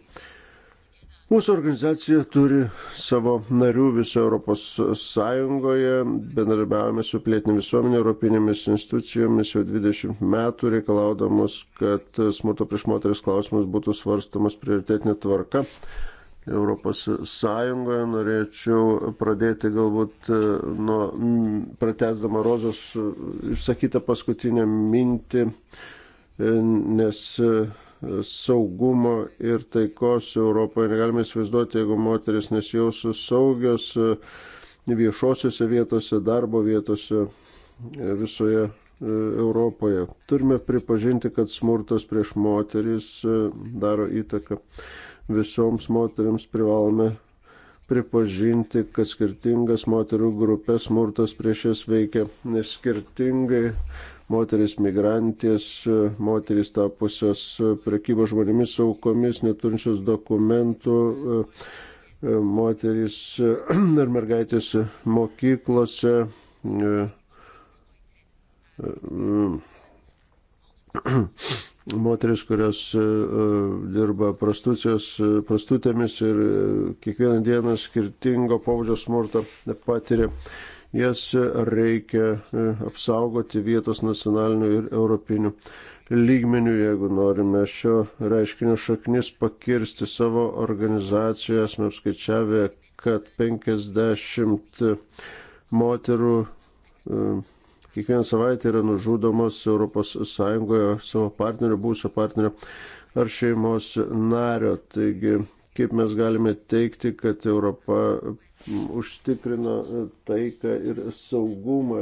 Mūsų organizacija turi savo narių viso Europos Sąjungoje, bendradarbiavame su plėtinė visuomenė, europinėmis institucijomis jau 20 metų reikalaudamos, kad smurto prieš moteris klausimas būtų svarstamas prioritetinė tvarka. Europos Sąjungoje norėčiau pradėti galbūt e, nuo pratesdama Rozos e, išsakytą paskutinę mintį, e, nes saugumo ir taikos Europoje. Negalime įsivaizduoti, jeigu moteris nesijausų saugios e, viešosiose vietose, darbo vietose e, visoje e, Europoje. Turime pripažinti, kad smurtas prieš moteris daro įtaką visoms moteriams. Privalome pripažinti, kad skirtingas moterų grupės smurtas prieš jas veikia skirtingai moteris migrantės, moteris tapusios prekybos žmonėmis aukomis, neturinčios dokumentų, moteris ir mergaitės mokyklose. Moteris, kurios e, dirba prastutėmis ir e, kiekvieną dieną skirtingo pobūdžio smurto patiria jas reikia e, apsaugoti vietos nacionaliniu ir europiniu lygmeniu, jeigu norime šio reiškinio šaknis pakirsti savo organizacijoje, esame apskaičiavę, kad 50 moterų e, kiekvieną savaitę yra nužudomos ES savo partnerio, būsio partnerio ar šeimos nario. Taigi, kaip mes galime teikti, kad Europa užtikrina e, taiką ir saugumą.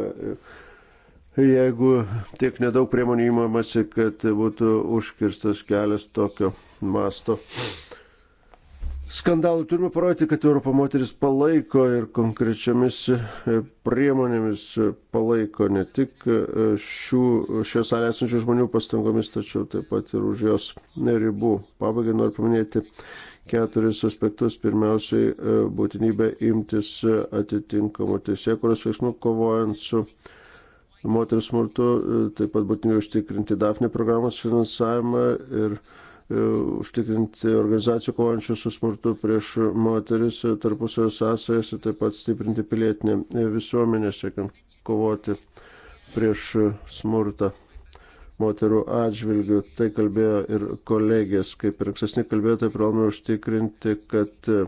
Jeigu tiek nedaug priemonių įmamasi, kad būtų užkirstas kelias tokio masto skandalų, turime parodyti, kad Europo moteris palaiko ir konkrečiamis e, priemonėmis palaiko ne tik e, šių, šios salės esančių žmonių pastangomis, tačiau taip pat ir už jos ribų. Pabaigai noriu paminėti keturis aspektus. Pirmiausiai, e, būtinybė imtis atitinkamų teisėkuros veiksmų kovojant su moteris smurtu, e, taip pat būtinybė užtikrinti DAFNE programos finansavimą ir e, užtikrinti organizacijų kovojančių su smurtu prieš moteris tarpusavio sąsajas ir taip pat stiprinti pilietinę visuomenę, siekiant kovoti prieš smurtą moterų atžvilgių. Tai kalbėjo ir kolegės, kaip ir ankstesni kalbėtojai, tai privalome užtikrinti, kad e,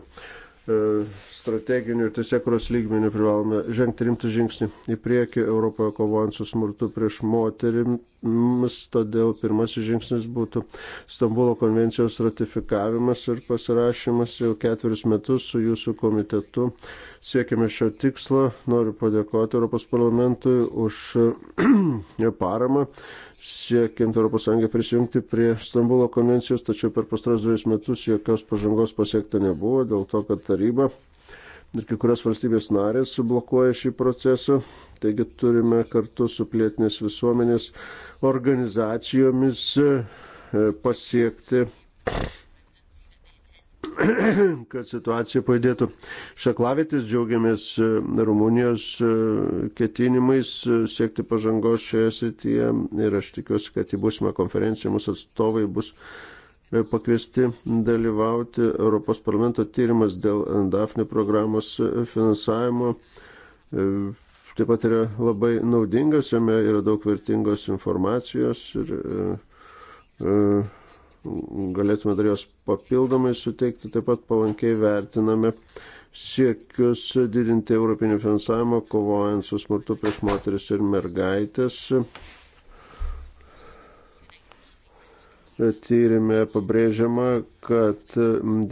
strateginių ir tiesiekuros lygmenių privalome žengti rimtą žingsnį į priekį Europoje kovojant su smurtu prieš moterims. Todėl pirmasis žingsnis būtų Stambulo konvencijos ratifikavimas ir pasirašymas jau ketverius metus su jūsų komitetu siekiame šio tikslo. Noriu padėkoti Europos parlamentui už [clears throat] paramą siekiant ES prisijungti prie Stambulo konvencijos, tačiau per pastaros dviejus metus jokios pažangos pasiekta nebuvo dėl to, kad taryba ir kai kurios valstybės narės sublokuoja šį procesą. Taigi turime kartu su plėtinės visuomenės organizacijomis e, pasiekti [clears throat] kad situacija pajudėtų. Šaklavėtis džiaugiamės e, Rumunijos e, ketinimais e, siekti pažangos šioje srityje ir aš tikiuosi, kad į būsimą konferenciją mūsų atstovai bus pakviesti dalyvauti Europos parlamento tyrimas dėl DAFNI programos finansavimo. Taip pat yra labai naudingas, jame yra daug vertingos informacijos ir uh, uh, galėtume dar jos papildomai suteikti, taip pat palankiai vertiname siekius didinti europinį finansavimą, kovojant su smurtu prieš moteris ir mergaitės. Tyrime pabrėžiama, kad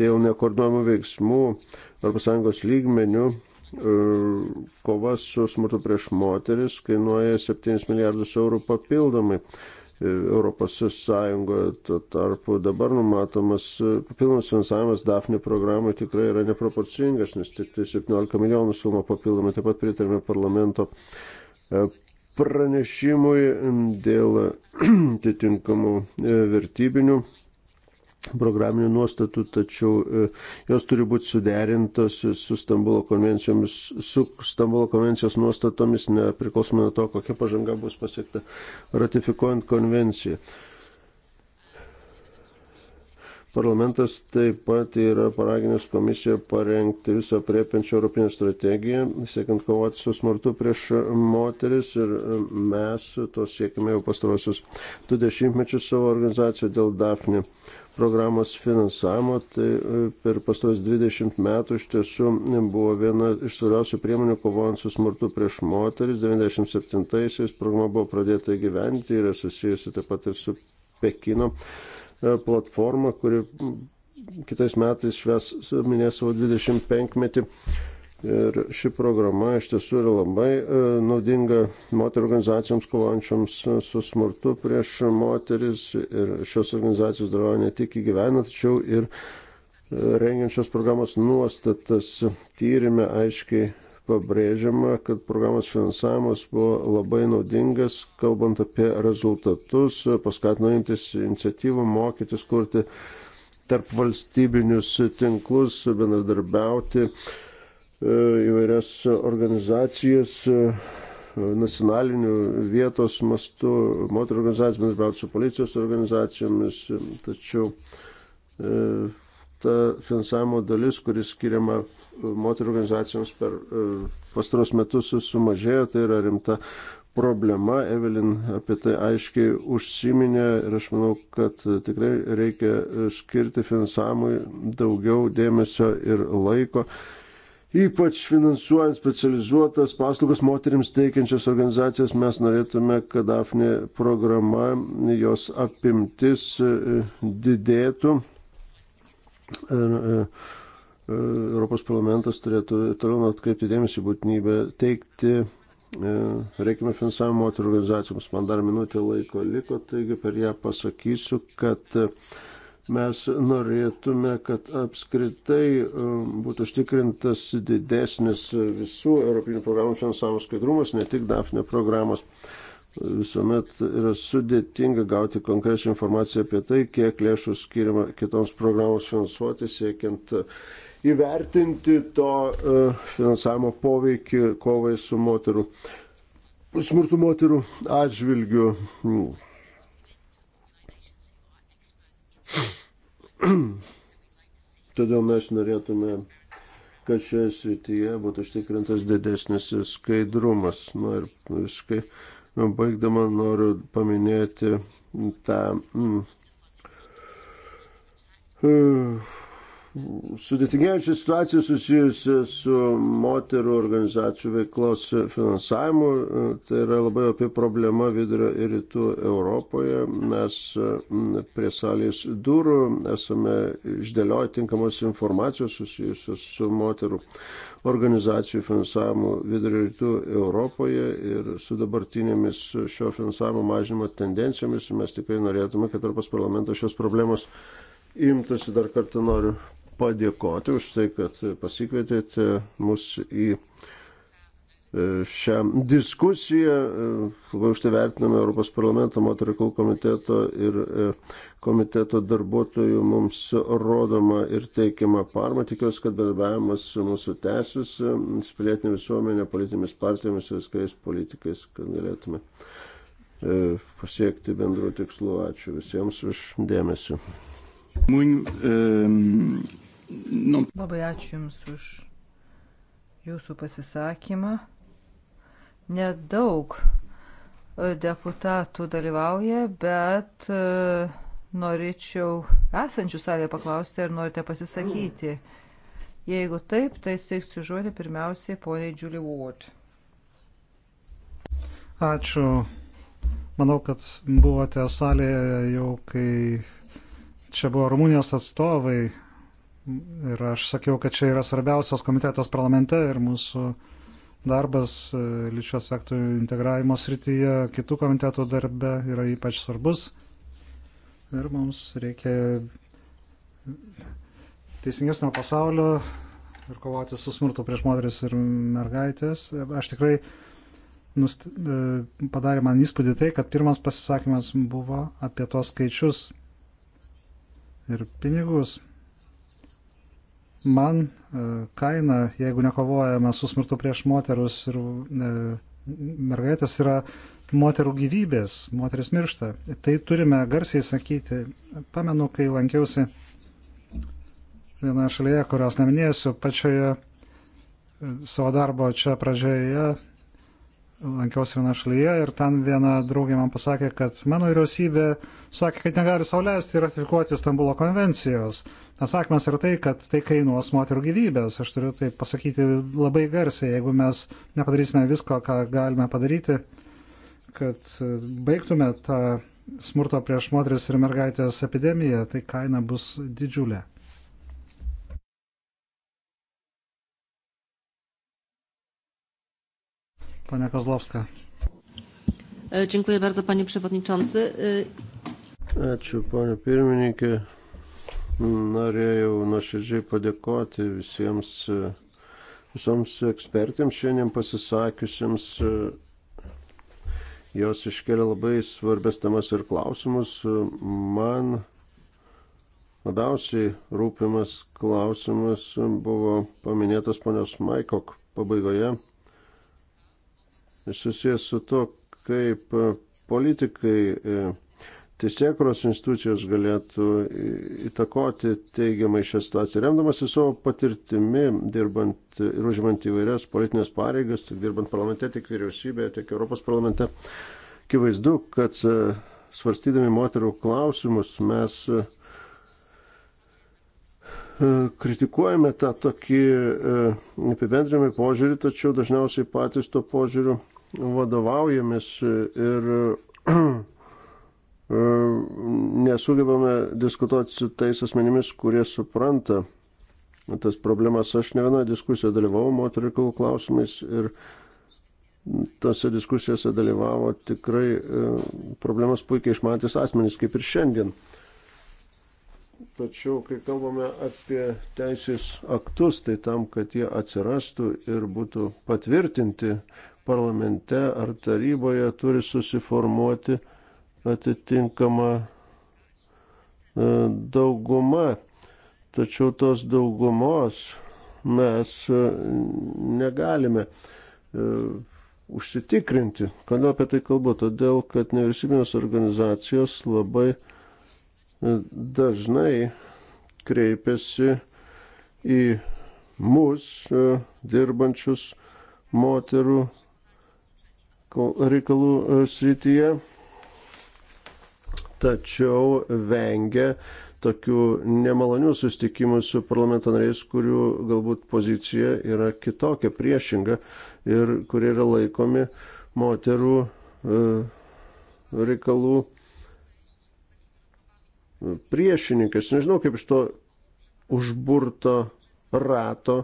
dėl nekoordinuojamų veiksmų ES lygmenių e, kova su smurtu prieš moteris kainuoja 7 milijardus eurų papildomai Europos Sąjungoje. Tuo tarpu dabar numatomas papildomas finansavimas DAFNI programai tikrai yra neproporcingas, nes tik tai 17 milijonų suma papildomai. Taip pat pritarėme parlamento e, pranešimui dėl [clears throat] atitinkamų e, vertybinių programinių nuostatų, tačiau e, jos turi būti suderintos su Stambulo, su Stambulo konvencijos nuostatomis, nepriklausomai nuo to, kokia pažanga bus pasiekta ratifikuojant konvenciją. Parlamentas taip pat yra paraginęs komisiją parengti visą priepenčią Europinę strategiją, siekiant kovoti su smurtu prieš moteris ir mes to siekime jau pastarosius 20 mečius savo organizaciją dėl DAFNI programos finansavimo, tai e, per pastos 20 metų iš tiesų buvo viena iš svarbiausių priemonių kovojant su smurtu prieš moteris. 97-aisiais programa buvo pradėta gyventi ir susijusi taip pat ir su Pekino e, platforma, kuri kitais metais šves, minės savo 25 metį Ir ši programa iš tiesų yra labai e, naudinga moterų organizacijoms kovojančioms e, su smurtu prieš moteris. Ir šios organizacijos dalyvauja ne tik įgyvenant, tačiau ir e, rengiančios programos nuostatas tyrimė aiškiai pabrėžiama, kad programos finansavimas buvo labai naudingas, kalbant apie rezultatus, paskatinantis iniciatyvų mokytis kurti tarp valstybinius tinklus, bendradarbiauti E, įvairias organizacijas e, nacionalinių vietos mastų, moterų organizacijomis, bendrauti su policijos organizacijomis, e, tačiau ta finansavimo dalis, kuris skiriama moterų organizacijoms per pastaros metus sumažėjo, tai yra rimta problema. Evelin apie tai aiškiai užsiminė ir aš manau, kad tikrai reikia skirti finansavimui daugiau dėmesio ir laiko Ypač finansuojant specializuotas paslaugas moteriams teikiančias organizacijas, mes norėtume, kad DAFNE programa, jos apimtis e, didėtų. Ir, e, e, Europos parlamentas turėtų toliau atkreipti dėmesį būtinybę teikti reikime finansavimo moterų organizacijoms. Man dar minutė laiko liko, taigi per ją pasakysiu, kad mes norėtume, kad apskritai e, būtų užtikrintas didesnis visų Europinių programų finansavimo skaidrumas, ne tik DAFNE programos. Visuomet yra sudėtinga gauti konkrečią informaciją apie tai, kiek lėšų skiriama kitoms programoms finansuoti, siekiant įvertinti to e, finansavimo poveikį kovai su moterų, smurtų moterų atžvilgiu. Hmm [clears throat] Todėl mes norėtume, kad šioje srityje būtų užtikrintas didesnis skaidrumas. Na ir visiškai nu, baigdama noriu paminėti tą. Mm, uh, sudėtingėjančią situaciją susijusią su moterų organizacijų veiklos finansavimu. Tai yra labai opi problema vidurio ir rytų Europoje. Mes prie salės durų esame išdėlioję tinkamos informacijos susijusios su moterų organizacijų finansavimu vidurio ir rytų Europoje ir su dabartinėmis šio finansavimo mažinimo tendencijomis. Mes tikrai norėtume, kad Europos parlamentas šios problemos imtųsi. Dar kartą noriu padėkoti už tai, kad pasikvietėte mus į e, šią diskusiją. Labai e, už tai vertiname Europos parlamento moterų reikalų komiteto ir e, komiteto darbuotojų mums rodoma ir teikiama parma. Tikiuosi, kad bendravimas mūsų tęsis su pilietinė visuomenė, politinėmis partijomis ir viskais politikais, kad galėtume pasiekti bendrų tikslų. Ačiū visiems už dėmesį. Muito, um non... Nu. Labai ačiū Jums už Jūsų pasisakymą. Nedaug e, deputatų dalyvauja, bet e, norėčiau esančių salėje paklausti, ar norite pasisakyti. Jeigu taip, tai steiksiu žodį pirmiausiai poniai Julie Ward. Ačiū. Manau, kad buvote salėje jau, kai čia buvo Rumunijos atstovai Ir aš sakiau, kad čia yra svarbiausias komitetas parlamente ir mūsų darbas e, lyčių aspektų integravimo srityje, kitų komitetų darbe yra ypač svarbus. Ir mums reikia teisingesnio pasaulio ir kovoti su smurtu prieš moteris ir mergaitės. Aš tikrai nust... E, padarė man įspūdį tai, kad pirmas pasisakymas buvo apie tuos skaičius ir pinigus. Man e, kaina, jeigu nekovojame su smurtu prieš moterus ir e, mergaitės, yra moterų gyvybės, moteris miršta. Tai turime garsiai sakyti. Pamenu, kai lankiausi vienoje šalyje, kurios neminėsiu, pačioje e, savo darbo čia pradžioje lankiausi viena šalyje ir ten viena draugė man pasakė, kad mano vyriausybė sakė, kad negali sauliaisti ratifikuoti Stambulo konvencijos. Atsakymas yra tai, kad tai kainuos moterų gyvybės. Aš turiu tai pasakyti labai garsiai, jeigu mes nepadarysime visko, ką galime padaryti, kad baigtume tą smurto prieš moteris ir mergaitės epidemiją, tai kaina bus didžiulė. Pane Kozlovska. E, dziękuję bardzo, panie przewodniczący. E, Ačiū, ponė pirmininkė. Norėjau nuoširdžiai padėkoti visiems, visoms ekspertėms šiandien pasisakiusiems. Jos iškelia labai svarbės temas ir klausimus. Man labiausiai rūpimas klausimas buvo paminėtas ponios Maikok pabaigoje susijęs su to, kaip e, politikai, e, teisėkros institucijos galėtų įtakoti teigiamai šią situaciją. Remdamasi savo patirtimi, dirbant ir užimant įvairias politinės pareigas, tiek dirbant parlamente, tiek vyriausybėje, tiek Europos parlamente, akivaizdu, kad e, svarstydami moterų klausimus mes kritikuojame tą tokį apibendrinamą požiūrį, tačiau dažniausiai patys to požiūriu vadovaujamės ir e, nesugebame diskutuoti su tais asmenimis, kurie supranta tas problemas. Aš ne vienoje diskusijoje dalyvau moterų reikalų klausimais ir tose diskusijose dalyvavo tikrai e, problemas puikiai išmatys asmenys, kaip ir šiandien. Tačiau, kai kalbame apie teisės aktus, tai tam, kad jie atsirastų ir būtų patvirtinti, parlamente ar taryboje turi susiformuoti atitinkama e, dauguma. Tačiau tos daugumos mes e, negalime e, užsitikrinti. Kodėl apie tai kalbu? Todėl, kad nevyriausybinės organizacijos labai dažnai kreipiasi į mus dirbančius moterų reikalų e, srityje, tačiau vengia tokių nemalonių susitikimų su parlamento nariais, kurių galbūt pozicija yra kitokia, priešinga ir kurie yra laikomi moterų e, reikalų e, priešininkas. Nežinau, kaip iš to užburto rato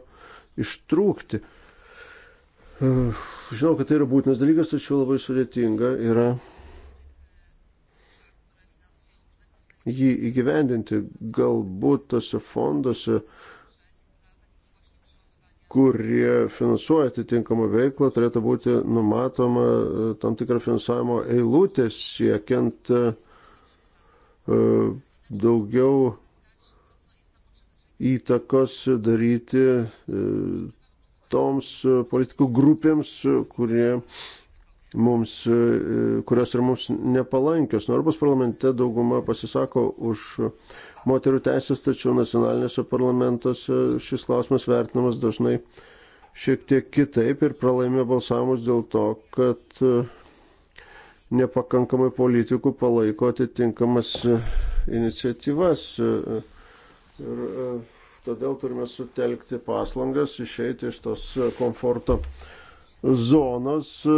ištrūkti. Žinau, kad tai yra būtinas dalykas, tačiau labai sudėtinga yra jį įgyvendinti. Galbūt tose fondose, kurie finansuoja atitinkamą veiklą, turėtų būti numatoma e, tam tikra finansavimo eilutė siekiant e, e, daugiau įtakos daryti toms e, politikų grupėms, e, kurie mums, e, kurios ir mums nepalankios. Nu, Europos parlamente dauguma pasisako už moterų teisės, tačiau nacionalinėse parlamentuose šis klausimas vertinamas dažnai šiek tiek kitaip ir pralaimė balsavimus dėl to, kad nepakankamai politikų palaiko atitinkamas iniciatyvas. Ir, Todėl turime sutelkti paslangas, išeiti iš tos e, komforto zonos, e,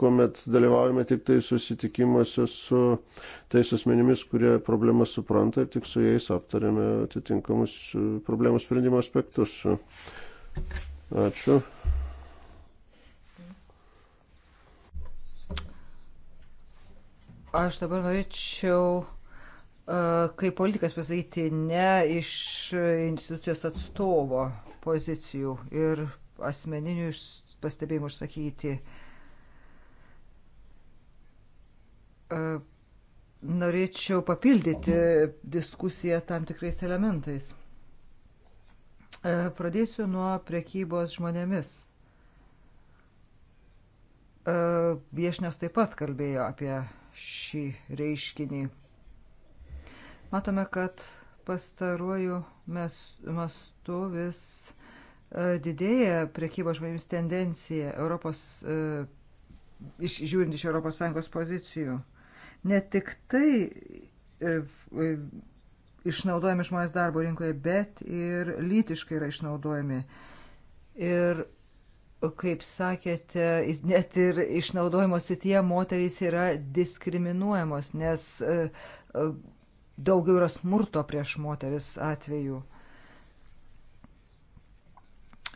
kuomet dalyvaujame tik tai susitikimuose su tais asmenimis, kurie problemą supranta ir tik su jais aptarėme atitinkamus e, problemų sprendimo aspektus. Ačiū. Aš dabar norėčiau E, kaip politikas pasakyti ne iš institucijos atstovo pozicijų ir asmeninių pastebėjimų išsakyti. E, norėčiau papildyti diskusiją tam tikrais elementais. E, pradėsiu nuo prekybos žmonėmis. Viešnios taip pat kalbėjo apie šį reiškinį Matome, kad pastaruoju mes, mastu vis e, didėja priekybos žmonėmis tendencija Europos, e, iš, žiūrint iš ES pozicijų. Ne tik tai e, išnaudojami žmonės darbo rinkoje, bet ir lytiškai yra išnaudojami. Ir kaip sakėte, net ir išnaudojimo sityje moterys yra diskriminuojamos, nes daugiau yra smurto prieš moteris atveju.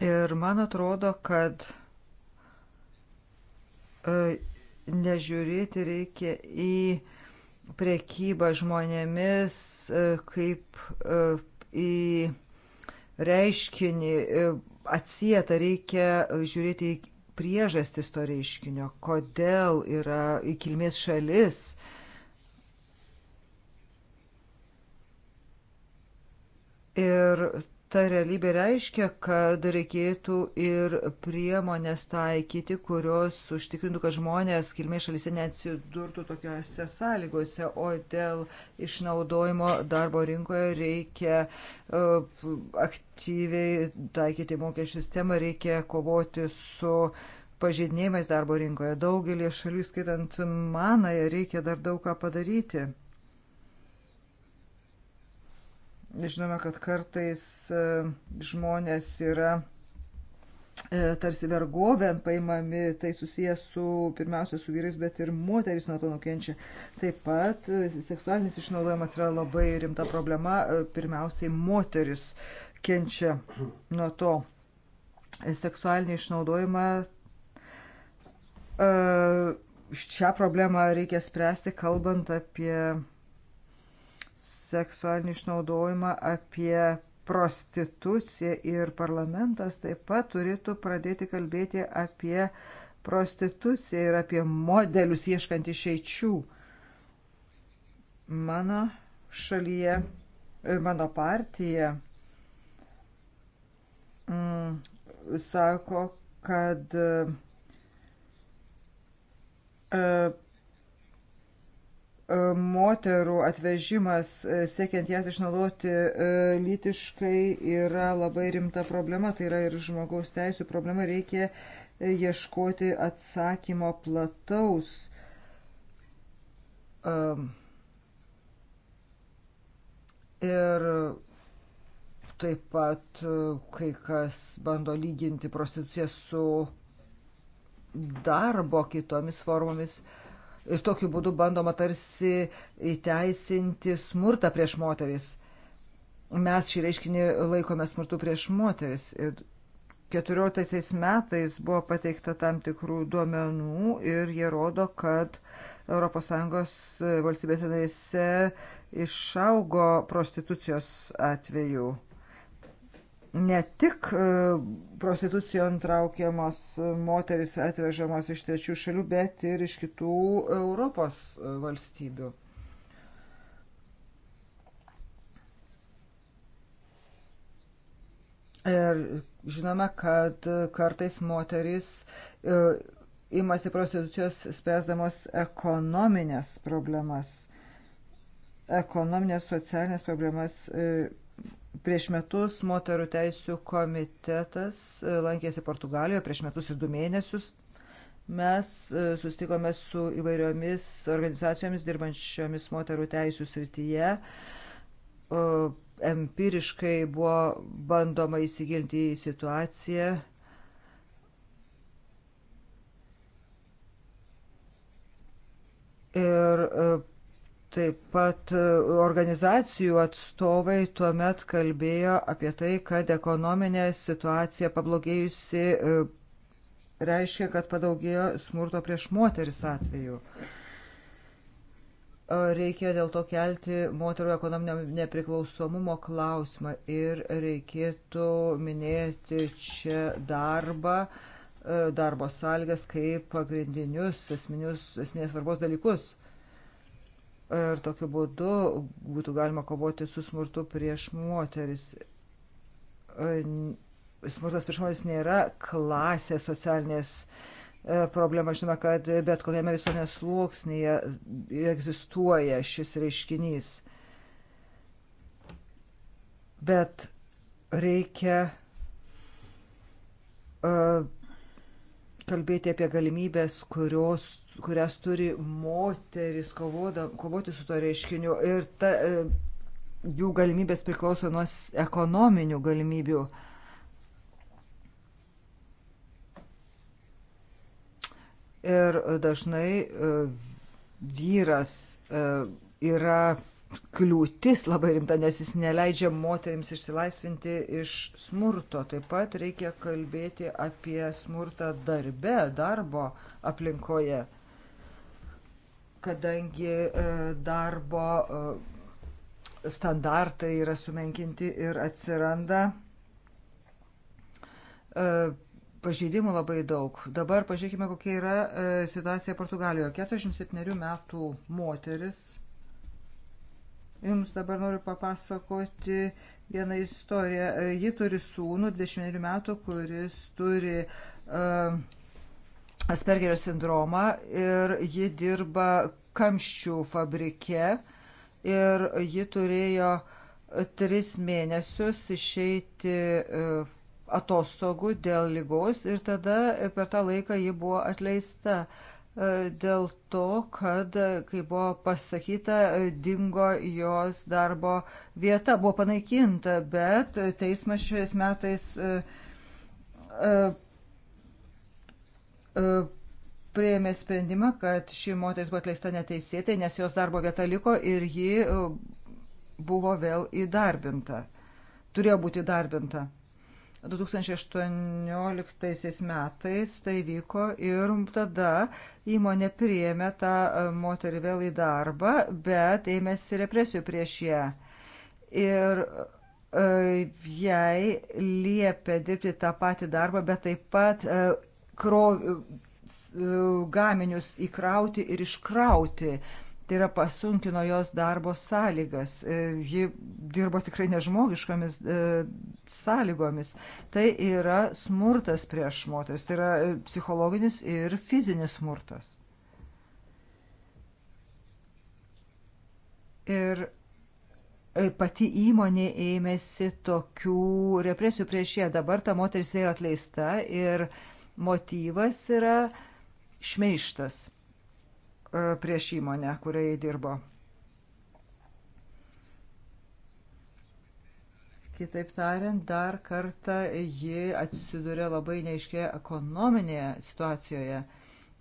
Ir man atrodo, kad e, nežiūrėti reikia į priekybą žmonėmis e, kaip e, į reiškinį atsietą, reikia žiūrėti į priežastis to reiškinio, kodėl yra į kilmės šalis, uh, Ir ta realybė reiškia, kad reikėtų ir priemonės taikyti, kurios užtikrintų, kad žmonės kilmės šalyse neatsidurtų tokiuose sąlygose, o dėl išnaudojimo darbo rinkoje reikia uh, aktyviai taikyti mokesčių sistemą, reikia kovoti su pažeidinėjimais darbo rinkoje. Daugelį šalių, skaitant manąją, reikia dar daug ką padaryti. Žinome, kad kartais e, žmonės yra e, tarsi vergovėn paimami, tai susijęs su, pirmiausia, su vyrais, bet ir moteris nuo to nukenčia. Taip pat e, seksualinis išnaudojimas yra labai rimta problema, pirmiausiai moteris kenčia nuo to. Seksualinį išnaudojimą šią problemą reikia spręsti, kalbant apie seksualinį išnaudojimą, apie prostituciją ir parlamentas taip pat turėtų pradėti kalbėti apie prostituciją ir apie modelius ieškant išeičių. Mano šalyje, e, mano partija mm, sako, kad e, E, moterų atvežimas, e, siekiant jas išnaudoti e, lytiškai, yra labai rimta problema, tai yra ir žmogaus teisų problema, reikia ieškoti atsakymo plataus. Ir taip pat kai kas bando lyginti prostituciją su darbo kitomis formomis. Uh, ir tokiu būdu bandoma tarsi įteisinti smurtą prieš moteris. Mes šį reiškinį laikome smurtu prieš moteris. Ir 14 metais buvo pateikta tam tikrų duomenų ir jie rodo, kad ES valstybėse narėse išaugo prostitucijos atveju ne tik e, prostitucijon traukiamos moteris atvežamos iš trečių šalių, bet ir iš kitų Europos e, valstybių. Ir žinome, kad kartais moteris e, imasi prostitucijos spręsdamos ekonominės problemas, ekonominės socialinės problemas Prieš metus moterų teisų komitetas e, lankėsi Portugalijoje, prieš metus ir du mėnesius. Mes e, sustikome su įvairiomis organizacijomis dirbančiomis moterų teisų srityje. Empiriškai buvo bandoma įsigilinti į situaciją, ir e, Taip pat e, organizacijų atstovai tuo met kalbėjo apie tai, kad ekonominė situacija pablogėjusi e, reiškia, kad padaugėjo smurto prieš moteris atveju. E, reikia dėl to kelti moterų ekonominio nepriklausomumo klausimą ir reikėtų minėti čia darbą, darbo sąlygas kaip pagrindinius esminius, esminės svarbos dalykus ir tokiu būdu būtų galima kovoti su smurtu prieš moteris. E, smurtas prieš moteris nėra klasės socialinės e, problema. Žinoma, kad bet kokiame visuomenės sluoksnėje egzistuoja šis reiškinys. Bet reikia e, kalbėti apie galimybės, kurios kurias turi moteris kovoda, kovoti su to reiškiniu ir ta, e, jų galimybės priklauso nuo ekonominių galimybių. Ir dažnai e, vyras e, yra kliūtis labai rimta, nes jis neleidžia moteriams išsilaisvinti iš smurto. Taip pat reikia kalbėti apie smurtą darbe, darbo aplinkoje kadangi e, darbo e, standartai yra sumenkinti ir atsiranda e, pažeidimų labai daug. Dabar pažiūrėkime, kokia yra situacija Portugalijoje. 47 metų moteris. Jums dabar noriu papasakoti vieną istoriją. Ji turi sūnų 21 metų, kuris turi uh, Aspergerio sindromą ir ji dirba kamščių fabrike ir ji turėjo e, tris mėnesius išeiti e, atostogų dėl lygos ir tada e, per tą laiką ji buvo atleista dėl to, kad, kaip buvo pasakyta, dingo jos darbo vieta, buvo panaikinta, bet teismas šiais metais E, prieėmė sprendimą, kad ši moteris buvo atleista neteisėtai, nes jos darbo vieta liko ir ji e, buvo vėl įdarbinta. Turėjo būti įdarbinta. 2018 metais tai vyko ir tada įmonė priėmė tą e, moterį vėl į darbą, bet ėmėsi represijų prieš ją. Ir jai liepė dirbti tą patį darbą, bet taip pat krov, gaminius įkrauti ir iškrauti. Tai yra pasunkino jos darbo sąlygas. E, ji dirbo tikrai nežmogiškomis e, sąlygomis. Tai yra smurtas prieš moteris. Tai yra e, psichologinis ir fizinis smurtas. Ir pati įmonė ėmėsi tokių represijų prieš ją. Dabar ta moteris vėl atleista ir uh, motyvas yra šmeištas e, prieš įmonę, kurioje dirbo. Kitaip tariant, dar kartą ji atsiduria labai neiškėje ekonominėje situacijoje.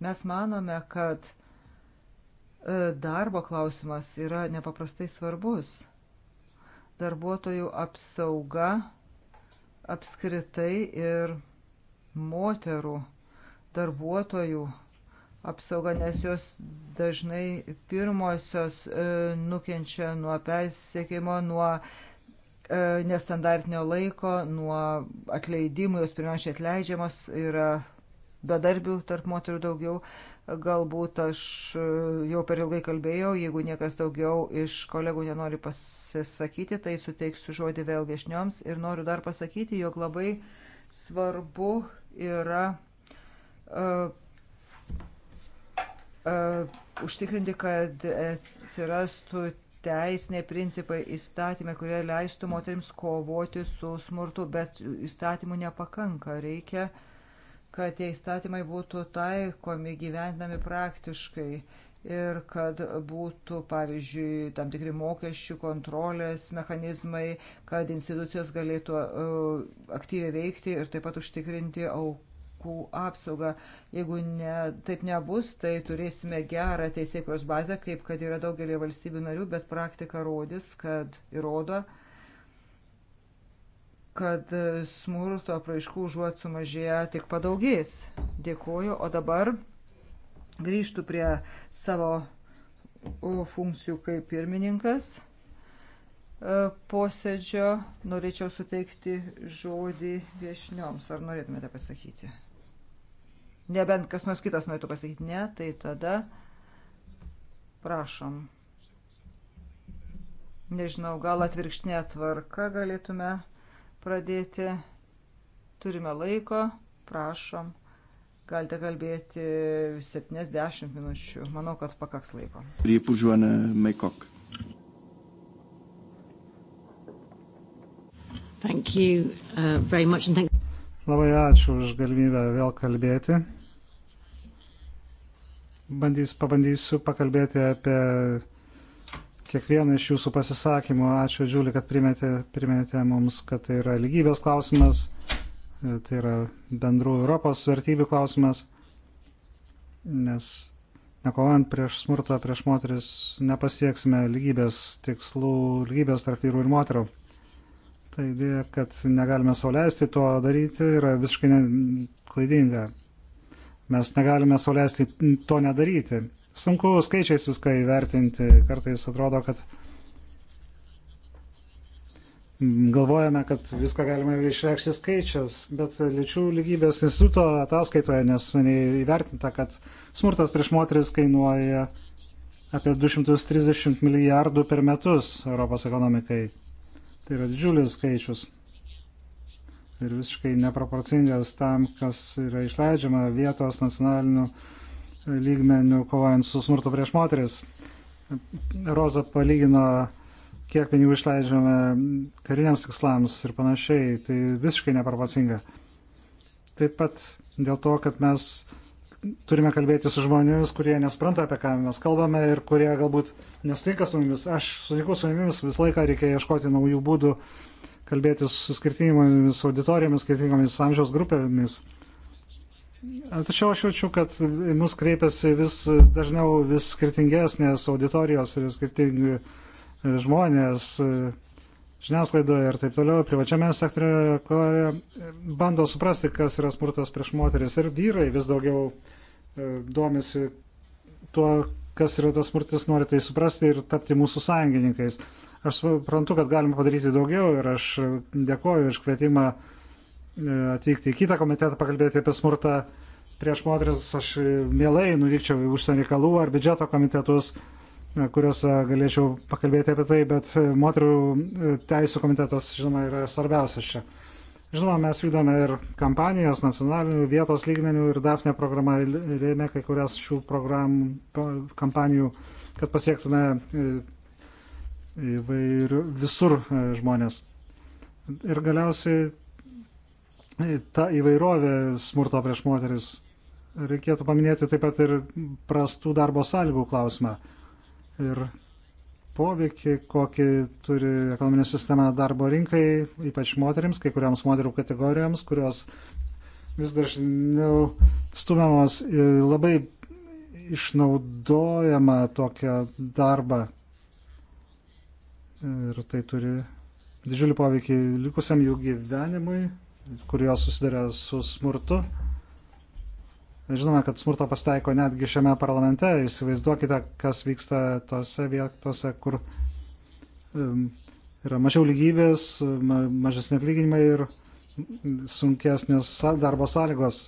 Mes manome, kad e, darbo klausimas yra nepaprastai svarbus. Darbuotojų apsauga apskritai ir moterų darbuotojų apsauga, nes jos dažnai pirmosios e, nukenčia nuo persiekimo, nuo e, nestandartinio laiko, nuo atleidimų, jos pirmiausiai atleidžiamos yra bedarbių tarp moterų daugiau. Galbūt aš e, jau per ilgai kalbėjau, jeigu niekas daugiau iš kolegų nenori pasisakyti, tai suteiksiu žodį vėl viešnioms ir noriu dar pasakyti, jog labai svarbu yra uh, uh, užtikrinti, kad atsirastų teisiniai principai įstatymė, kurie leistų moteriams kovoti su smurtu, bet įstatymų nepakanka. Reikia, kad tie įstatymai būtų taikomi, gyvendami praktiškai. Uh, ir kad būtų, pavyzdžiui, tam tikri mokesčių kontrolės mechanizmai, kad institucijos galėtų uh, aktyviai veikti ir taip pat užtikrinti aukų apsaugą. Jeigu ne, taip nebus, tai turėsime gerą teisėkros bazę, kaip kad yra daugelį valstybių narių, bet praktika rodys, kad įrodo, kad uh, smurto praiškų užuot sumažėję tik padaugės. Dėkuoju, o dabar grįžtų prie savo funkcijų kaip pirmininkas e, posėdžio. Norėčiau suteikti žodį viešnioms. Ar norėtumėte pasakyti? Nebent kas nors kitas norėtų pasakyti ne, tai tada prašom. Nežinau, gal atvirkštinė tvarka galėtume pradėti. Turime laiko, prašom. Galite kalbėti 70 minučių. Manau, kad pakaks laiko. Riepužuona Mekok. Thank you uh, very much and thank Labai ačiū už galimybę vėl kalbėti. Bandys, pabandysiu pakalbėti apie kiekvieną iš jūsų pasisakymų. Ačiū, Džiulį, kad primetė, primetė mums, kad tai yra lygybės klausimas tai yra bendrų Europos vertybių klausimas, nes nekovant prieš smurtą prieš moteris nepasieksime lygybės tikslų, lygybės tarp vyrų ir moterų. Tai idėja, kad negalime sauliaisti to daryti, yra visiškai ne, klaidinga. Mes negalime sauliaisti to nedaryti. Sunku skaičiais viską įvertinti. Kartais atrodo, kad galvojame, kad viską galima išreikšti skaičius, bet lyčių lygybės instituto ataskaitoje, nes mane įvertinta, kad smurtas prieš moteris kainuoja apie 230 milijardų per metus Europos ekonomikai. Tai yra didžiulis skaičius. Ir visiškai neproporcingas tam, kas yra išleidžiama vietos nacionalinių lygmenių kovojant su smurtu prieš moteris. Roza palygino kiek pinigų išleidžiame kariniams tikslams ir panašiai, tai visiškai neproporcinga. Taip pat dėl to, kad mes turime kalbėti su žmonėmis, kurie nespranta, apie ką mes kalbame ir kurie galbūt nesutinka su mumis. Aš sutinku su mumis, visą laiką reikia ieškoti naujų būdų kalbėtis su skirtingomis auditorijomis, skirtingomis amžiaus grupėmis. Tačiau aš jaučiu, kad mus kreipiasi vis dažniau vis skirtingesnės auditorijos ir skirtingi uh, žmonės e, žiniasklaidoje ir taip toliau, privačiame sektorioje bando suprasti, kas yra smurtas prieš moteris. Ir vyrai vis daugiau e, domisi tuo, kas yra tas smurtas, nori tai suprasti ir tapti mūsų sąjungininkais. Aš suprantu, kad galima padaryti daugiau ir aš dėkoju iš kvietimą e, atvykti į kitą komitetą, pakalbėti apie smurtą prieš moteris. Aš mielai nuvykčiau į užsienio reikalų ar biudžeto komitetus kuriuose galėčiau pakalbėti apie tai, bet e, moterų e, teisų komitetas, žinoma, yra svarbiausias čia. Žinoma, mes vykdome ir kampanijas nacionalinių, vietos lygmenių ir DAFNE programa rėmė kai kurias šių programų kampanijų, kad pasiektume e, įvairių visur žmonės. Ir galiausiai ta įvairovė smurto prieš moteris. Reikėtų paminėti taip pat ir prastų darbo sąlygų klausimą ir poveikį, kokį turi ekonominė sistema darbo rinkai, ypač moteriams, kai kuriams moterų kategorijoms, kurios vis dažniau stumiamos labai išnaudojama tokią darbą. Ir tai turi didžiulį poveikį likusiam jų gyvenimui, kurio susidarė su smurtu Žinome, kad smurto pasitaiko netgi šiame parlamente. Įsivaizduokite, kas vyksta tose vietose, kur yra mažiau lygybės, mažesni atlyginimai ir sunkesnės darbo sąlygos.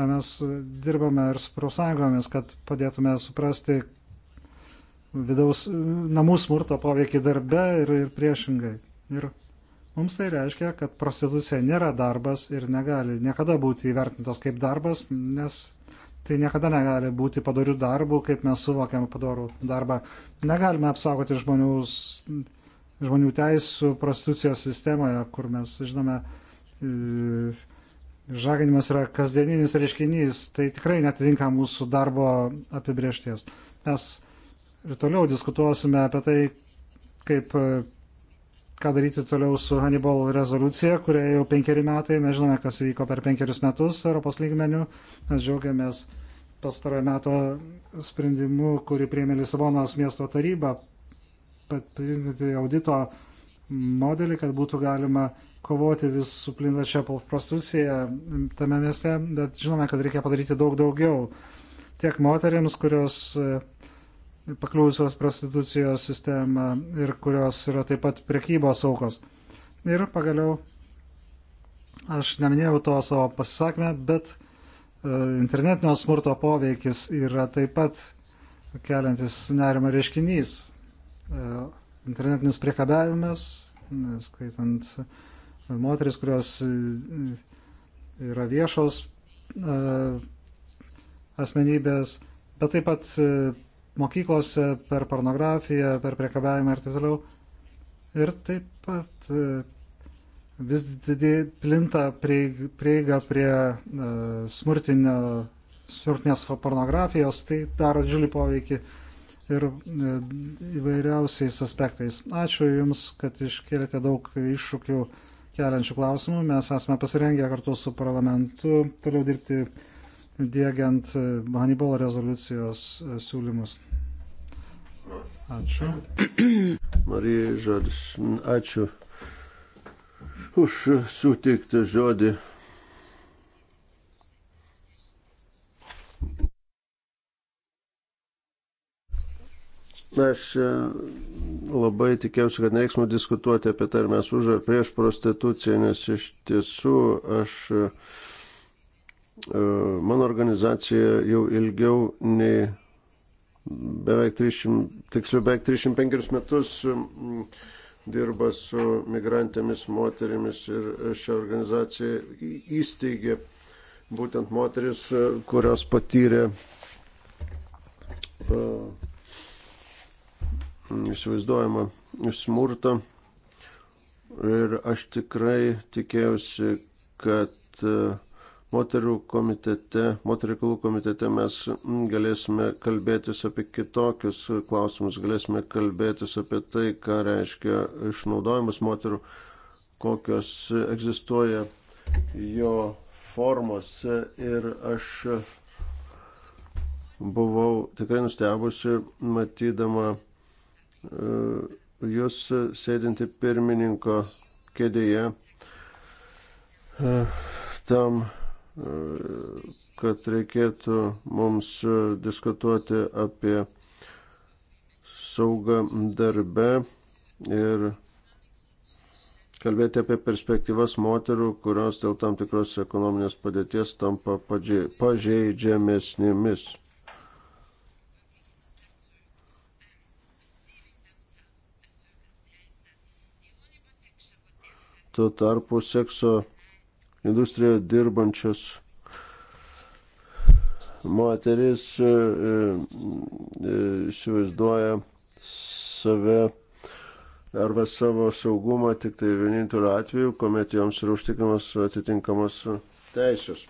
Mes dirbame ir su profsąjungomis, kad padėtume suprasti vidaus namų smurto poveikį darbe ir, ir priešingai. Ir Mums tai reiškia, kad prostitucija nėra darbas ir negali niekada būti įvertintas kaip darbas, nes tai niekada negali būti padorių darbų, kaip mes suvokiam padorų darbą. Negalime apsaugoti žmonių, žmonių teisų prostitucijos sistemoje, kur mes žinome, žaginimas yra kasdieninis reiškinys, tai tikrai netitinka mūsų darbo apibriešties. Mes ir toliau diskutuosime apie tai, kaip ką daryti toliau su Hannibal rezoliucija, kurie jau penkeri metai, mes žinome, kas vyko per penkerius metus Europos lygmenių, mes džiaugiamės pastarojo meto sprendimu, kurį priėmė Lisabonos miesto taryba, patvirtinti audito modelį, kad būtų galima kovoti vis su plintačia prostitucija tame mieste, bet žinome, kad reikia padaryti daug daugiau tiek moteriams, kurios uh, pakliūsios prostitucijos sistemą ir kurios yra taip pat prekybos aukos. Ir pagaliau, aš neminėjau to savo pasisakymę, bet e, internetinio smurto poveikis yra taip pat keliantis nerimą reiškinys. E, internetinis priekabiavimas, skaitant e, moteris, kurios yra viešos asmenybės, bet taip pat mokyklose per pornografiją, per priekabiavimą ir taip toliau. Ir taip pat e, vis didėja plinta prieiga prie e, smurtinės pornografijos, tai daro didžiulį poveikį ir e, įvairiausiais aspektais. Ačiū Jums, kad iškėlėte daug iššūkių keliančių klausimų. Mes esame pasirengę kartu su parlamentu toliau dirbti dėgiant e, Hannibal rezoliucijos e, siūlymus. Ačiū. [coughs] Marija Žodis, ačiū už suteiktą žodį. Aš e, labai tikėjausi, kad neiksmų diskutuoti apie tai, ar mes už ar prieš prostituciją, nes iš tiesų aš E, mano organizacija jau ilgiau nei beveik 300, tiksliau beveik 305 metus dirba su migrantėmis moterimis ir šią organizaciją įsteigė būtent moteris, e, kurios patyrė e, įsivaizduojama smurtą. Ir aš tikrai tikėjausi, kad uh, moterų komitete, moterų reikalų komitete mes galėsime kalbėtis apie kitokius klausimus, galėsime kalbėtis apie tai, ką reiškia išnaudojimas moterų, kokios egzistuoja jo formos. Ir aš buvau tikrai nustebusi, matydama e, jūs sėdinti pirmininko kėdėje e, tam kad reikėtų mums diskutuoti apie saugą darbe ir kalbėti apie perspektyvas moterų, kurios dėl tam tikros ekonominės padėties tampa pažeidžiamesnėmis. Tuo tarpu sekso industrijoje dirbančios moteris e, e, e, įsivaizduoja save arba savo saugumą tik tai vieninteliu atveju, kuomet joms yra užtikrimas atitinkamas teisės.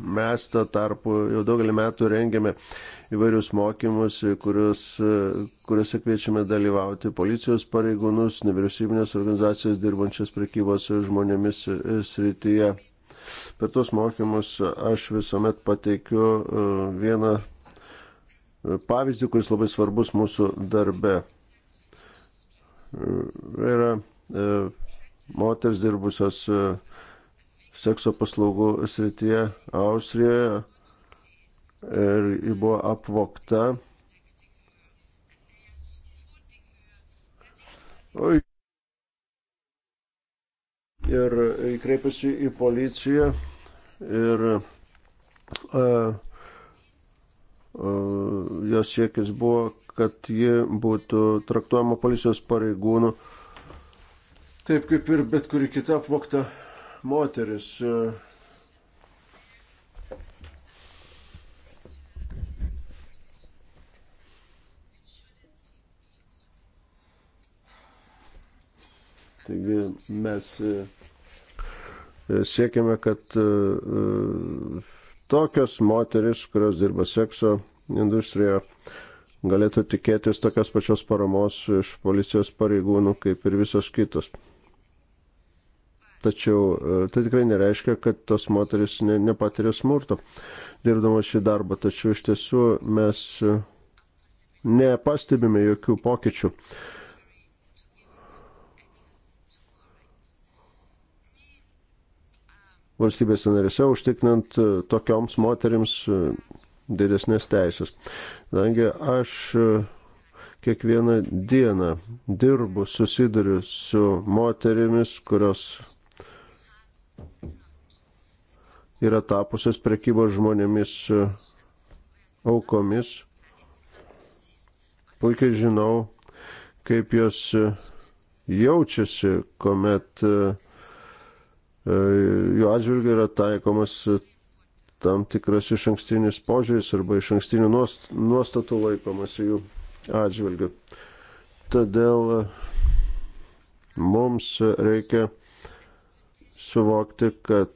Mes tą tarpu jau daugelį metų rengiame įvairius mokymus, kuriuos, kuriuose kviečiame dalyvauti policijos pareigūnus, nevyriausybinės organizacijas dirbančias prekybos žmonėmis srityje. Per tuos mokymus aš visuomet pateikiu e, vieną e, pavyzdį, kuris labai svarbus mūsų darbe. E, yra moters dirbusios sekso paslaugų srityje Austrijoje ir ji buvo apvokta. Oi. Ir kreipėsi į policiją ir a, a, jos siekis buvo, kad ji būtų traktuojama policijos pareigūnų, taip kaip ir bet kuri kita apvokta moteris. E, Taigi mes e, siekiame, kad e, tokios moteris, kurios dirba sekso industrijoje, galėtų tikėtis tokios pačios paramos iš policijos pareigūnų kaip ir visos kitos. Tačiau e, tai tikrai nereiškia, kad tos moteris ne, nepatiria smurto, dirbdama šį darbą. Tačiau iš tiesų mes e, nepastebime jokių pokyčių. Valstybės narėse užtikrinant e, tokioms moteriams didesnės teisės. Dangi aš kiekvieną dieną dirbu, susiduriu su moterimis, kurios yra tapusios prekybos žmonėmis e, aukomis. Puikiai žinau, kaip jos e, jaučiasi, kuomet e, jų atžvilgiu yra taikomas tam tikras iš ankstinis požiūris arba iš ankstinių nuostatų laikomas jų atžvilgiu. Todėl mums reikia suvokti, kad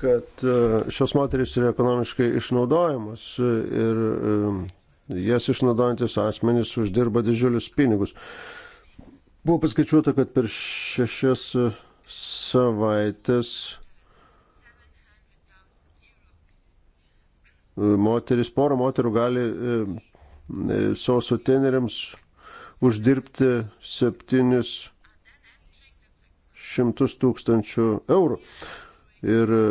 kad e, šios moterys yra ekonomiškai išnaudojamos ir e, jas išnaudojantis asmenys uždirba didžiulius pinigus. Buvo paskaičiuota, kad per šešias savaitės moteris, pora moterų gali e, e, savo suteneriams uždirbti 700 tūkstančių eurų ir e,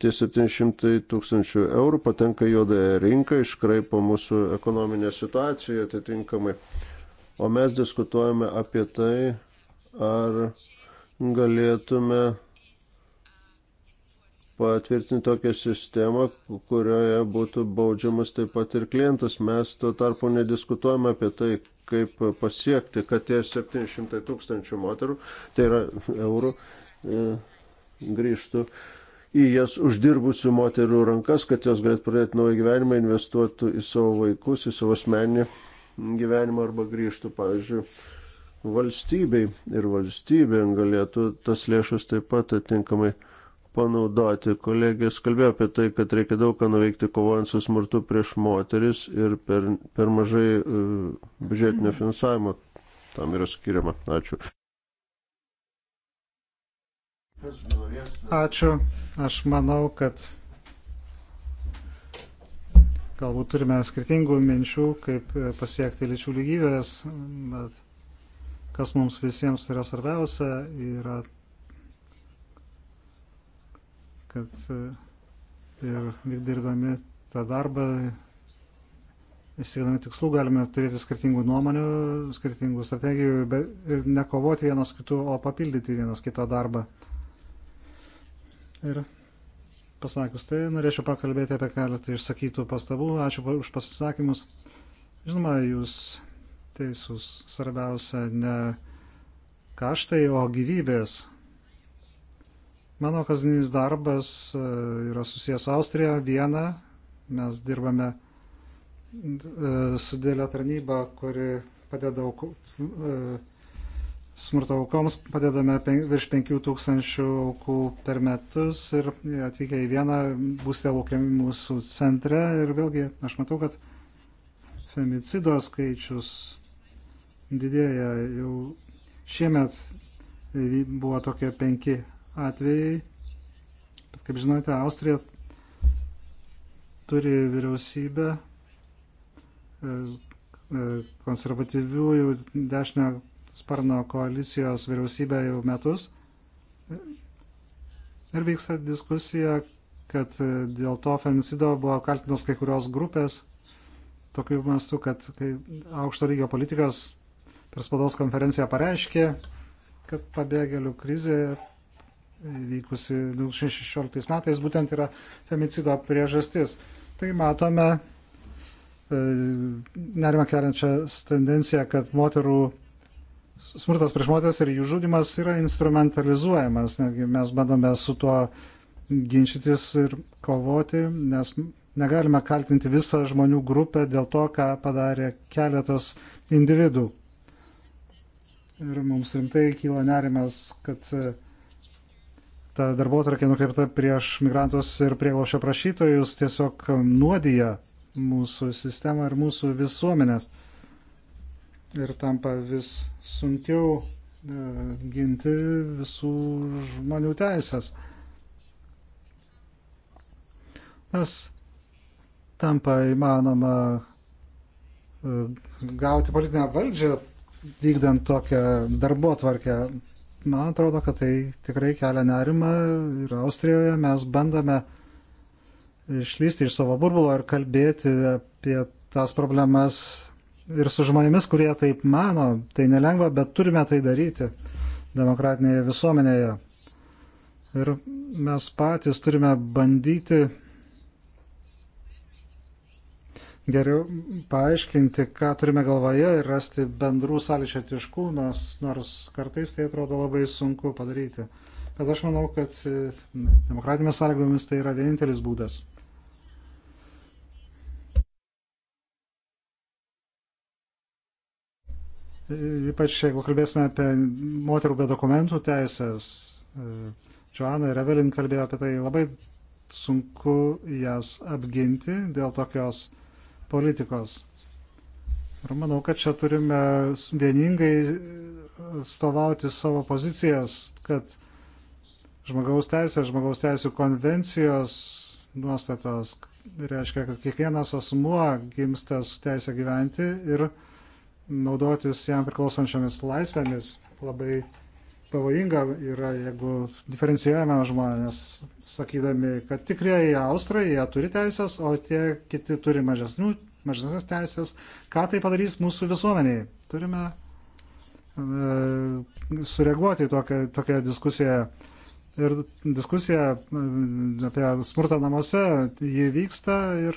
tie 700 tūkstančių eurų patenka juodąją rinką, iškraipo mūsų ekonominę situaciją atitinkamai. O mes diskutuojame apie tai, ar galėtume patvirtinti tokią sistemą, kurioje būtų baudžiamas taip pat ir klientas. Mes tuo tarpu nediskutuojame apie tai, kaip pasiekti, kad tie 700 tūkstančių moterų, tai yra eurų, e, grįžtų į jas uždirbusių moterų rankas, kad jos galėtų pradėti naują gyvenimą, investuotų į savo vaikus, į savo asmenį gyvenimą arba grįžtų, pavyzdžiui, valstybei ir valstybė galėtų tas lėšas taip pat atinkamai panaudoti. Kolegės kalbėjo apie tai, kad reikia daug ką nuveikti kovojant su smurtu prieš moteris ir per, per mažai uh, biudžetinio finansavimo tam yra skiriama. Ačiū. Ačiū. Aš manau, kad galbūt turime skirtingų minčių, kaip e, pasiekti lyčių lygybės, bet kas mums visiems yra svarbiausia, yra kad e, ir dirbdami tą darbą, įsigydami tikslų, galime turėti skirtingų nuomonių, skirtingų strategijų bet ir nekovoti vienas kitų, o papildyti vienas kito darbą. Ir pasakius tai, norėčiau pakalbėti apie keletą išsakytų pastabų. Ačiū už pasisakymus. Žinoma, jūs teisūs. Svarbiausia ne kaštai, o gyvybės Mano kasdienis darbas e, yra susijęs Austrija, Viena. Mes dirbame e, su dėlė tarnyba, kuri padeda aukų, e, smurto aukoms, padedame pen, virš 5000 aukų per metus ir atvykę į vieną būsite laukiami mūsų centre ir vėlgi aš matau, kad femicido skaičius didėja jau šiemet buvo tokie penki atvejai. Bet kaip žinote, Austrija turi vyriausybę e, e, konservatyviųjų dešinio sparno koalicijos vyriausybę jau metus. Ir vyksta diskusija, kad e, dėl to femicido buvo kaltinos kai kurios grupės, tokiu mastu, kad aukšto lygio politikas per spados konferenciją pareiškė, kad pabėgėlių krizė vykusi 2016 metais, būtent yra femicido priežastis. Tai matome e, nerima keliančią tendenciją, kad moterų smurtas prieš moteris ir jų žudimas yra instrumentalizuojamas. Netgi mes bandome su tuo ginčytis ir kovoti, nes negalime kaltinti visą žmonių grupę dėl to, ką padarė keletas individų. Ir mums rimtai kyla nerimas, kad e, ta darbotvarkė nukreipta prieš migrantus ir prieglaušio prašytojus tiesiog nuodija mūsų sistemą ir mūsų visuomenės. Ir tampa vis sunkiau e, ginti visų žmonių teisės. Nes tampa įmanoma e, gauti politinę valdžią, vykdant tokią darbo tvarkę man atrodo, kad tai tikrai kelia nerimą ir Austrijoje mes bandome išlysti iš savo burbulo ir kalbėti apie tas problemas ir su žmonėmis, kurie taip mano. Tai nelengva, bet turime tai daryti demokratinėje visuomenėje. Ir mes patys turime bandyti geriau paaiškinti, ką turime galvoje ir rasti bendrų sąlyčio tiškų, nors, nors kartais tai atrodo labai sunku padaryti. Bet aš manau, kad e, demokratinėmis sąlygomis tai yra vienintelis būdas. E, ypač jeigu kalbėsime apie moterų be dokumentų teisės, e, Joana ir Evelin kalbėjo apie tai, labai sunku jas apginti dėl tokios politikos. Ir manau, kad čia turime vieningai atstovauti savo pozicijas, kad žmogaus teisės, žmogaus teisų konvencijos nuostatos reiškia, kad kiekvienas asmuo gimsta su teisė gyventi ir naudotis jam priklausančiomis laisvėmis. Labai pavojinga yra, jeigu diferencijavame žmonės, sakydami, kad tikrieji Austrai, jie turi teisės, o tie kiti turi mažesnių, mažesnės teisės. Ką tai padarys mūsų visuomeniai? Turime e, sureaguoti į tokią, tokią diskusiją. Ir diskusija e, apie smurtą namuose, ji vyksta ir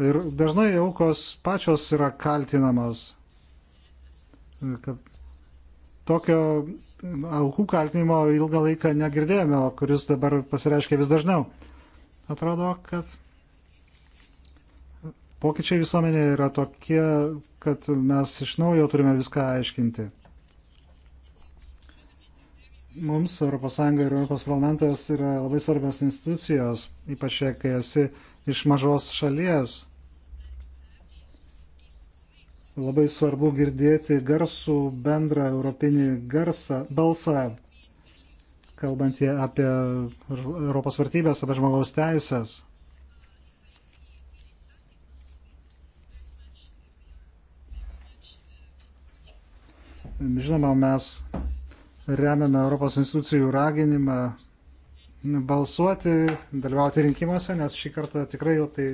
Ir dažnai aukos pačios yra kaltinamos. Kad tokio aukų kaltinimo ilgą laiką negirdėjome, o kuris dabar pasireiškia vis dažniau. Atrodo, kad pokyčiai visuomenėje yra tokie, kad mes iš naujo turime viską aiškinti. Mums ES ir ES parlamentas yra labai svarbios institucijos, ypač kai esi iš mažos šalies. Labai svarbu girdėti garsų, bendrą europinį garsą, balsą, kalbant apie Europos vertybės, apie žmogaus teisės. Žinoma, mes remiame Europos institucijų raginimą balsuoti, dalyvauti rinkimuose, nes šį kartą tikrai tai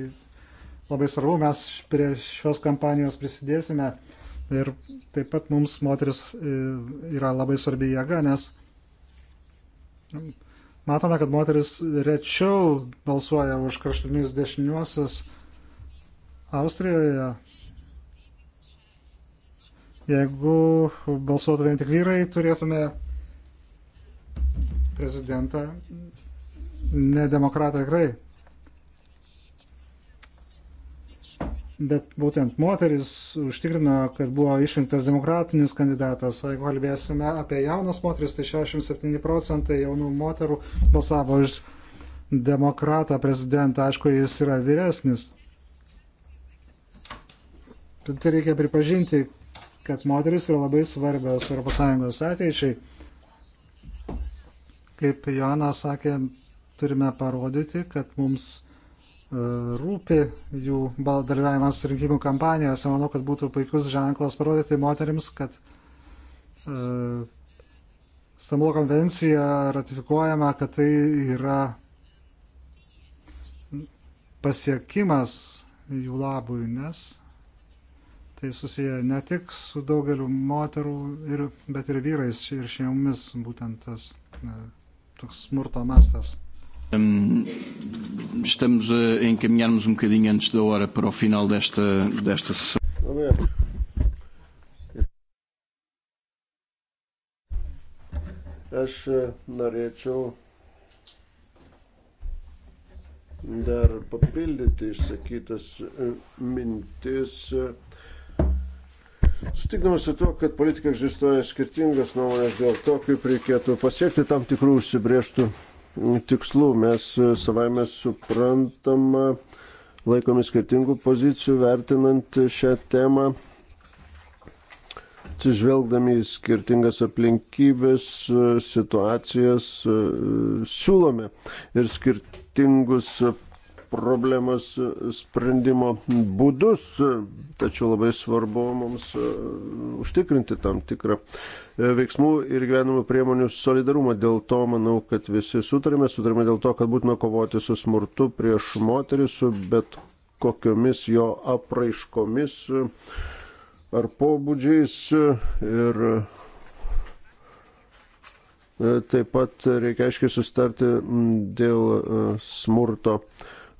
labai svarbu, mes prie šios kampanijos prisidėsime. Ir taip pat mums moteris e, yra labai svarbi jėga, nes matome, kad moteris rečiau balsuoja už kraštutinius dešiniuosius Austrijoje. Jeigu balsuotų vien tik vyrai, turėtume prezidentą, ne demokratą tikrai. Bet būtent moteris užtikrino, kad buvo išrinktas demokratinis kandidatas. O jeigu kalbėsime apie jaunas moteris, tai 67 procentai jaunų moterų balsavo už demokratą prezidentą. Aišku, jis yra vyresnis. Bet tai reikia pripažinti, kad moteris yra labai svarbios ES ateičiai. Kaip Joana sakė, turime parodyti, kad mums e, rūpi jų dalyvavimas rinkimų kampanijose. Manau, kad būtų puikus ženklas parodyti moteriams, kad uh, Stambulo konvencija ratifikuojama, kad tai yra pasiekimas jų labui, nes tai susiję ne tik su daugeliu moterų, ir, bet ir vyrais ir šeimomis būtent tas. Uh, toks smurto mastas. Estamos a encaminhar-nos um bocadinho antes da hora para o final desta, desta sessão. Aš eh, norėčiau dar papildyti išsakytas eh, mintis. Uh, Sutikdamas su to, kad politika egzistuoja skirtingas nuomonės dėl to, kaip reikėtų pasiekti tam tikrų užsibrieštų tikslų, mes e, savaime suprantama laikomis skirtingų pozicijų vertinant šią temą, atsižvelgdami į skirtingas aplinkybės, e, situacijas, e, siūlome ir skirtingus problemas sprendimo būdus, tačiau labai svarbu mums e, užtikrinti tam tikrą e, veiksmų ir gyvenimo priemonių solidarumą. Dėl to manau, kad visi sutarėme, sutarėme dėl to, kad būtina kovoti su smurtu prieš moteris, su bet kokiomis jo apraiškomis e, ar pobūdžiais ir taip pat reikia aiškiai sustarti dėl smurto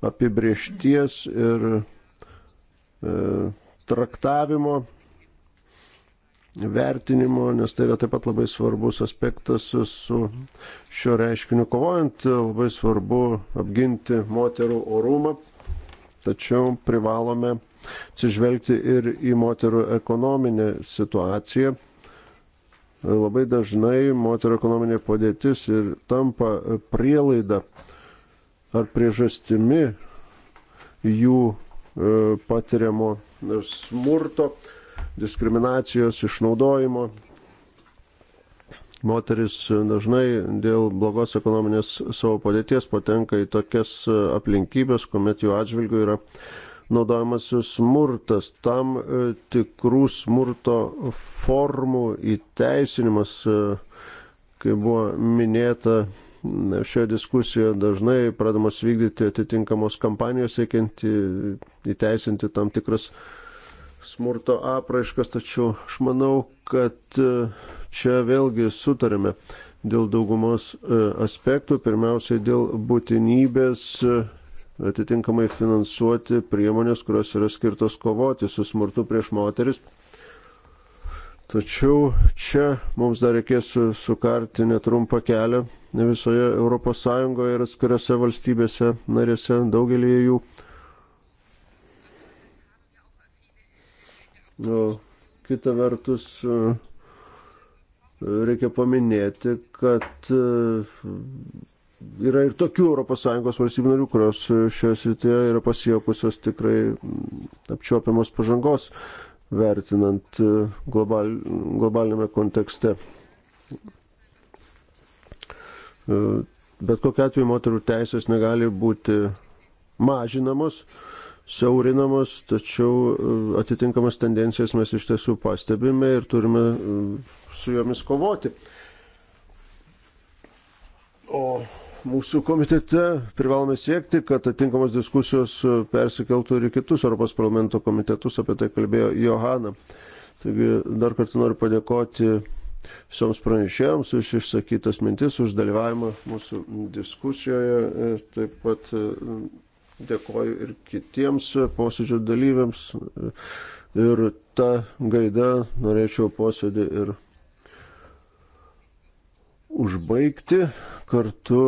apibriešties ir e, traktavimo vertinimo, nes tai yra taip pat labai svarbus aspektas su šio reiškiniu kovojant. Labai svarbu apginti moterų orumą, tačiau privalome atsižvelgti ir į moterų ekonominę situaciją. Labai dažnai moterų ekonominė padėtis ir tampa prielaida uh, ar priežastimi jų e, patiriamo smurto, diskriminacijos, išnaudojimo. Moteris dažnai dėl blogos ekonominės savo padėties patenka į tokias aplinkybės, kuomet jų atžvilgių yra naudojamas smurtas. Tam e, tikrų smurto formų įteisinimas, e, kaip buvo minėta, šioje diskusijoje dažnai pradamos vykdyti atitinkamos kampanijos siekiant įteisinti tam tikras smurto apraiškas, tačiau aš manau, kad e, čia vėlgi sutarėme dėl daugumos e, aspektų, pirmiausiai dėl būtinybės e, atitinkamai finansuoti priemonės, kurios yra skirtos kovoti su smurtu prieš moteris Tačiau čia mums dar reikės sukarti netrumpą kelią visoje ES ir atskiriose valstybėse narėse, daugelį jų. O kita vertus, e, reikia paminėti, kad e, yra ir tokių ES valstybių narių, kurios šioje srityje yra pasiekusios tikrai apčiuopiamos pažangos vertinant e, global, globalinėme kontekste. E, bet kokia atveju moterų teisės negali būti mažinamos, siaurinamos, tačiau e, atitinkamas tendencijas mes iš tiesų pastebime ir turime su jomis kovoti. O mūsų komitete privalome siekti, kad atitinkamos diskusijos persikeltų ir į kitus Europos parlamento komitetus, apie tai kalbėjo Johana. Taigi dar kartą noriu padėkoti visoms pranešėjams už išsakytas mintis, už dalyvavimą mūsų diskusijoje. Taip pat e, dėkoju ir kitiems posėdžio dalyviams. Ir tą gaidą norėčiau posėdį ir užbaigti. Kartu,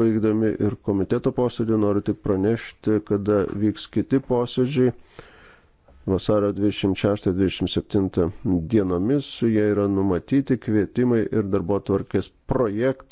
baigdami ir komiteto posėdį, noriu tik pranešti, kada vyks kiti posėdžiai. Vasario 26-27 dienomis jie yra numatyti kvietimai ir darbo tvarkės projektai.